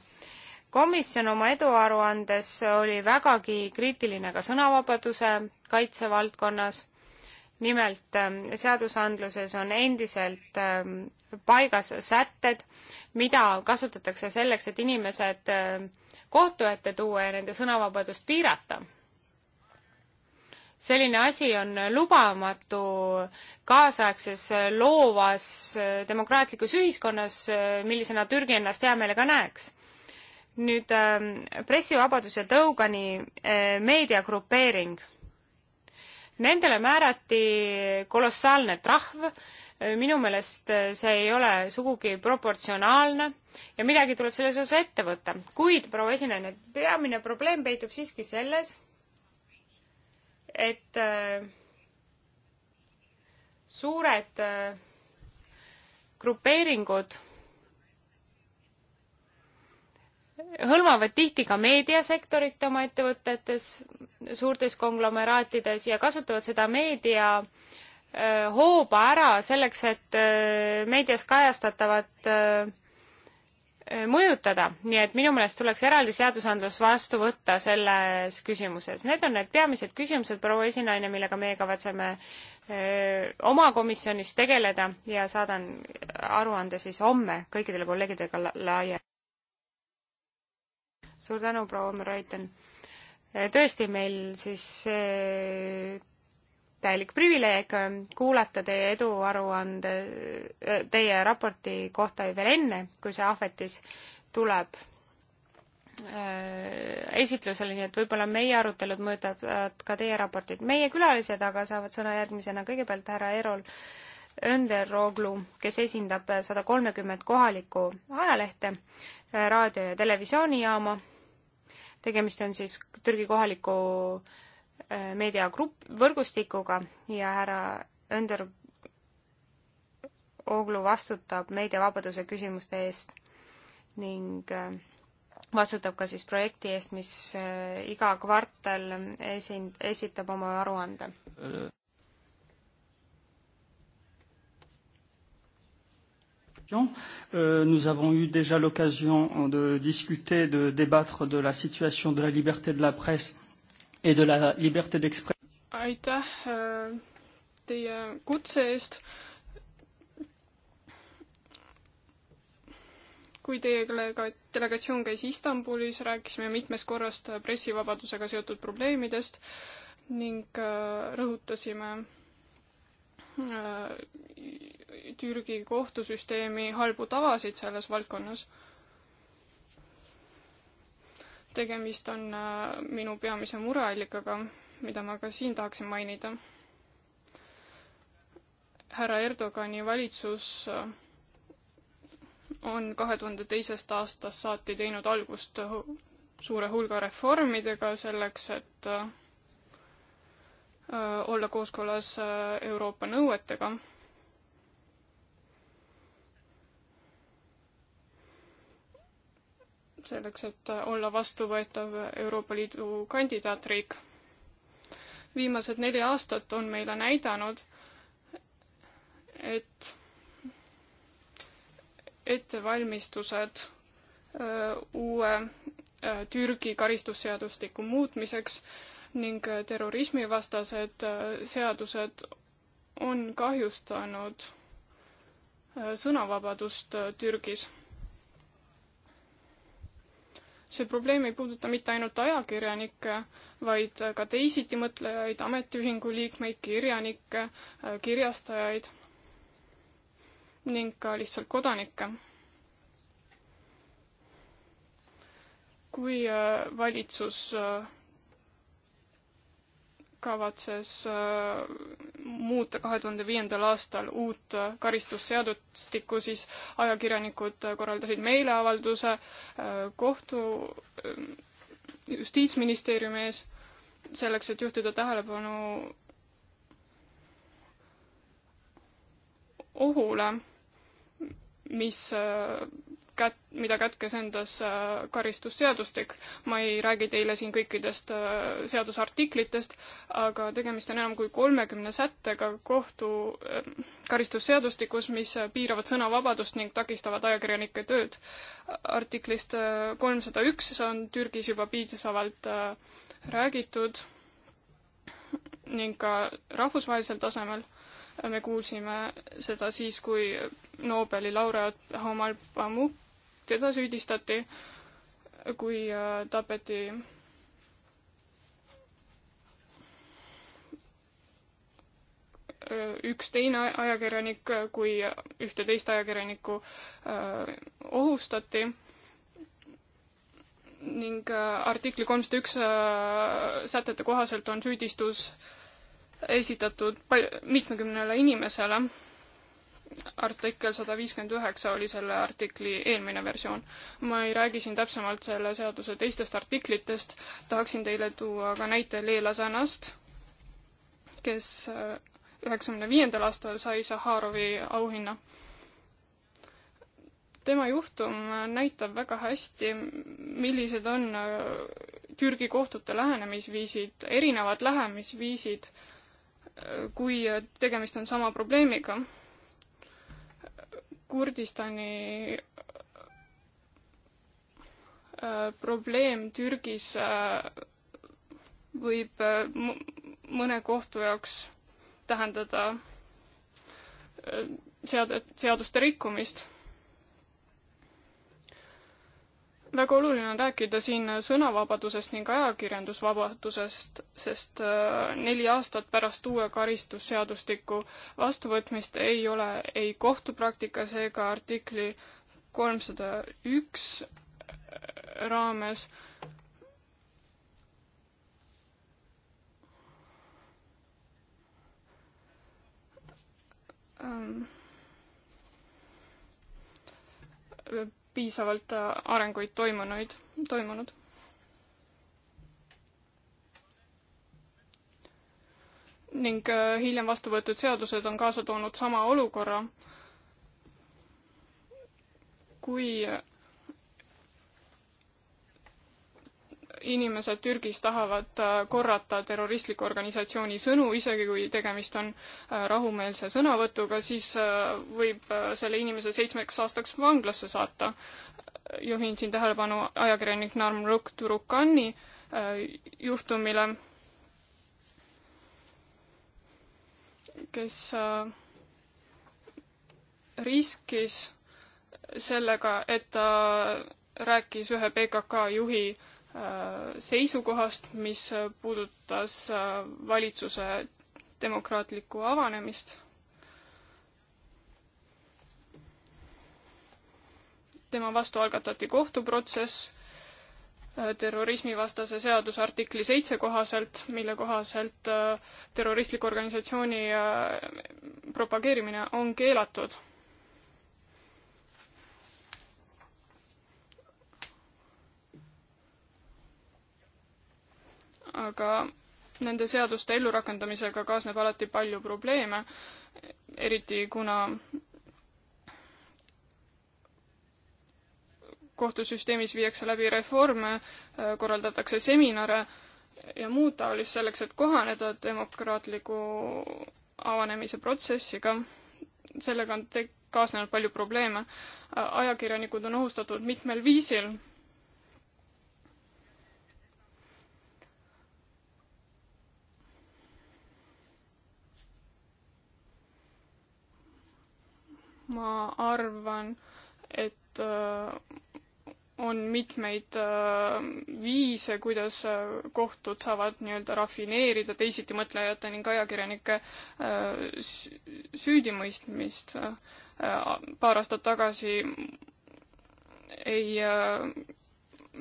komisjon oma eduaruandes oli vägagi kriitiline ka sõnavabaduse kaitsevaldkonnas. nimelt ähm, seadusandluses on endiselt ähm, paigas sätted, mida kasutatakse selleks, et inimesed ähm, kohtu ette tuua ja nende sõnavabadust piirata selline asi on lubamatu kaasaegses loovas demokraatlikus ühiskonnas, millisena Türgi ennast hea meelega näeks. nüüd ähm, pressivabaduse tõugani äh, meediagrupeering. Nendele määrati kolossaalne trahv, minu meelest see ei ole sugugi proportsionaalne ja midagi tuleb selles osas ette võtta. kuid, proua esinaine, peamine probleem peitub siiski selles, et äh, suured äh, grupeeringud hõlmavad tihti ka meediasektorit oma ettevõtetes, suurtes konglomeraatides ja kasutavad seda meedia äh, hooba ära selleks, et meedias kajastatavat Äh, mõjutada, nii et minu meelest tuleks eraldi seadusandlus vastu võtta selles küsimuses. Need on need peamised küsimused, proua esinaine, millega meie kavatseme öö, äh, oma komisjonis tegeleda ja saadan aruande siis homme kõikidele kolleegidega laia. suur tänu, proua Omer Reuten! Äh, tõesti, meil siis täielik privileeg ähm, kuulata teie eduaruande, äh, teie raporti kohta veel enne, kui see ahvetis tuleb äh, esitlusele, nii et võib-olla meie arutelud mõjutavad ka teie raportit. meie külalised aga saavad sõna järgmisena kõigepealt härra Erol Önderoglu, kes esindab sada kolmekümmet kohalikku ajalehte, äh, raadio- ja televisioonijaama. tegemist on siis Türgi kohaliku äh, meediagrupp, võrgustikuga ja härra Önder Ooglu vastutab meediavabaduse küsimuste eest ning äh, vastutab ka siis projekti eest, mis äh, iga kvartal esind-, esitab oma aruande.
Euh, nous avons eu déjà l'occasion de discuter, de débattre de la situation de la liberté de la presse et de la liberté d'expression. aitäh äh, teie kutse eest. kui teie delegatsioon käis Istanbulis, rääkisime mitmest korrast pressivabadusega seotud probleemidest ning äh, rõhutasime äh, Türgi kohtusüsteemi halbu tavasid selles valdkonnas tegemist on äh, minu peamise mureallikaga, mida ma ka siin tahaksin mainida. härra Erdogani valitsus äh, on kahe tuhande teisest aastast saati teinud algust suure hulga reformidega selleks, et äh, olla kooskõlas Euroopa nõuetega selleks, et olla vastuvõetav Euroopa Liidu kandidaatriik. viimased neli aastat on meile näidanud, et ettevalmistused uue Türgi karistusseadustiku muutmiseks ning terrorismivastased seadused on kahjustanud sõnavabadust Türgis see probleem ei puuduta mitte ainult ajakirjanikke, vaid ka teisitimõtlejaid, ametiühingu liikmeid, kirjanikke, kirjastajaid ning ka lihtsalt kodanikke. kui äh, valitsus äh, kavatses äh, muuta kahe tuhande viiendal aastal uut äh, karistusseadustikku, siis ajakirjanikud äh, korraldasid meeleavalduse kohtu, justiitsministeeriumi ees, selleks, et juhtida tähelepanu ohule, mis kät-, mida kätkes endas äh, karistusseadustik. ma ei räägi teile siin kõikidest äh, seadusartiklitest, aga tegemist on enam kui kolmekümne sättega kohtu äh, karistusseadustikus, mis piiravad sõnavabadust ning takistavad ajakirjanike tööd. artiklist kolmsada üks on Türgis juba piisavalt räägitud ning ka rahvusvahelisel tasemel me kuulsime seda siis, kui Nobeli laureaat Homal Pamuk teda süüdistati, kui äh, tapeti äh, üks teine ajakirjanik, kui ühte teist ajakirjanikku äh, ohustati ning artikli kolmsada üks sätete kohaselt on süüdistus esitatud pal-, mitmekümnele inimesele artikkel sada viiskümmend üheksa oli selle artikli eelmine versioon. ma ei räägi siin täpsemalt selle seaduse teistest artiklitest, tahaksin teile tuua ka näite Leela Sanast, kes äh, üheksakümne viiendal aastal sai Saharovi auhinna. tema juhtum näitab väga hästi, millised on äh, Türgi kohtute lähenemisviisid, erinevad lähenemisviisid, äh, kui tegemist on sama probleemiga Kurdistani äh, probleem Türgis äh, võib äh, mõne kohtu jaoks tähendada sead-, seaduste rikkumist. väga oluline on rääkida siin sõnavabadusest ning ajakirjandusvabadusest, sest äh, neli aastat pärast uue karistusseadustiku vastuvõtmist ei ole ei kohtupraktikas ega artikli kolmsada üks äh, raames ähm, piisavalt äh, arenguid toimunuid, toimunud. ning äh, hiljem vastu võetud seadused on kaasa toonud sama olukorra, kui inimesed Türgis tahavad äh, korrata terroristliku organisatsiooni sõnu, isegi kui tegemist on äh, rahumeelse sõnavõtuga, siis äh, võib selle inimese seitsmeks aastaks vanglasse saata. juhin siin tähelepanu ajakirjanik Narm Rukk Turukani juhtumile, kes riskis sellega, et ta rääkis ühe PKK juhi äh, Äh, seisukohast, mis äh, puudutas äh, valitsuse demokraatlikku avanemist. tema vastu algatati kohtuprotsess terrorismivastase seaduse artikli seitse kohaselt, mille kohaselt terroristliku organisatsiooni propageerimine on keelatud aga nende seaduste ellurakendamisega kaasneb alati palju probleeme, eriti kuna kohtusüsteemis viiakse läbi reforme, korraldatakse seminare ja muud taolist selleks, et kohaneda demokraatliku avanemise protsessiga. sellega on te-, kaasnenud palju probleeme. ajakirjanikud on ohustatud mitmel viisil ma arvan, et äh, on mitmeid äh, viise, kuidas äh, kohtud saavad nii-öelda rafineerida teisitimõtlejate ning ajakirjanike süüdimõistmist. paar aastat tagasi ei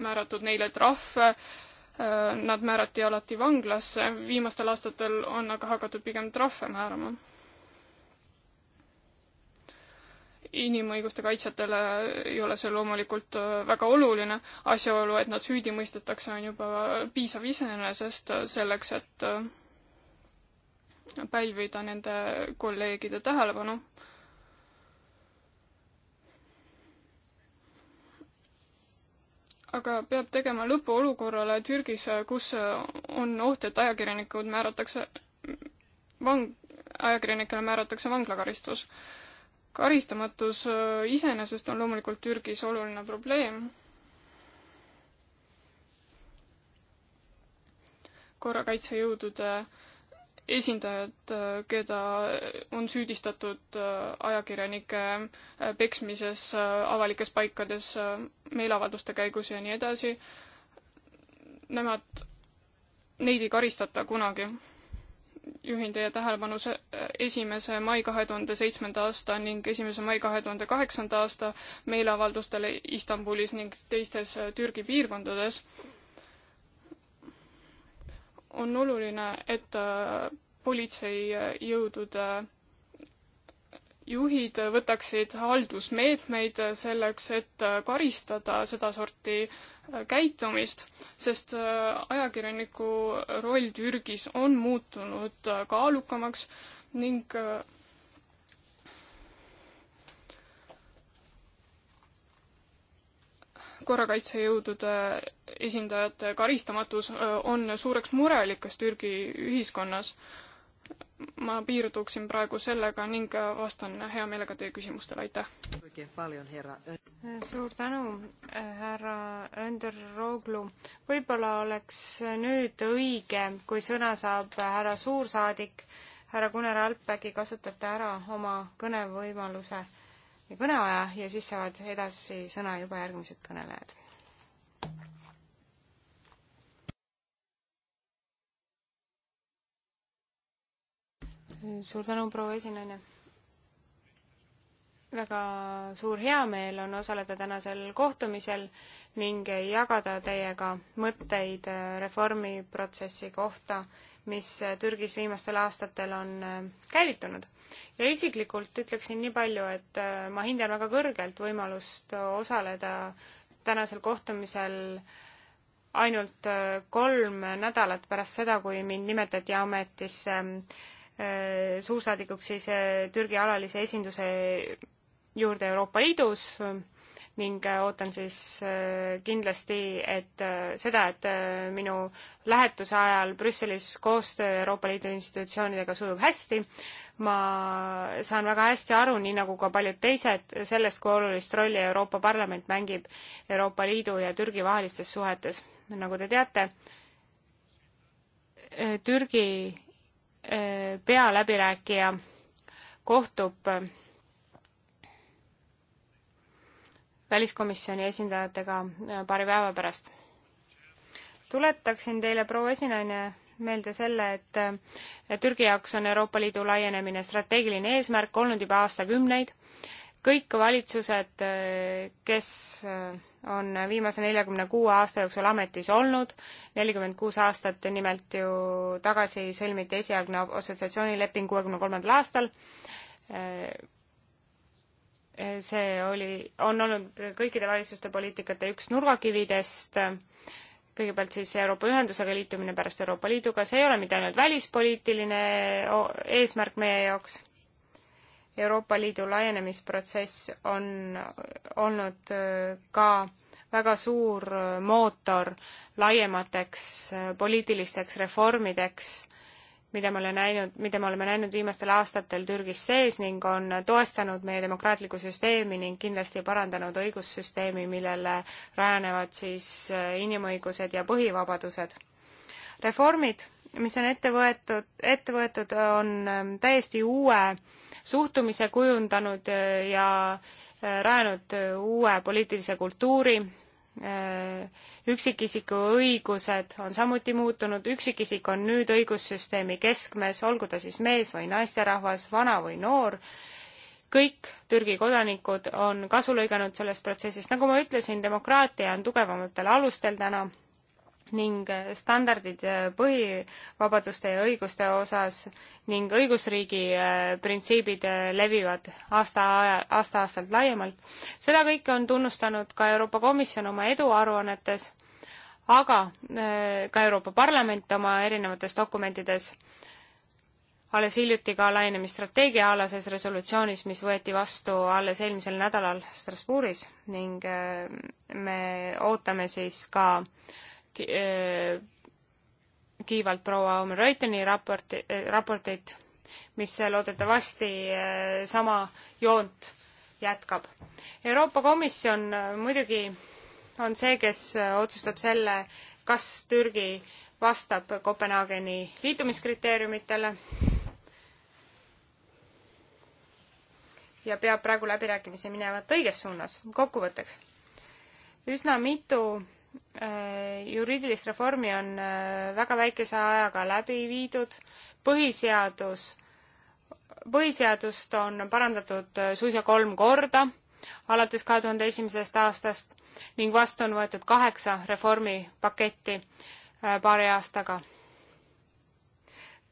määratud neile trahve, nad määrati alati vanglasse, viimastel aastatel on aga hakatud pigem trahve määrama inimõiguste kaitsjatele ei ole see loomulikult äh, väga oluline. asjaolu, et nad süüdi mõistetakse, on juba piisav iseenesest äh, selleks, et äh, pälvida nende kolleegide tähelepanu. aga peab tegema lõpu olukorrale Türgis, kus on oht, et ajakirjanikud määratakse vang, ajakirjanikele määratakse vanglakaristus karistamatus äh, iseenesest on loomulikult Türgis oluline probleem. korrakaitsejõudude esindajad, äh, keda on süüdistatud äh, ajakirjanike peksmises avalikes paikades meeleavalduste käigus ja nii edasi, nemad, neid ei karistata kunagi juhin teie tähelepanu äh, esimese mai kahe tuhande seitsmenda aasta ning esimese mai kahe tuhande kaheksanda aasta meeleavaldustele Istanbulis ning teistes äh, Türgi piirkondades, on oluline, et politseijõudude äh, äh juhid võtaksid haldusmeetmeid selleks, et karistada sedasorti äh, käitumist, sest äh, ajakirjaniku roll Türgis on muutunud äh, kaalukamaks ning korrakaitsejõudude esindajate karistamatus on suureks murelikas Türgi ühiskonnas ma piirduksin praegu sellega ning vastan hea meelega teie küsimustele, aitäh!
suur tänu, härra Önder Rooglu. võib-olla oleks nüüd õige, kui sõna saab härra suursaadik, härra Gunnar Altpäki, kasutate ära oma kõnevõimaluse ja kõneaja ja siis saavad edasi sõna juba järgmised kõnelejad suur tänu, proua esinaine. väga suur heameel on osaleda tänasel kohtumisel ning jagada teiega mõtteid äh, reformiprotsessi kohta, mis äh, Türgis viimastel aastatel on äh, käivitunud. ja isiklikult ütleksin nii palju, et ma hindan väga kõrgelt võimalust osaleda tänasel kohtumisel ainult kolm nädalat pärast seda, kui mind nimetati ametisse Äh, suursaadikuks siis äh, Türgi alalise esinduse juurde Euroopa Liidus ning äh, ootan siis kindlasti, et seda, et minu lähetuse ajal Brüsselis koostöö Euroopa Liidu institutsioonidega sujub hästi. ma saan väga hästi aru, nii nagu ka paljud teised, sellest, kui olulist rolli Euroopa Parlament mängib Euroopa Liidu ja Türgi vahelistes suhetes. nagu te teate, Türgi pealäbirääkija kohtub väliskomisjoni esindajatega paari päeva pärast. tuletaksin teile, proua esinaine, meelde selle, et Türgi jaoks on Euroopa Liidu laienemine strateegiline eesmärk olnud juba aastakümneid kõik valitsused, kes on viimase neljakümne kuue aasta jooksul ametis olnud, nelikümmend kuus aastat nimelt ju tagasi sõlmiti esialgne assotsiatsioonileping kuuekümne kolmandal aastal, see oli, on olnud kõikide valitsuste poliitikate üks nurgakividest, kõigepealt siis Euroopa Ühendusega liitumine, pärast Euroopa Liiduga, see ei ole mitte ainult välispoliitiline eesmärk meie jaoks Euroopa Liidu laienemisprotsess on olnud äh, ka väga suur äh, mootor laiemateks äh, poliitilisteks reformideks, mida me oleme näinud, mida me oleme näinud viimastel aastatel Türgis sees ning on toestanud meie demokraatlikku süsteemi ning kindlasti parandanud õigussüsteemi, millele rajanevad siis inimõigused ja põhivabadused. reformid, mis on ette võetud, ette võetud, on täiesti uue suhtumise kujundanud äh, ja äh, rajanud äh, uue poliitilise kultuuri, üksikisiku õigused on samuti muutunud, üksikisik on nüüd õigussüsteemi keskmes, olgu ta siis mees või naisterahvas, vana või noor, kõik Türgi kodanikud on kasu lõiganud sellest protsessist, nagu ma ütlesin, demokraatia on tugevamatel alustel täna ning standardid põhivabaduste ja õiguste osas ning õigusriigi äh, printsiibid äh, levivad aasta, aasta-aastalt laiemalt. seda kõike on tunnustanud ka Euroopa Komisjon oma eduaruannetes, aga äh, ka Euroopa Parlament oma erinevates dokumentides, alles hiljuti ka laienemisstrateegia alases resolutsioonis, mis võeti vastu alles eelmisel nädalal Strasbourgis ning me ootame siis ka äh, Eh, kiivalt proua Omen-Reuteni raporti, eh, raporteid, mis loodetavasti eh, sama joont jätkab. Euroopa Komisjon muidugi on see, kes otsustab selle, kas Türgi vastab Kopenhaageni liitumiskriteeriumitele ja peab praegu läbirääkimisi minevat õiges suunas. kokkuvõtteks, üsna mitu Äh, juriidilist reformi on äh, väga väikese ajaga läbi viidud, põhiseadus, põhiseadust on parandatud äh, suisa kolm korda alates kahe tuhande esimesest aastast ning vastu on võetud kaheksa reformipaketti paari aastaga.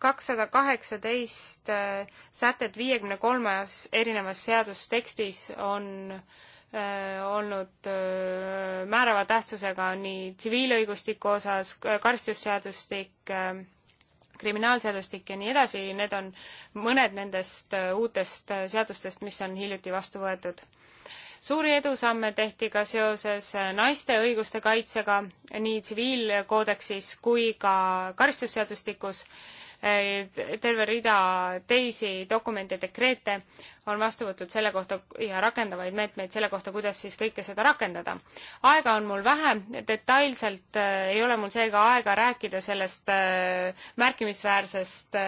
kakssada kaheksateist sätet viiekümne kolmes erinevas seadustekstis on äh, Äh, olnud äh, määrava tähtsusega nii tsiviilõigustiku osas, karistusseadustik, äh, kriminaalseadustik ja nii edasi, need on mõned nendest uutest seadustest, mis on hiljuti vastu võetud suuri edusamme tehti ka seoses äh, naiste õiguste kaitsega nii tsiviilkoodeksis kui ka karistusseadustikus. Äh, terve rida teisi dokumente, dekreete on vastu võetud selle kohta ja rakendavaid meetmeid selle kohta, kuidas siis kõike seda rakendada. aega on mul vähe, detailselt äh, ei ole mul seega aega rääkida sellest märkimisväärsest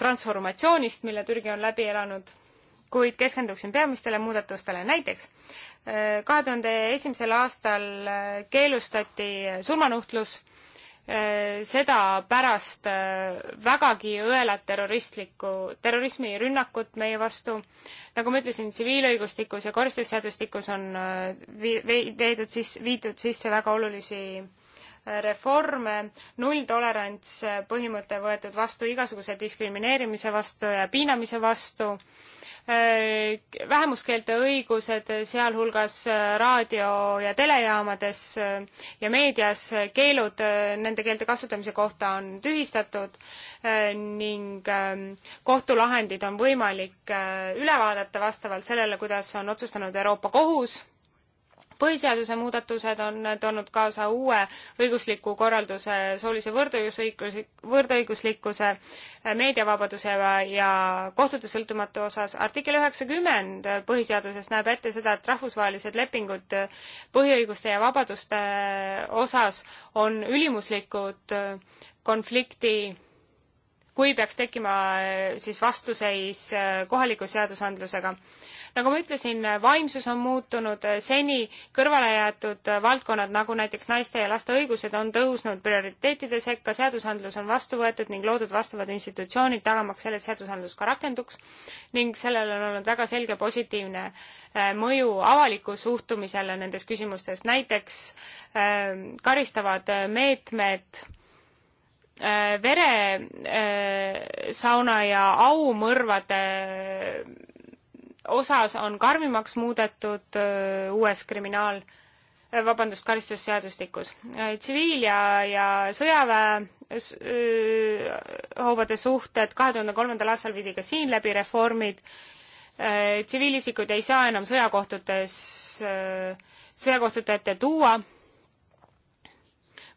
transformatsioonist, mille Türgi on läbi elanud kuid keskenduksin peamistele muudatustele, näiteks äh, kahe tuhande esimesel aastal äh, keelustati äh, surmanuhtlus, seda pärast vägagi õelat terroristlikku, terrorismirünnakut meie vastu. nagu ma ütlesin, tsiviilõigustikus ja koristusseadustikus on viidud sisse, viidud sisse väga olulisi reforme, nulltolerants põhimõte võetud vastu igasuguse diskrimineerimise vastu ja piinamise vastu Äh, vähemuskeelte õigused, sealhulgas äh, raadio- ja telejaamades äh, ja meedias keelud nende keelte kasutamise kohta on tühistatud ning ähm, kohtulahendid on võimalik üle vaadata vastavalt sellele, kuidas on otsustanud Euroopa Kohus põhiseaduse muudatused on toonud kaasa uue õigusliku korralduse soolise võrdõigusõigus, võrdõiguslikkuse, äh, meediavabaduse ja kohtute sõltumatu osas. artikkel üheksakümmend põhiseaduses näeb ette seda, et rahvusvahelised lepingud põhiõiguste ja vabaduste äh, osas on ülimuslikud äh, konflikti kui peaks tekkima eh, siis vastuseis eh, kohaliku seadusandlusega. nagu ma ütlesin, eh, vaimsus on muutunud, seni kõrvale jäetud valdkonnad, nagu näiteks naiste ja laste õigused, on tõusnud prioriteetide sekka, seadusandlus on vastu võetud ning loodud vastavad institutsioonid, tagamaks selle, et seadusandlus ka rakenduks ning sellel on olnud väga selge positiivne mõju avaliku suhtumisele nendes küsimustes, näiteks karistavad meetmed meet, Äh, veresauna äh, ja aumõrvade äh, osas on karmimaks muudetud uues kriminaal, vabandust, karistusseadustikus. tsiviil- ja, ja sõjaväe hoovade suhted, kahe tuhande kolmandal aastal viidi ka siin läbi reformid, tsiviilisikud ei saa enam sõjakohtutes, sõjakohtute ette tuua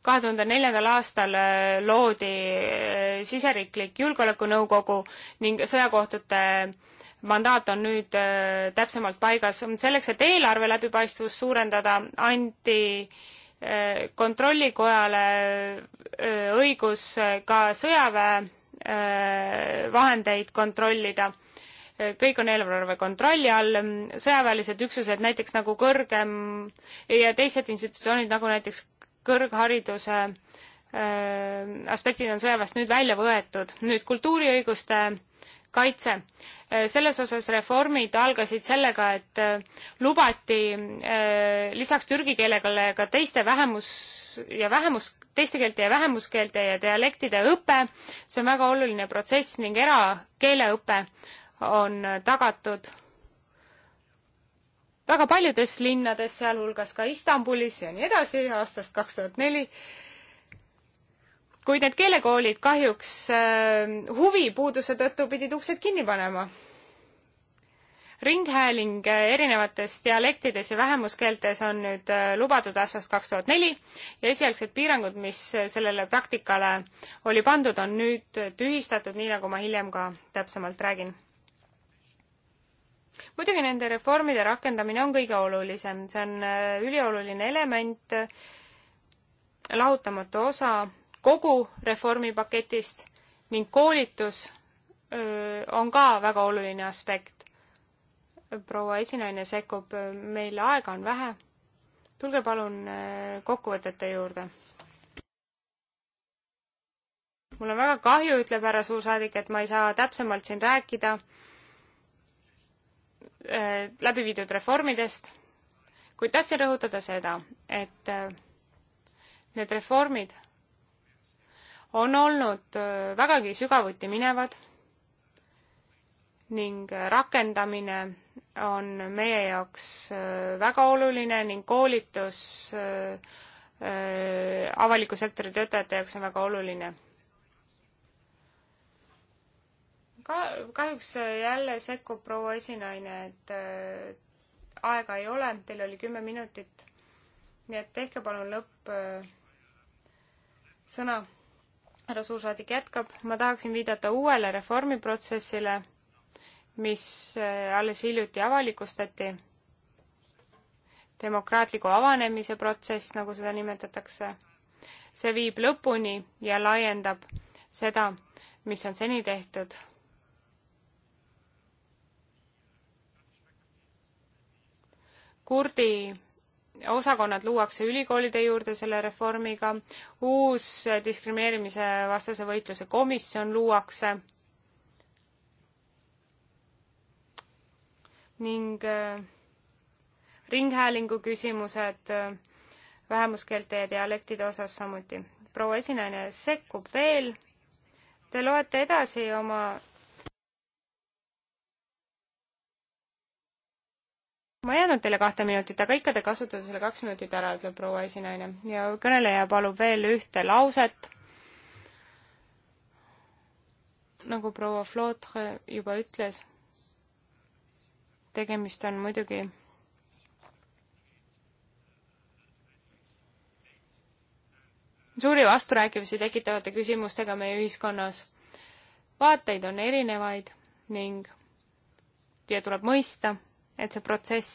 kahe tuhande neljandal aastal äh, loodi äh, siseriiklik julgeolekunõukogu ning sõjakohtute mandaat on nüüd äh, täpsemalt paigas. selleks, et eelarve läbipaistvust suurendada, anti kontrollikojale õigus ka sõjaväe vahendeid kontrollida. kõik on eelarve kontrolli all, sõjaväelised üksused näiteks nagu kõrgem ja teised institutsioonid nagu näiteks kõrghariduse äh, aspektid on sõjaväest nüüd välja võetud. nüüd kultuuriõiguste kaitse. Äh, selles osas reformid algasid sellega, et äh, lubati lisaks türgi keelele ka teiste vähemus ja vähemus, teiste keelte ja vähemuskeelte ja dialektide õpe. see on väga oluline protsess ning erakeeleõpe on tagatud väga paljudes linnades, sealhulgas ka Istanbulis ja nii edasi aastast kaks tuhat neli. kuid need keelekoolid kahjuks äh, huvipuuduse tõttu pidid uksed kinni panema. ringhääling äh, erinevates dialektides ja vähemuskeeltes on nüüd äh, lubatud aastast kaks tuhat neli ja esialgsed piirangud, mis sellele praktikale oli pandud, on nüüd tühistatud, nii nagu ma hiljem ka täpsemalt räägin muidugi nende reformide rakendamine on kõige olulisem, see on äh, ülioluline element, äh, lahutamatu osa kogu reformipaketist ning koolitus öö, äh, on ka väga oluline aspekt. proua esinaine sekkub, meil aega on vähe. tulge palun kokkuvõtete juurde. mul on väga kahju, ütleb härra suursaadik, et ma ei saa täpsemalt siin rääkida Äh, läbi viidud reformidest, kuid tahtsin rõhutada seda, et äh, need reformid on olnud äh, vägagi sügavuti minevad ning rakendamine on meie jaoks väga oluline ning koolitus avaliku sektori töötajate jaoks on väga oluline ka-, kahjuks jälle sekkub proua esinaine, et äh, aega ei ole, teil oli kümme minutit. nii et tehke palun lõpp äh, sõna. härra suursaadik jätkab, ma tahaksin viidata uuele reformiprotsessile, mis äh, alles hiljuti avalikustati. demokraatliku avanemise protsess, nagu seda nimetatakse. see viib lõpuni ja laiendab seda, mis on seni tehtud kurdi osakonnad luuakse ülikoolide juurde selle reformiga, uus diskrimineerimise vastase võitluse komisjon luuakse ning äh, ringhäälingu küsimused äh, vähemuskeelte ja dialektide osas samuti. proua esinaine sekkub veel. Te loete edasi oma ma ei andnud teile kahte minutit, aga ikka te kasutate selle kaks minutit ära, ütleb proua esinaine ja kõneleja palub veel ühte lauset. nagu proua Flotre juba ütles, tegemist on muidugi suuri vasturääkivusi tekitavate küsimustega meie ühiskonnas. vaateid on erinevaid ning ja tuleb mõista et see protsess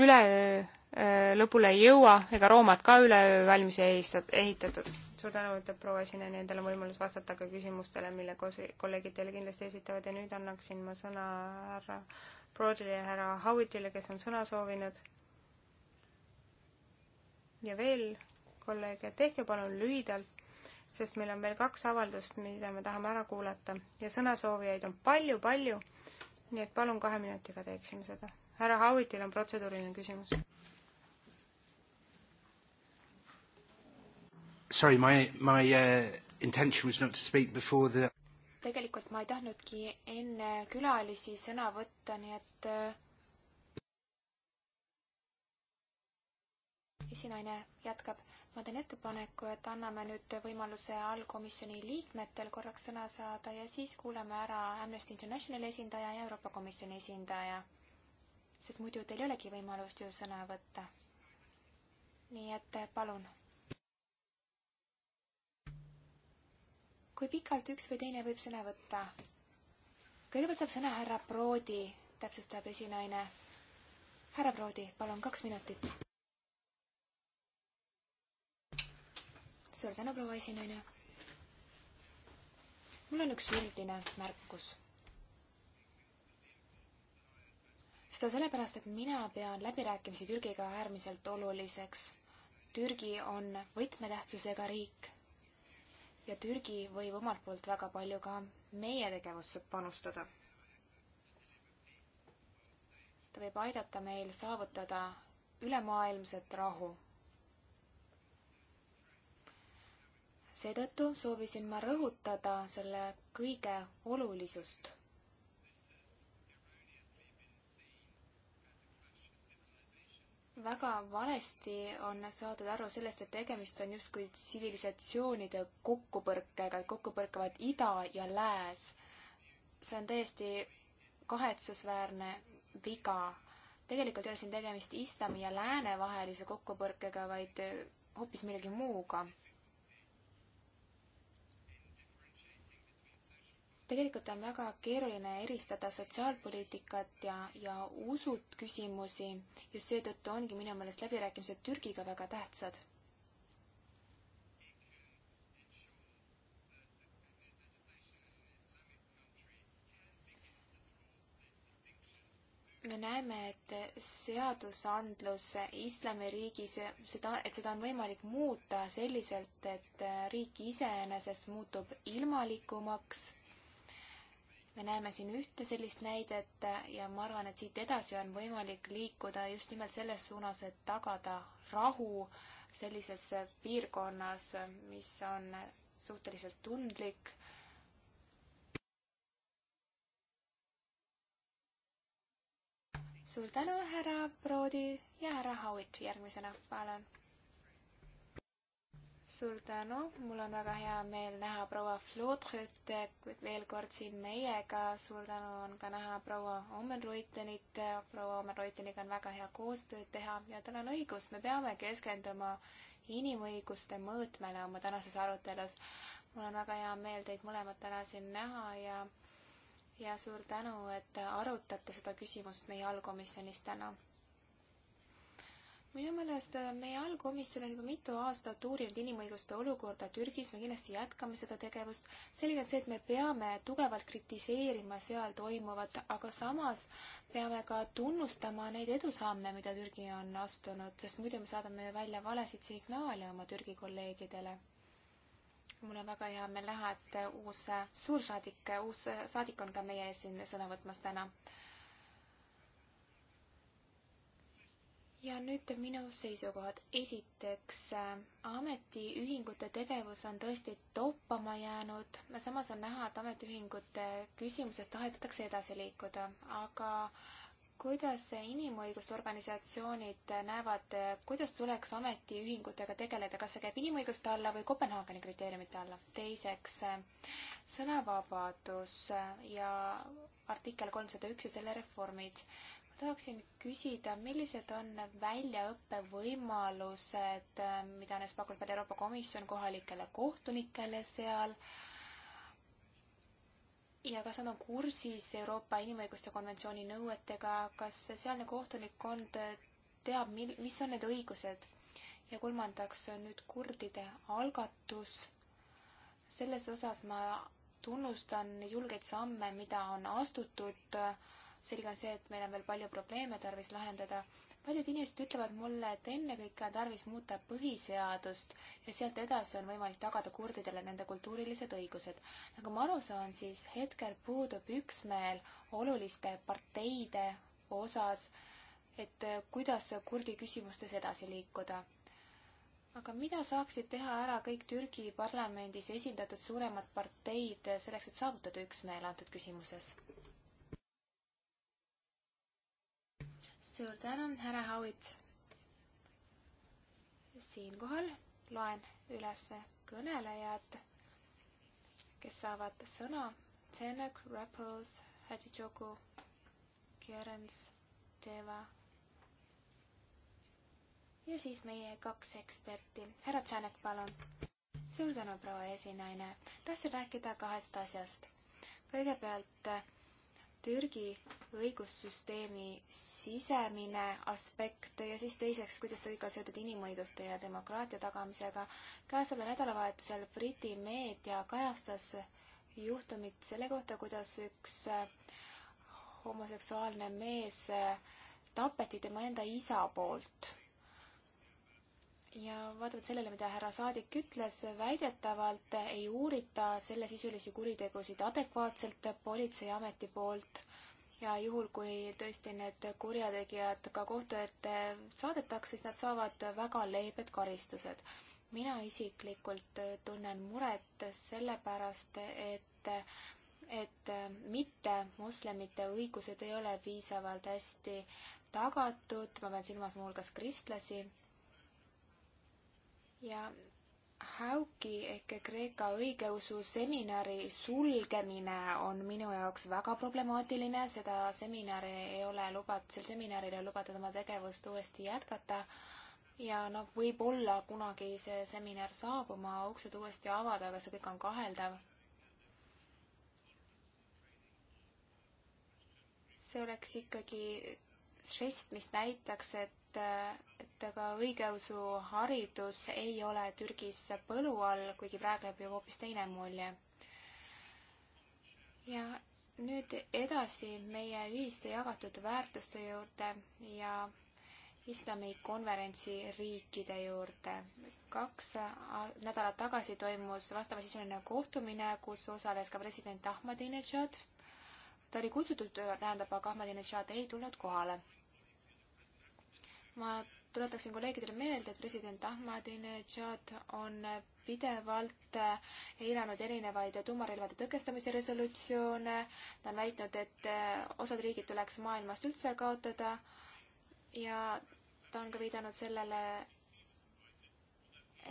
üleöö äh, lõpule ei jõua ega Roomat ka üleöö valmis ei ehitatud. suur tänu, ütleb proua Sineni, endal on võimalus vastata ka küsimustele, mille kolleegid teile kindlasti esitavad ja nüüd annaksin ma sõna härra Broadile ja härra Howitile, kes on sõna soovinud. ja veel kolleege, tehke palun lühidalt, sest meil on veel kaks avaldust, mida me tahame ära kuulata ja sõnasoovijaid on palju-palju nii et palun kahe minutiga teeksime seda. härra Howitil on protseduuriline küsimus.
Sorry, my, my uh,
intention was not to speak before the
tegelikult ma ei tahtnudki enne külalisi sõna võtta, nii et uh, esinaine jätkab ma teen ettepaneku, et anname nüüd võimaluse allkomisjoni liikmetel korraks sõna saada ja siis kuulame ära Amnesty Internationali esindaja ja Euroopa Komisjoni esindaja. sest muidu teil ei olegi võimalust ju sõna võtta. nii et eh, palun. kui pikalt üks või teine võib sõna võtta? kõigepealt saab sõna härra Proodi, täpsustab esinaine. härra Proodi, palun kaks minutit suur tänu, proua esinaine. mul on üks üldine märkus. seda sellepärast, et mina pean läbirääkimisi Türgiga äärmiselt oluliseks. Türgi on võtmetähtsusega riik ja Türgi võib omalt poolt väga palju ka meie tegevusse panustada. ta võib aidata meil saavutada ülemaailmset rahu seetõttu soovisin ma rõhutada selle kõige olulisust. väga valesti on saadud aru sellest, et tegemist on justkui tsivilisatsioonide kokkupõrkega, kokkupõrkavad ida ja lääs. see on täiesti kahetsusväärne viga. tegelikult ei ole siin tegemist islami ja lääne vahelise kokkupõrkega, vaid hoopis millegi muuga tegelikult on väga keeruline eristada sotsiaalpoliitikat ja, ja usut küsimusi. just seetõttu ongi minu meelest läbirääkimised Türgiga väga tähtsad. me näeme, et seadusandlus islamiriigis, seda, et seda on võimalik muuta selliselt, et riik iseenesest muutub ilmalikumaks me näeme siin ühte sellist näidet ja ma arvan, et siit edasi on võimalik liikuda just nimelt selles suunas, et tagada rahu sellises piirkonnas, mis on suhteliselt tundlik suur tänu, härra Broodi ja härra Howitt järgmisena, palun suur tänu, mul on väga hea meel näha proua Flodrit veel kord siin meiega, suur tänu on ka näha proua Omenroitenit, proua Omenroiteniga on väga hea koostööd teha ja tal on õigus, me peame keskenduma inimõiguste mõõtmele oma tänases arutelus. mul on väga hea meel teid mõlemat täna siin näha ja ja suur tänu, et arutate seda küsimust meie allkomisjonis täna minu meelest äh, meie allkomisjon on juba mitu aastat uurinud inimõiguste olukorda Türgis, me kindlasti jätkame seda tegevust. selge on see, et me peame tugevalt kritiseerima seal toimuvat, aga samas peame ka tunnustama neid edusamme, mida Türgi on astunud, sest muidu me saadame välja valesid signaale oma Türgi kolleegidele mul on väga hea meel näha, et uus suursaadik, uus saadik on ka meie ees siin sõna võtmas täna. ja nüüd minu seisukohad. esiteks, äh, ametiühingute tegevus on tõesti toppama jäänud, samas on näha, et ametiühingute küsimuses tahetakse edasi liikuda, aga kuidas inimõiguste organisatsioonid näevad, kuidas tuleks ametiühingutega tegeleda, kas see käib inimõiguste alla või Kopenhaageni kriteeriumite alla? teiseks, äh, sõnavabadus ja artikkel kolmsada üks ja selle reformid tahaksin küsida, millised on väljaõppevõimalused, mida näiteks pakub veel Euroopa Komisjon kohalikele kohtunikele seal ja kas nad on kursis Euroopa Inimõiguste Konventsiooni nõuetega, kas sealne kohtunikkond teab, mil-, mis on need õigused? ja kolmandaks nüüd kurdide algatus. selles osas ma tunnustan julgeid samme, mida on astutud äh, selge on see, et meil on veel palju probleeme tarvis lahendada. paljud inimesed ütlevad mulle, et ennekõike on tarvis muuta põhiseadust ja sealt edasi on võimalik tagada kurdidele nende kultuurilised õigused. nagu ma aru saan, siis hetkel puudub üksmeel oluliste parteide osas, et äh, kuidas kurdi küsimustes edasi liikuda aga mida saaksid teha ära kõik Türgi parlamendis esindatud suuremad parteid selleks, et saavutada üksmeel antud küsimuses? suur tänu, härra Hauit. siinkohal loen üles kõnelejad, kes saavad sõna. Tenek, Rappels, Hadžičoku, Kerens, Deva. ja siis meie kaks eksperti. härra Tšanek, palun. suur tänu, proua esinaine. tahtsin rääkida kahest asjast. kõigepealt Türgi õigussüsteemi sisemine aspekt ja siis teiseks, kuidas see kõik on seotud inimõiguste ja demokraatia tagamisega. käesoleval nädalavahetusel Briti meedia kajastas juhtumit selle kohta, kuidas üks äh, homoseksuaalne mees äh, tapeti tema enda isa poolt. ja vaatamata sellele, mida härra saadik ütles, väidetavalt ei uurita sellesisulisi kuritegusid adekvaatselt politseiameti poolt ja juhul, kui tõesti need kurjategijad ka kohtu ette saadetakse, siis nad saavad väga leebed karistused. mina isiklikult tunnen muret sellepärast, et et mittemoslemite õigused ei ole piisavalt hästi tagatud, ma pean silmas muuhulgas kristlasi. ja Hauki ehk Kreeka õigeusu seminari sulgemine on minu jaoks väga problemaatiline, seda seminari ei ole lubatud, sel seminaril ei ole lubatud oma tegevust uuesti jätkata ja noh, võib-olla kunagi see seminar saab oma uksed uuesti avada, aga see kõik on kaheldav. see oleks ikkagi žest, mis näitaks, et et, et ka õigeusu haridus ei ole Türgis põlu all, kuigi praegu jääb ju hoopis teine mulje. ja nüüd edasi meie ühiste jagatud väärtuste juurde ja islamikonverentsi riikide juurde. kaks nädalat tagasi toimus vastavasisuline kohtumine, kus osales ka president Ahmadinejad. ta oli kutsutud, tähendab, aga Ahmadinejad ei tulnud kohale ma tuletaksin kolleegidele meelde, et president Ahmadinejad on pidevalt äh, eiranud erinevaid tuumarelvade tõkestamise resolutsioone, ta on väitnud, et äh, osad riigid tuleks maailmast üldse kaotada ja ta on ka viidanud sellele,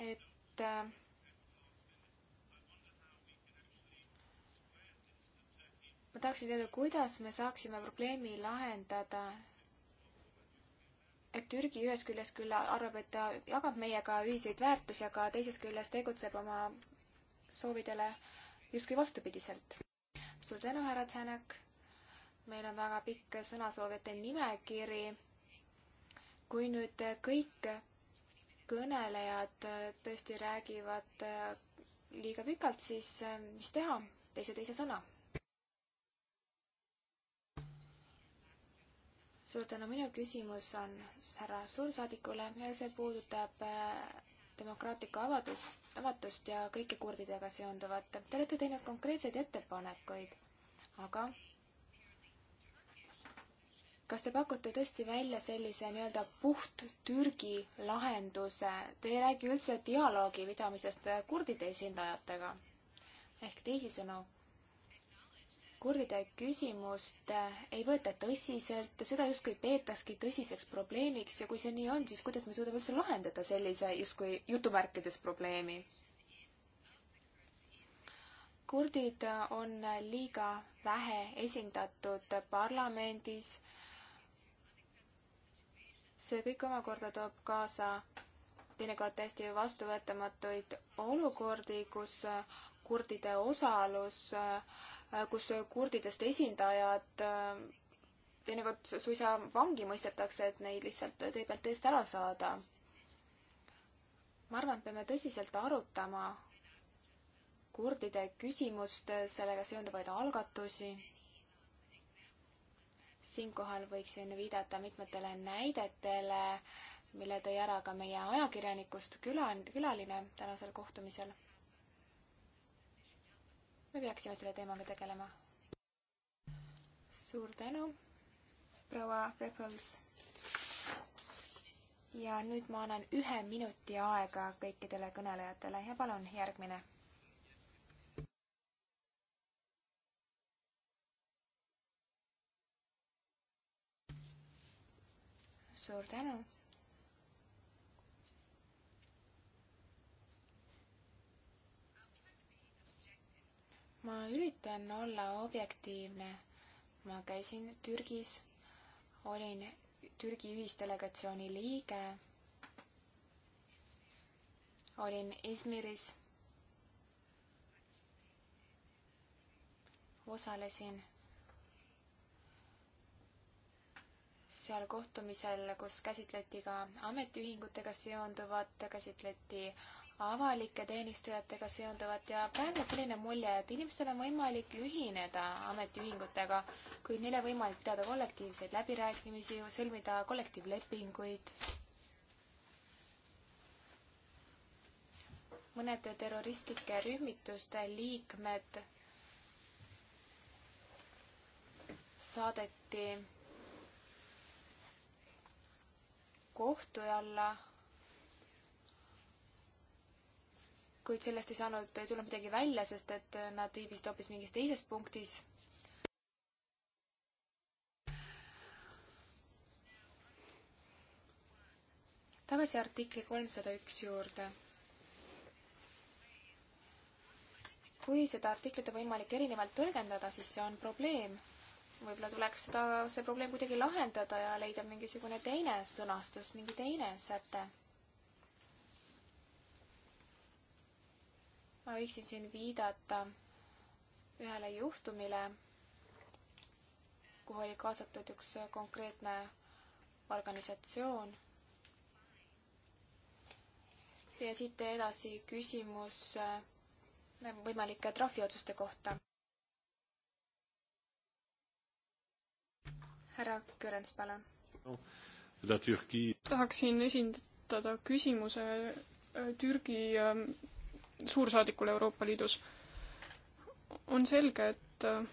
et äh, ma tahaksin teada, kuidas me saaksime probleemi lahendada et Türgi ühest küljest küll arvab, et ta jagab meiega ühiseid väärtusi, aga teisest küljest tegutseb oma soovidele justkui vastupidiselt. suur tänu, härra Tšänak. meil on väga pikk sõnasoovijate nimekiri. kui nüüd kõik kõnelejad tõesti räägivad äh, liiga pikalt, siis äh, mis teha, teised ei saa sõna suur tänu, minu küsimus on härra suursaadikule ja see puudutab äh, demokraatlikku avadust, avatust ja kõike kurdidega seonduvat. Te olete teinud konkreetseid ettepanekuid, aga kas te pakute tõesti välja sellise nii-öelda puht Türgi lahenduse? Te ei räägi üldse dialoogi pidamisest kurdide esindajatega. ehk teisisõnu, kurdide küsimust äh, ei võeta tõsiselt, seda justkui peetaski tõsiseks probleemiks ja kui see nii on, siis kuidas me suudame üldse lahendada sellise justkui jutumärkides probleemi? kurdid on liiga vähe esindatud parlamendis. see kõik omakorda toob kaasa teinekord täiesti vastuvõetamatuid olukordi, kus kurdide osalus äh, Äh, kus kurdidest esindajad äh, teinekord suisa vangi mõistetakse, et neid lihtsalt tee pealt eest ära saada. ma arvan, et peame tõsiselt arutama kurdide küsimust, sellega seonduvaid algatusi. siinkohal võiksin viidata mitmetele näidetele, mille tõi ära ka meie ajakirjanikust küla, külaline tänasel kohtumisel me peaksime selle teemaga tegelema. suur tänu, proua Prepels. ja nüüd ma annan ühe minuti aega kõikidele kõnelejatele ja palun järgmine suur tänu. ma üritan olla objektiivne. ma käisin Türgis, olin Türgi ühisdelegatsiooni liige. olin Izmiris. osalesin seal kohtumisel, kus käsitleti ka ametiühingutega seonduvat, käsitleti äh, avalike teenistujatega seonduvat ja praegu on selline mulje, et inimestel on võimalik ühineda ametiühingutega, kuid neil ei võimalik pidada kollektiivseid läbirääkimisi, sõlmida kollektiivlepinguid. mõned terroristlike rühmituste liikmed saadeti kohtu alla kuid sellest ei saanud, ei tulnud midagi välja, sest et nad viibisid hoopis mingis teises punktis. tagasi artikli kolmsada üks juurde. kui seda artiklit on võimalik erinevalt tõlgendada, siis see on probleem. võib-olla tuleks seda, see probleem kuidagi lahendada ja leida mingisugune teine sõnastus, mingi teine säte ma võiksin siin viidata ühele juhtumile, kuhu oli kaasatud üks konkreetne organisatsioon. ja siit edasi küsimus äh, võimalike
trahviotsuste kohta. härra Kürens, palun no,. tahaksin esindada küsimuse äh, Türgi ähm, suursaadikule Euroopa Liidus. on selge, et äh,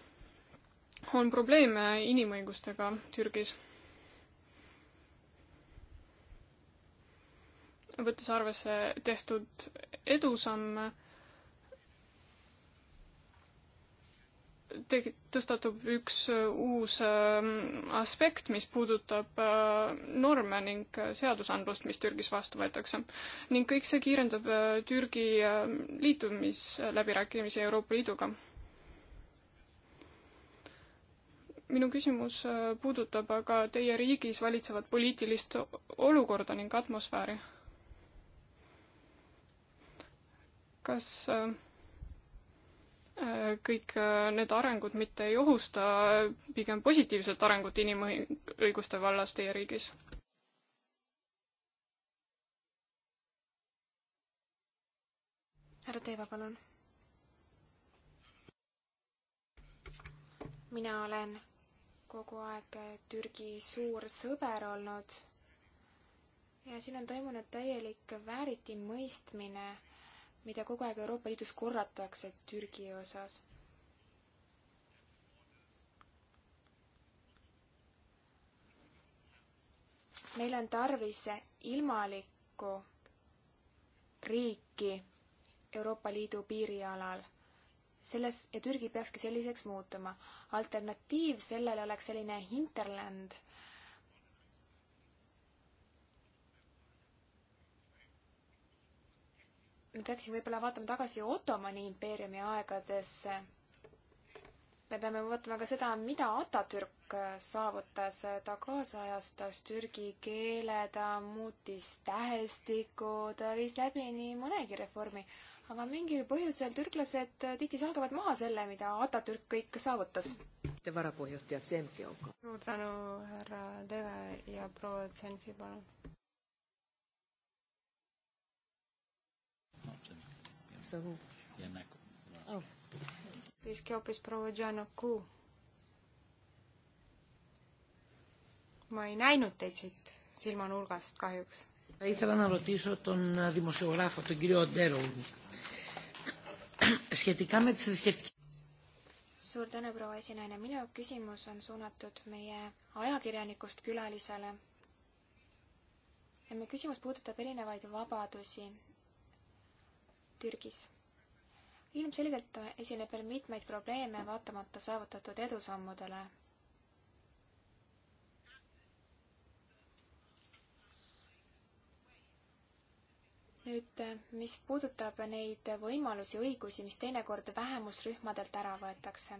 on probleeme inimõigustega Türgis. võttes arvesse tehtud edusamme tegi, tõstatub üks äh, uus ähm, aspekt, mis puudutab äh, norme ning äh, seadusandlust, mis Türgis vastu võetakse. ning kõik see kiirendab Türgi ähm, liitumisläbirääkimisi Euroopa Liiduga. minu küsimus puudutab aga teie riigis valitsevat poliitilist olukorda ning atmosfääri. kas äh, kõik äh, need arengud mitte ei ohusta pigem positiivset arengut inimõiguste vallas teie riigis?
härra Teeva, palun. mina olen kogu aeg Türgi suur sõber olnud ja siin on toimunud täielik vääritimõistmine mida kogu aeg Euroopa Liidus korratakse Türgi osas. meil on tarvis ilmalikku riiki Euroopa Liidu piirialal selles ja Türgi peakski selliseks muutuma. alternatiiv sellele oleks selline hinterland äh, me peaksime võib-olla vaatama tagasi Ottomani impeeriumi aegadesse. me peame vaatama ka seda, mida Atatürk saavutas. ta kaasajastas türgi keele, ta muutis tähestikku, ta viis läbi nii mõnegi reformi. aga mingil põhjusel türklased tihti
salgavad maha selle, mida Atatürk kõik saavutas.
varapuhjuhtaja Tsenfi Auko.
suur tänu, härra Deve ja proua Tsenfi, palun. Savu.
Janaku. E oh.
siiski hoopis e proua Janaku. ma ei näinud teid siit silmanurgast kahjuks. Θα ήθελα να ρωτήσω τον δημοσιογράφο, τον κύριο Ντέρολ, σχετικά με τις
θρησκευτικές...
Suur tänu, proua esinaine. Minu küsimus on suunatud meie ajakirjanikust külalisele. Ja meie küsimus puudutab erinevaid vabadusi Türgis. ilmselgelt esineb veel mitmeid probleeme, vaatamata saavutatud edusammudele. nüüd, mis puudutab neid võimalusi, õigusi, mis teinekord vähemusrühmadelt ära võetakse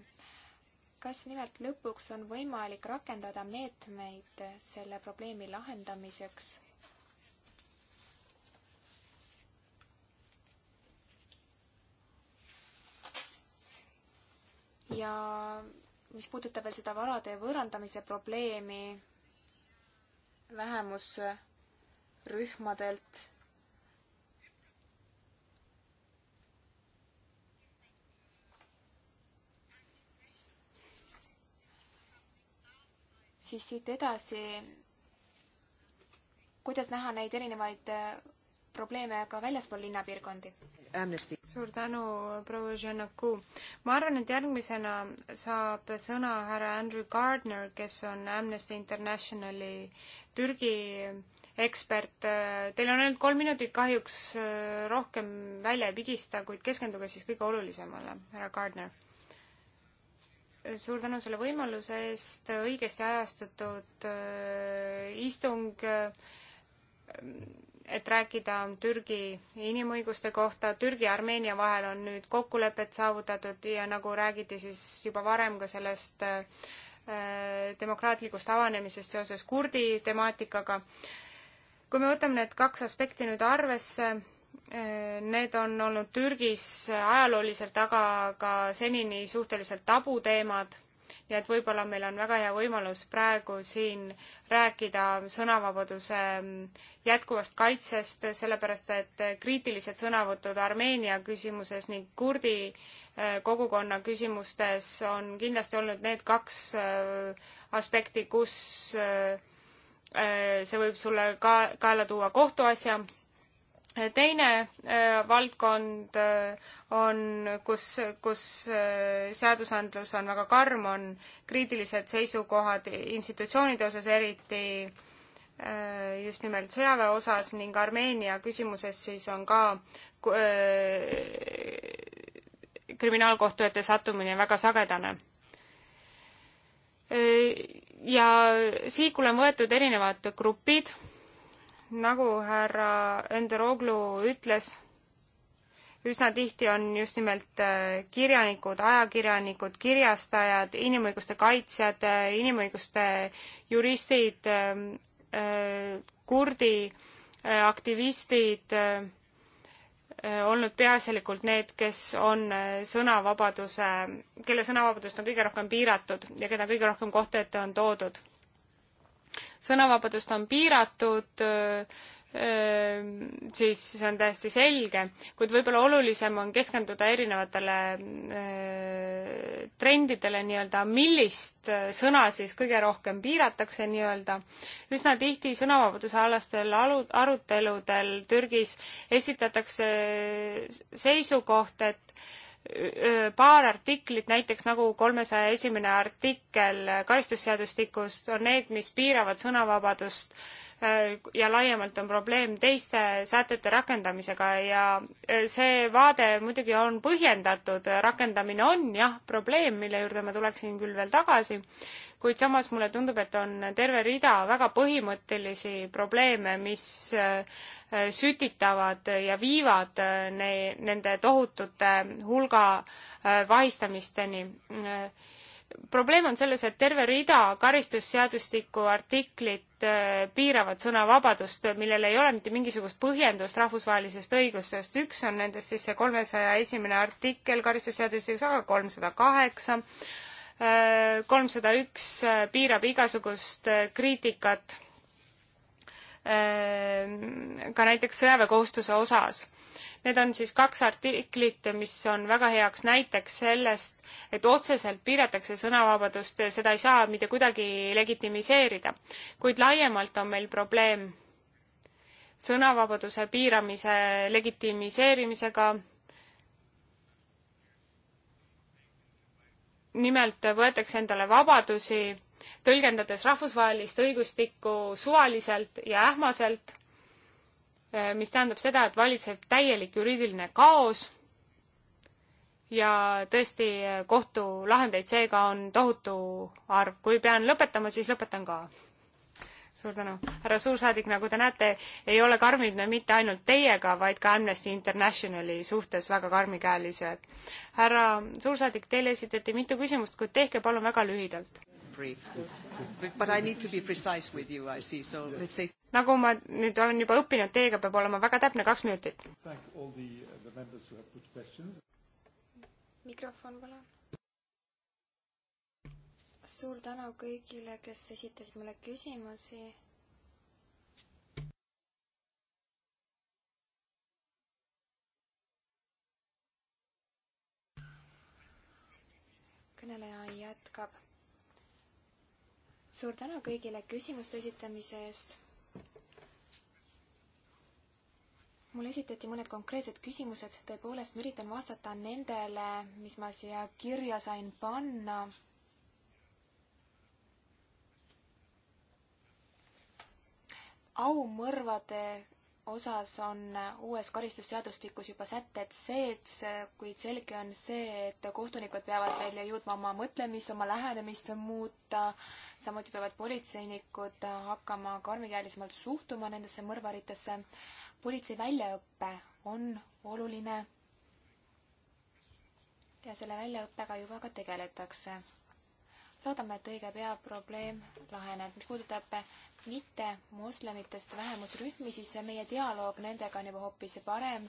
kas nimelt lõpuks on võimalik rakendada meetmeid selle probleemi lahendamiseks? ja mis puudutab veel seda varade võõrandamise probleemi vähemusrühmadelt, siis siit edasi, kuidas näha neid erinevaid
probleeme ka väljaspool linnapiirkondi. suur tänu, proua Janaku. ma arvan, et järgmisena saab sõna härra Andrew Gardner, kes on Amnesty Internationali Türgi ekspert. Teil on ainult kolm minutit, kahjuks äh, rohkem välja ei pigista, kuid keskenduge siis kõige olulisemale, härra Gardner suur tänu selle võimaluse eest, õigesti ajastatud äh, istung äh, et rääkida Türgi inimõiguste kohta, Türgi ja Armeenia vahel on nüüd kokkulepped saavutatud ja nagu räägiti siis juba varem ka sellest äh, demokraatlikust avanemisest seoses kurdi temaatikaga. kui me võtame need kaks aspekti nüüd arvesse, äh, Need on olnud Türgis ajalooliselt, aga ka senini suhteliselt tabuteemad ja et võib-olla meil on väga hea võimalus praegu siin rääkida sõnavabaduse mm, jätkuvast kaitsest, sellepärast et kriitilised sõnavõtud Armeenia küsimuses ning kurdi äh, kogukonna küsimustes on kindlasti olnud need kaks äh, aspekti, kus äh, see võib sulle ka kaela tuua kohtuasja teine äh, valdkond äh, on, kus, kus äh, seadusandlus on väga karm, on kriitilised seisukohad institutsioonide osas, eriti äh, just nimelt sõjaväe osas ning Armeenia küsimuses siis on ka äh, kriminaalkohtu ette sattumine väga sagedane äh,. ja siikule on võetud erinevad grupid nagu härra Enderoglu ütles, üsna tihti on just nimelt äh, kirjanikud, ajakirjanikud, kirjastajad, inimõiguste kaitsjad, äh, inimõiguste juristid, ähm, äh, kurdi aktivistid olnud peaasjalikult need, kes on sõnavabaduse, kelle sõnavabadust on kõige rohkem piiratud ja keda kõige rohkem kohtu ette on toodud sõnavabadust on piiratud, siis see on täiesti selge, kuid võib-olla olulisem on keskenduda erinevatele trendidele nii-öelda, millist sõna siis kõige rohkem piiratakse nii-öelda. üsna tihti sõnavabaduse alastel alu-, aruteludel Türgis esitatakse seisukoht, et paar artiklit, näiteks nagu kolmesaja esimene artikkel karistusseadustikust, on need, mis piiravad sõnavabadust ja laiemalt on probleem teiste sätete rakendamisega ja see vaade muidugi on põhjendatud, rakendamine on jah probleem, mille juurde ma tuleksin küll veel tagasi, kuid samas mulle tundub, et on terve rida väga põhimõttelisi probleeme, mis äh, sütitavad ja viivad äh, ne-, nende tohutute hulga äh, vahistamisteni. probleem on selles, et terve rida karistusseadustiku artiklit piiravad sõnavabadust, millel ei ole mitte mingisugust põhjendust rahvusvahelisest õigusest. üks on nendest siis see kolmesaja esimene artikkel karistusseadustikus, aga kolmsada kaheksa kolmsada üks äh, piirab igasugust äh, kriitikat äh, ka näiteks sõjaväekohustuse osas. Need on siis kaks artiklit, mis on väga heaks näiteks sellest, et otseselt piiratakse sõnavabadust, seda ei saa mitte kuidagi legitimiseerida. kuid laiemalt on meil probleem sõnavabaduse piiramise legitimiseerimisega nimelt võetakse endale vabadusi, tõlgendades rahvusvahelist õigustikku suvaliselt ja ähmaselt, eh, mis tähendab seda, et valitseb täielik juriidiline kaos ja tõesti, eh, kohtulahendeid seega on tohutu arv. kui pean lõpetama, siis lõpetan ka suur tänu. härra suursaadik, nagu te näete, ei ole karmid me mitte ainult teiega, vaid ka Amnesty Internationali suhtes väga karmikäelised. härra suursaadik, teile esitati mitu küsimust, kuid tehke palun väga lühidalt. Say... nagu ma nüüd olen juba õppinud, teiega peab olema väga täpne, kaks minutit.
Uh,
mikrofon palun suur tänu kõigile, kes esitasid mulle küsimusi. kõneleja jätkab. suur tänu kõigile küsimuste esitamise eest. mulle esitati mõned konkreetsed küsimused, tõepoolest ma üritan vastata nendele, mis ma siia kirja sain panna aumõrvade osas on uues karistusseadustikus juba sätted sees, kuid selge on see, et kohtunikud peavad veel jõudma oma mõtlemist, oma lähenemist muuta. samuti peavad politseinikud hakkama karmikäelisemalt suhtuma nendesse mõrvaritesse. politsei väljaõpe on oluline. ja selle väljaõppega juba ka tegeletakse loodame, et õige pea probleem laheneb. mis puudutab mitte moslemitest vähemusrühmi, siis meie dialoog nendega on juba hoopis parem.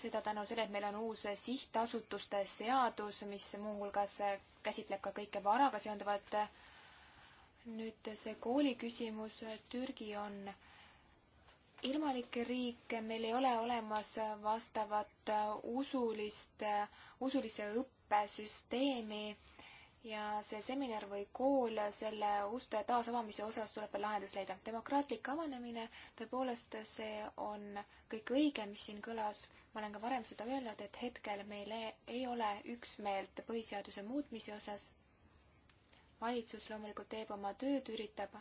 seda tänu sellele, et meil on uus sihtasutuste seadus, mis muuhulgas käsitleb ka kõike varaga seonduvat. nüüd see kooli küsimus, Türgi on ilmalik riik, meil ei ole olemas vastavat usulist, usulise õppesüsteemi ja see seminar või kool selle uste taasavamise osas tuleb veel lahendus leida. demokraatlik avanemine, tõepoolest, see on kõik õige, mis siin kõlas. ma olen ka varem seda öelnud, et hetkel meil e-, ei ole üksmeelt põhiseaduse muutmise osas. valitsus loomulikult teeb oma tööd, üritab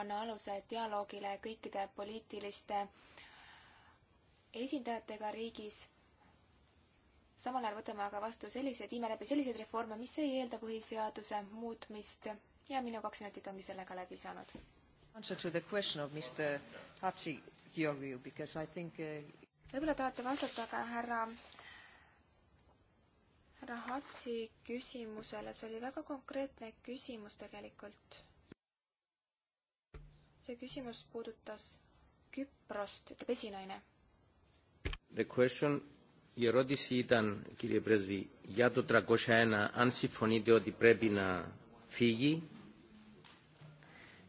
panna aluse dialoogile kõikide poliitiliste esindajatega riigis samal ajal võtame aga vastu selliseid, viime läbi selliseid reforme, mis ei eelda põhiseaduse muutmist ja minu kaks minutit ongi sellega läbi saanud. Uh, võib-olla tahate vastata ka härra, härra Hatsi küsimusele, see oli väga konkreetne küsimus tegelikult. see küsimus puudutas Küprost, ütleb esinaine.
The question Η ερώτηση ήταν, κύριε Πρέσβη, για το 301, αν συμφωνείτε ότι πρέπει να φύγει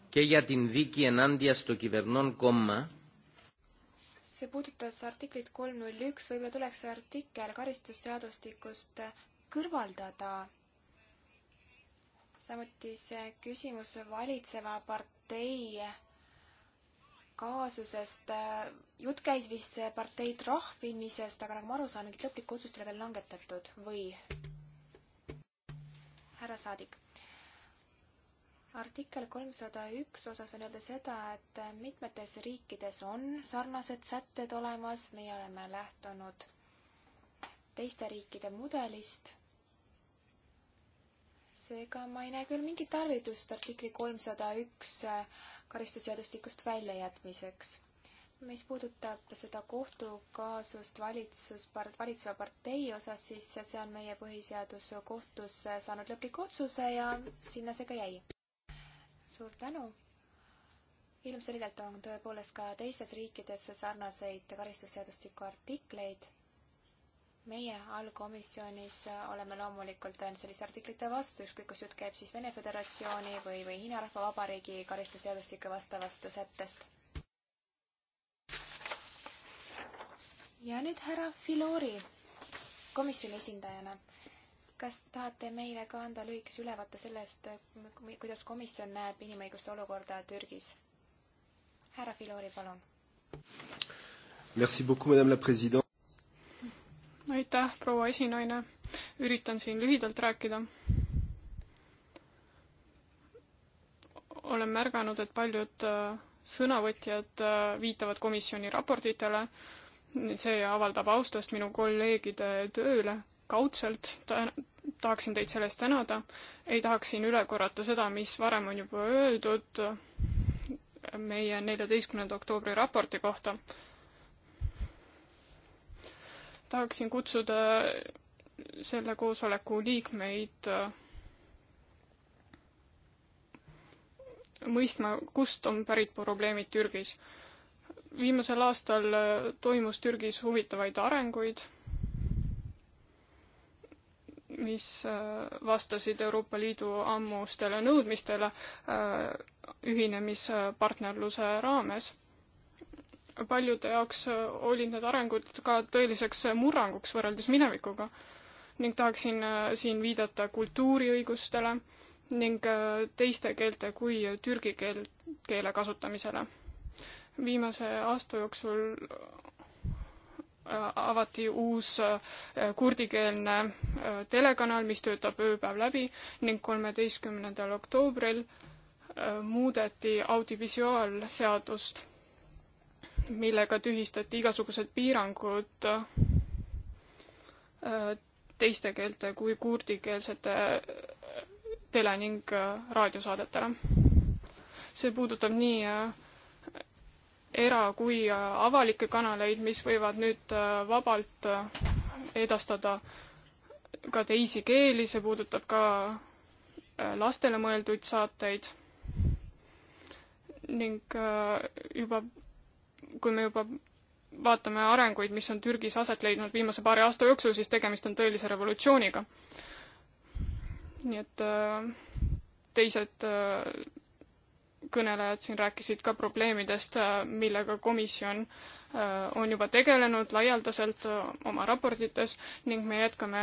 και για την δίκη ενάντια στο κυβερνών κόμμα.
see puudutas artiklit kolm null üks, võib-olla tuleks see artikkel karistusseadustikust kõrvaldada. samuti see küsimus valitseva partei kaasusest jutt käis vist partei trahvimisest, aga nagu ma aru saan, mingit lõplikku otsust ei ole veel langetatud või? härra saadik. artikkel kolmsada üks osas võin öelda seda, et mitmetes riikides on sarnased sätted olemas, meie oleme lähtunud teiste riikide mudelist. seega ma ei näe küll mingit tarvidust artikli kolmsada üks karistusseadustikust väljajätmiseks mis puudutab seda kohtukaasust valitsuspart-, valitseva partei osas, siis see on meie põhiseaduskohtus saanud lõpliku otsuse ja sinna see ka jäi. suur tänu! ilmselgelt on tõepoolest ka teistes riikides sarnaseid karistusseadustiku artikleid. meie allkomisjonis oleme loomulikult selliste artiklite vastu, ükskõik kas jutt käib siis Vene Föderatsiooni või, või Hiina Rahvavabariigi karistusseadustike vastavast sättest ja nüüd härra Filori komisjoni esindajana. kas tahate meile ka anda lühikese ülevaate sellest, kuidas komisjon näeb inimõiguste olukorda
Türgis? härra Filori, palun.
Merci beaucoup, madame la president.
aitäh, proua esinaine. üritan siin lühidalt rääkida. olen märganud, et paljud äh, sõnavõtjad äh, viitavad komisjoni raportitele see avaldab austust minu kolleegide tööle kaudselt ta,, tahaksin teid selle eest tänada, ei tahaks siin üle korrata seda, mis varem on juba öeldud meie neljateistkümnenda oktoobri raporti kohta. tahaksin kutsuda selle koosoleku liikmeid äh, mõistma, kust on pärit probleemid Türgis viimasel aastal äh, toimus Türgis huvitavaid arenguid, mis äh, vastasid Euroopa Liidu ammustele nõudmistele äh, ühinemispartnerluse raames. paljude jaoks olid need arengud ka tõeliseks murranguks võrreldes minevikuga ning tahaksin siin viidata kultuuriõigustele ning teiste keelte kui türgi keel, keele kasutamisele viimase aasta jooksul äh, avati uus äh, kurdikeelne äh, telekanal, mis töötab ööpäev läbi ning kolmeteistkümnendal oktoobril muudeti audiovisuaalseadust, millega tühistati igasugused piirangud teiste keelte kui kurdikeelsete tele- ning raadiosaadetele. see puudutab nii era- kui äh, avalikke kanaleid, mis võivad nüüd äh, vabalt äh, edastada ka teisi keeli, see puudutab ka lastele mõelduid saateid. ning juba, kui me juba vaatame arenguid, mis on Türgis aset leidnud viimase paari aasta jooksul, siis tegemist on tõelise revolutsiooniga. nii et teised kõnelejad siin rääkisid ka probleemidest, äh, millega komisjon äh, on juba tegelenud laialdaselt äh, oma raportites ning me jätkame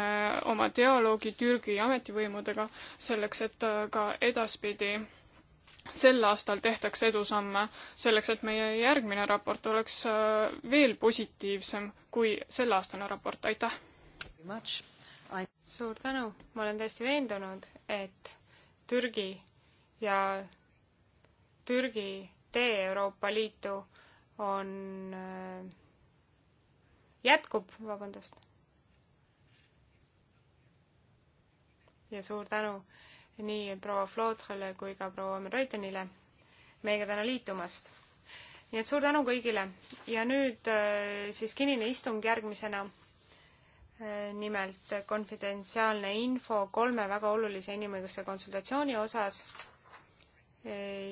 oma dialoogi Türgi ametivõimudega selleks, et ka edaspidi sel aastal tehtakse edusamme selleks, et meie järgmine raport oleks veel positiivsem kui selleaastane raport, aitäh! suur tänu, ma olen
täiesti veendunud, et Türgi ja Türgi tee Euroopa Liitu on, äh, jätkub, vabandust. ja suur tänu nii proua Flotrele kui ka proua Reutenile meiega täna liitumast. nii et suur tänu kõigile ja nüüd äh, siis kinnine istung järgmisena äh, nimelt konfidentsiaalne info kolme väga olulise inimõiguste konsultatsiooni osas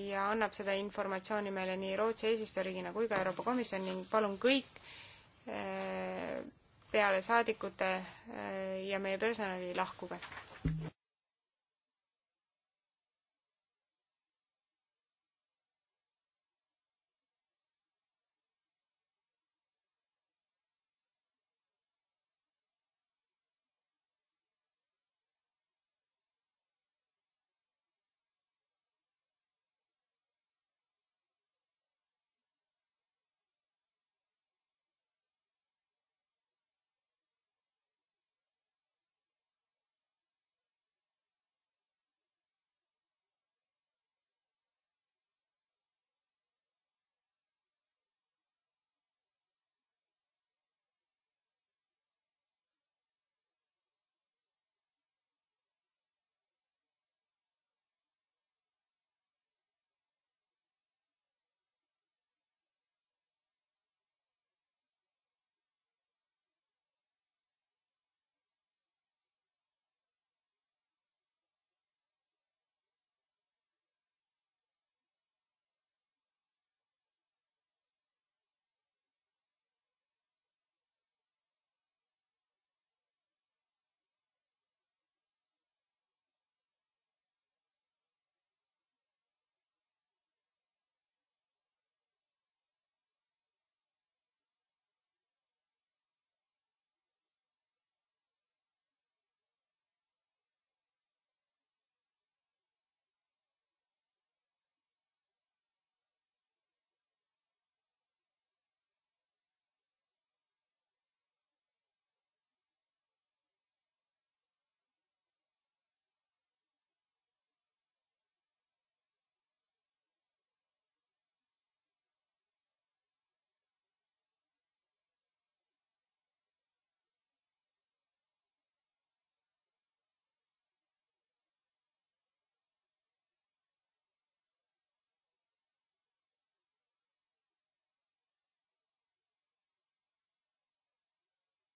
ja annab seda informatsiooni meile nii Rootsi eesistujariigina kui ka Euroopa Komisjon ning palun kõik eh, peale saadikute eh, ja meie personali lahkuge.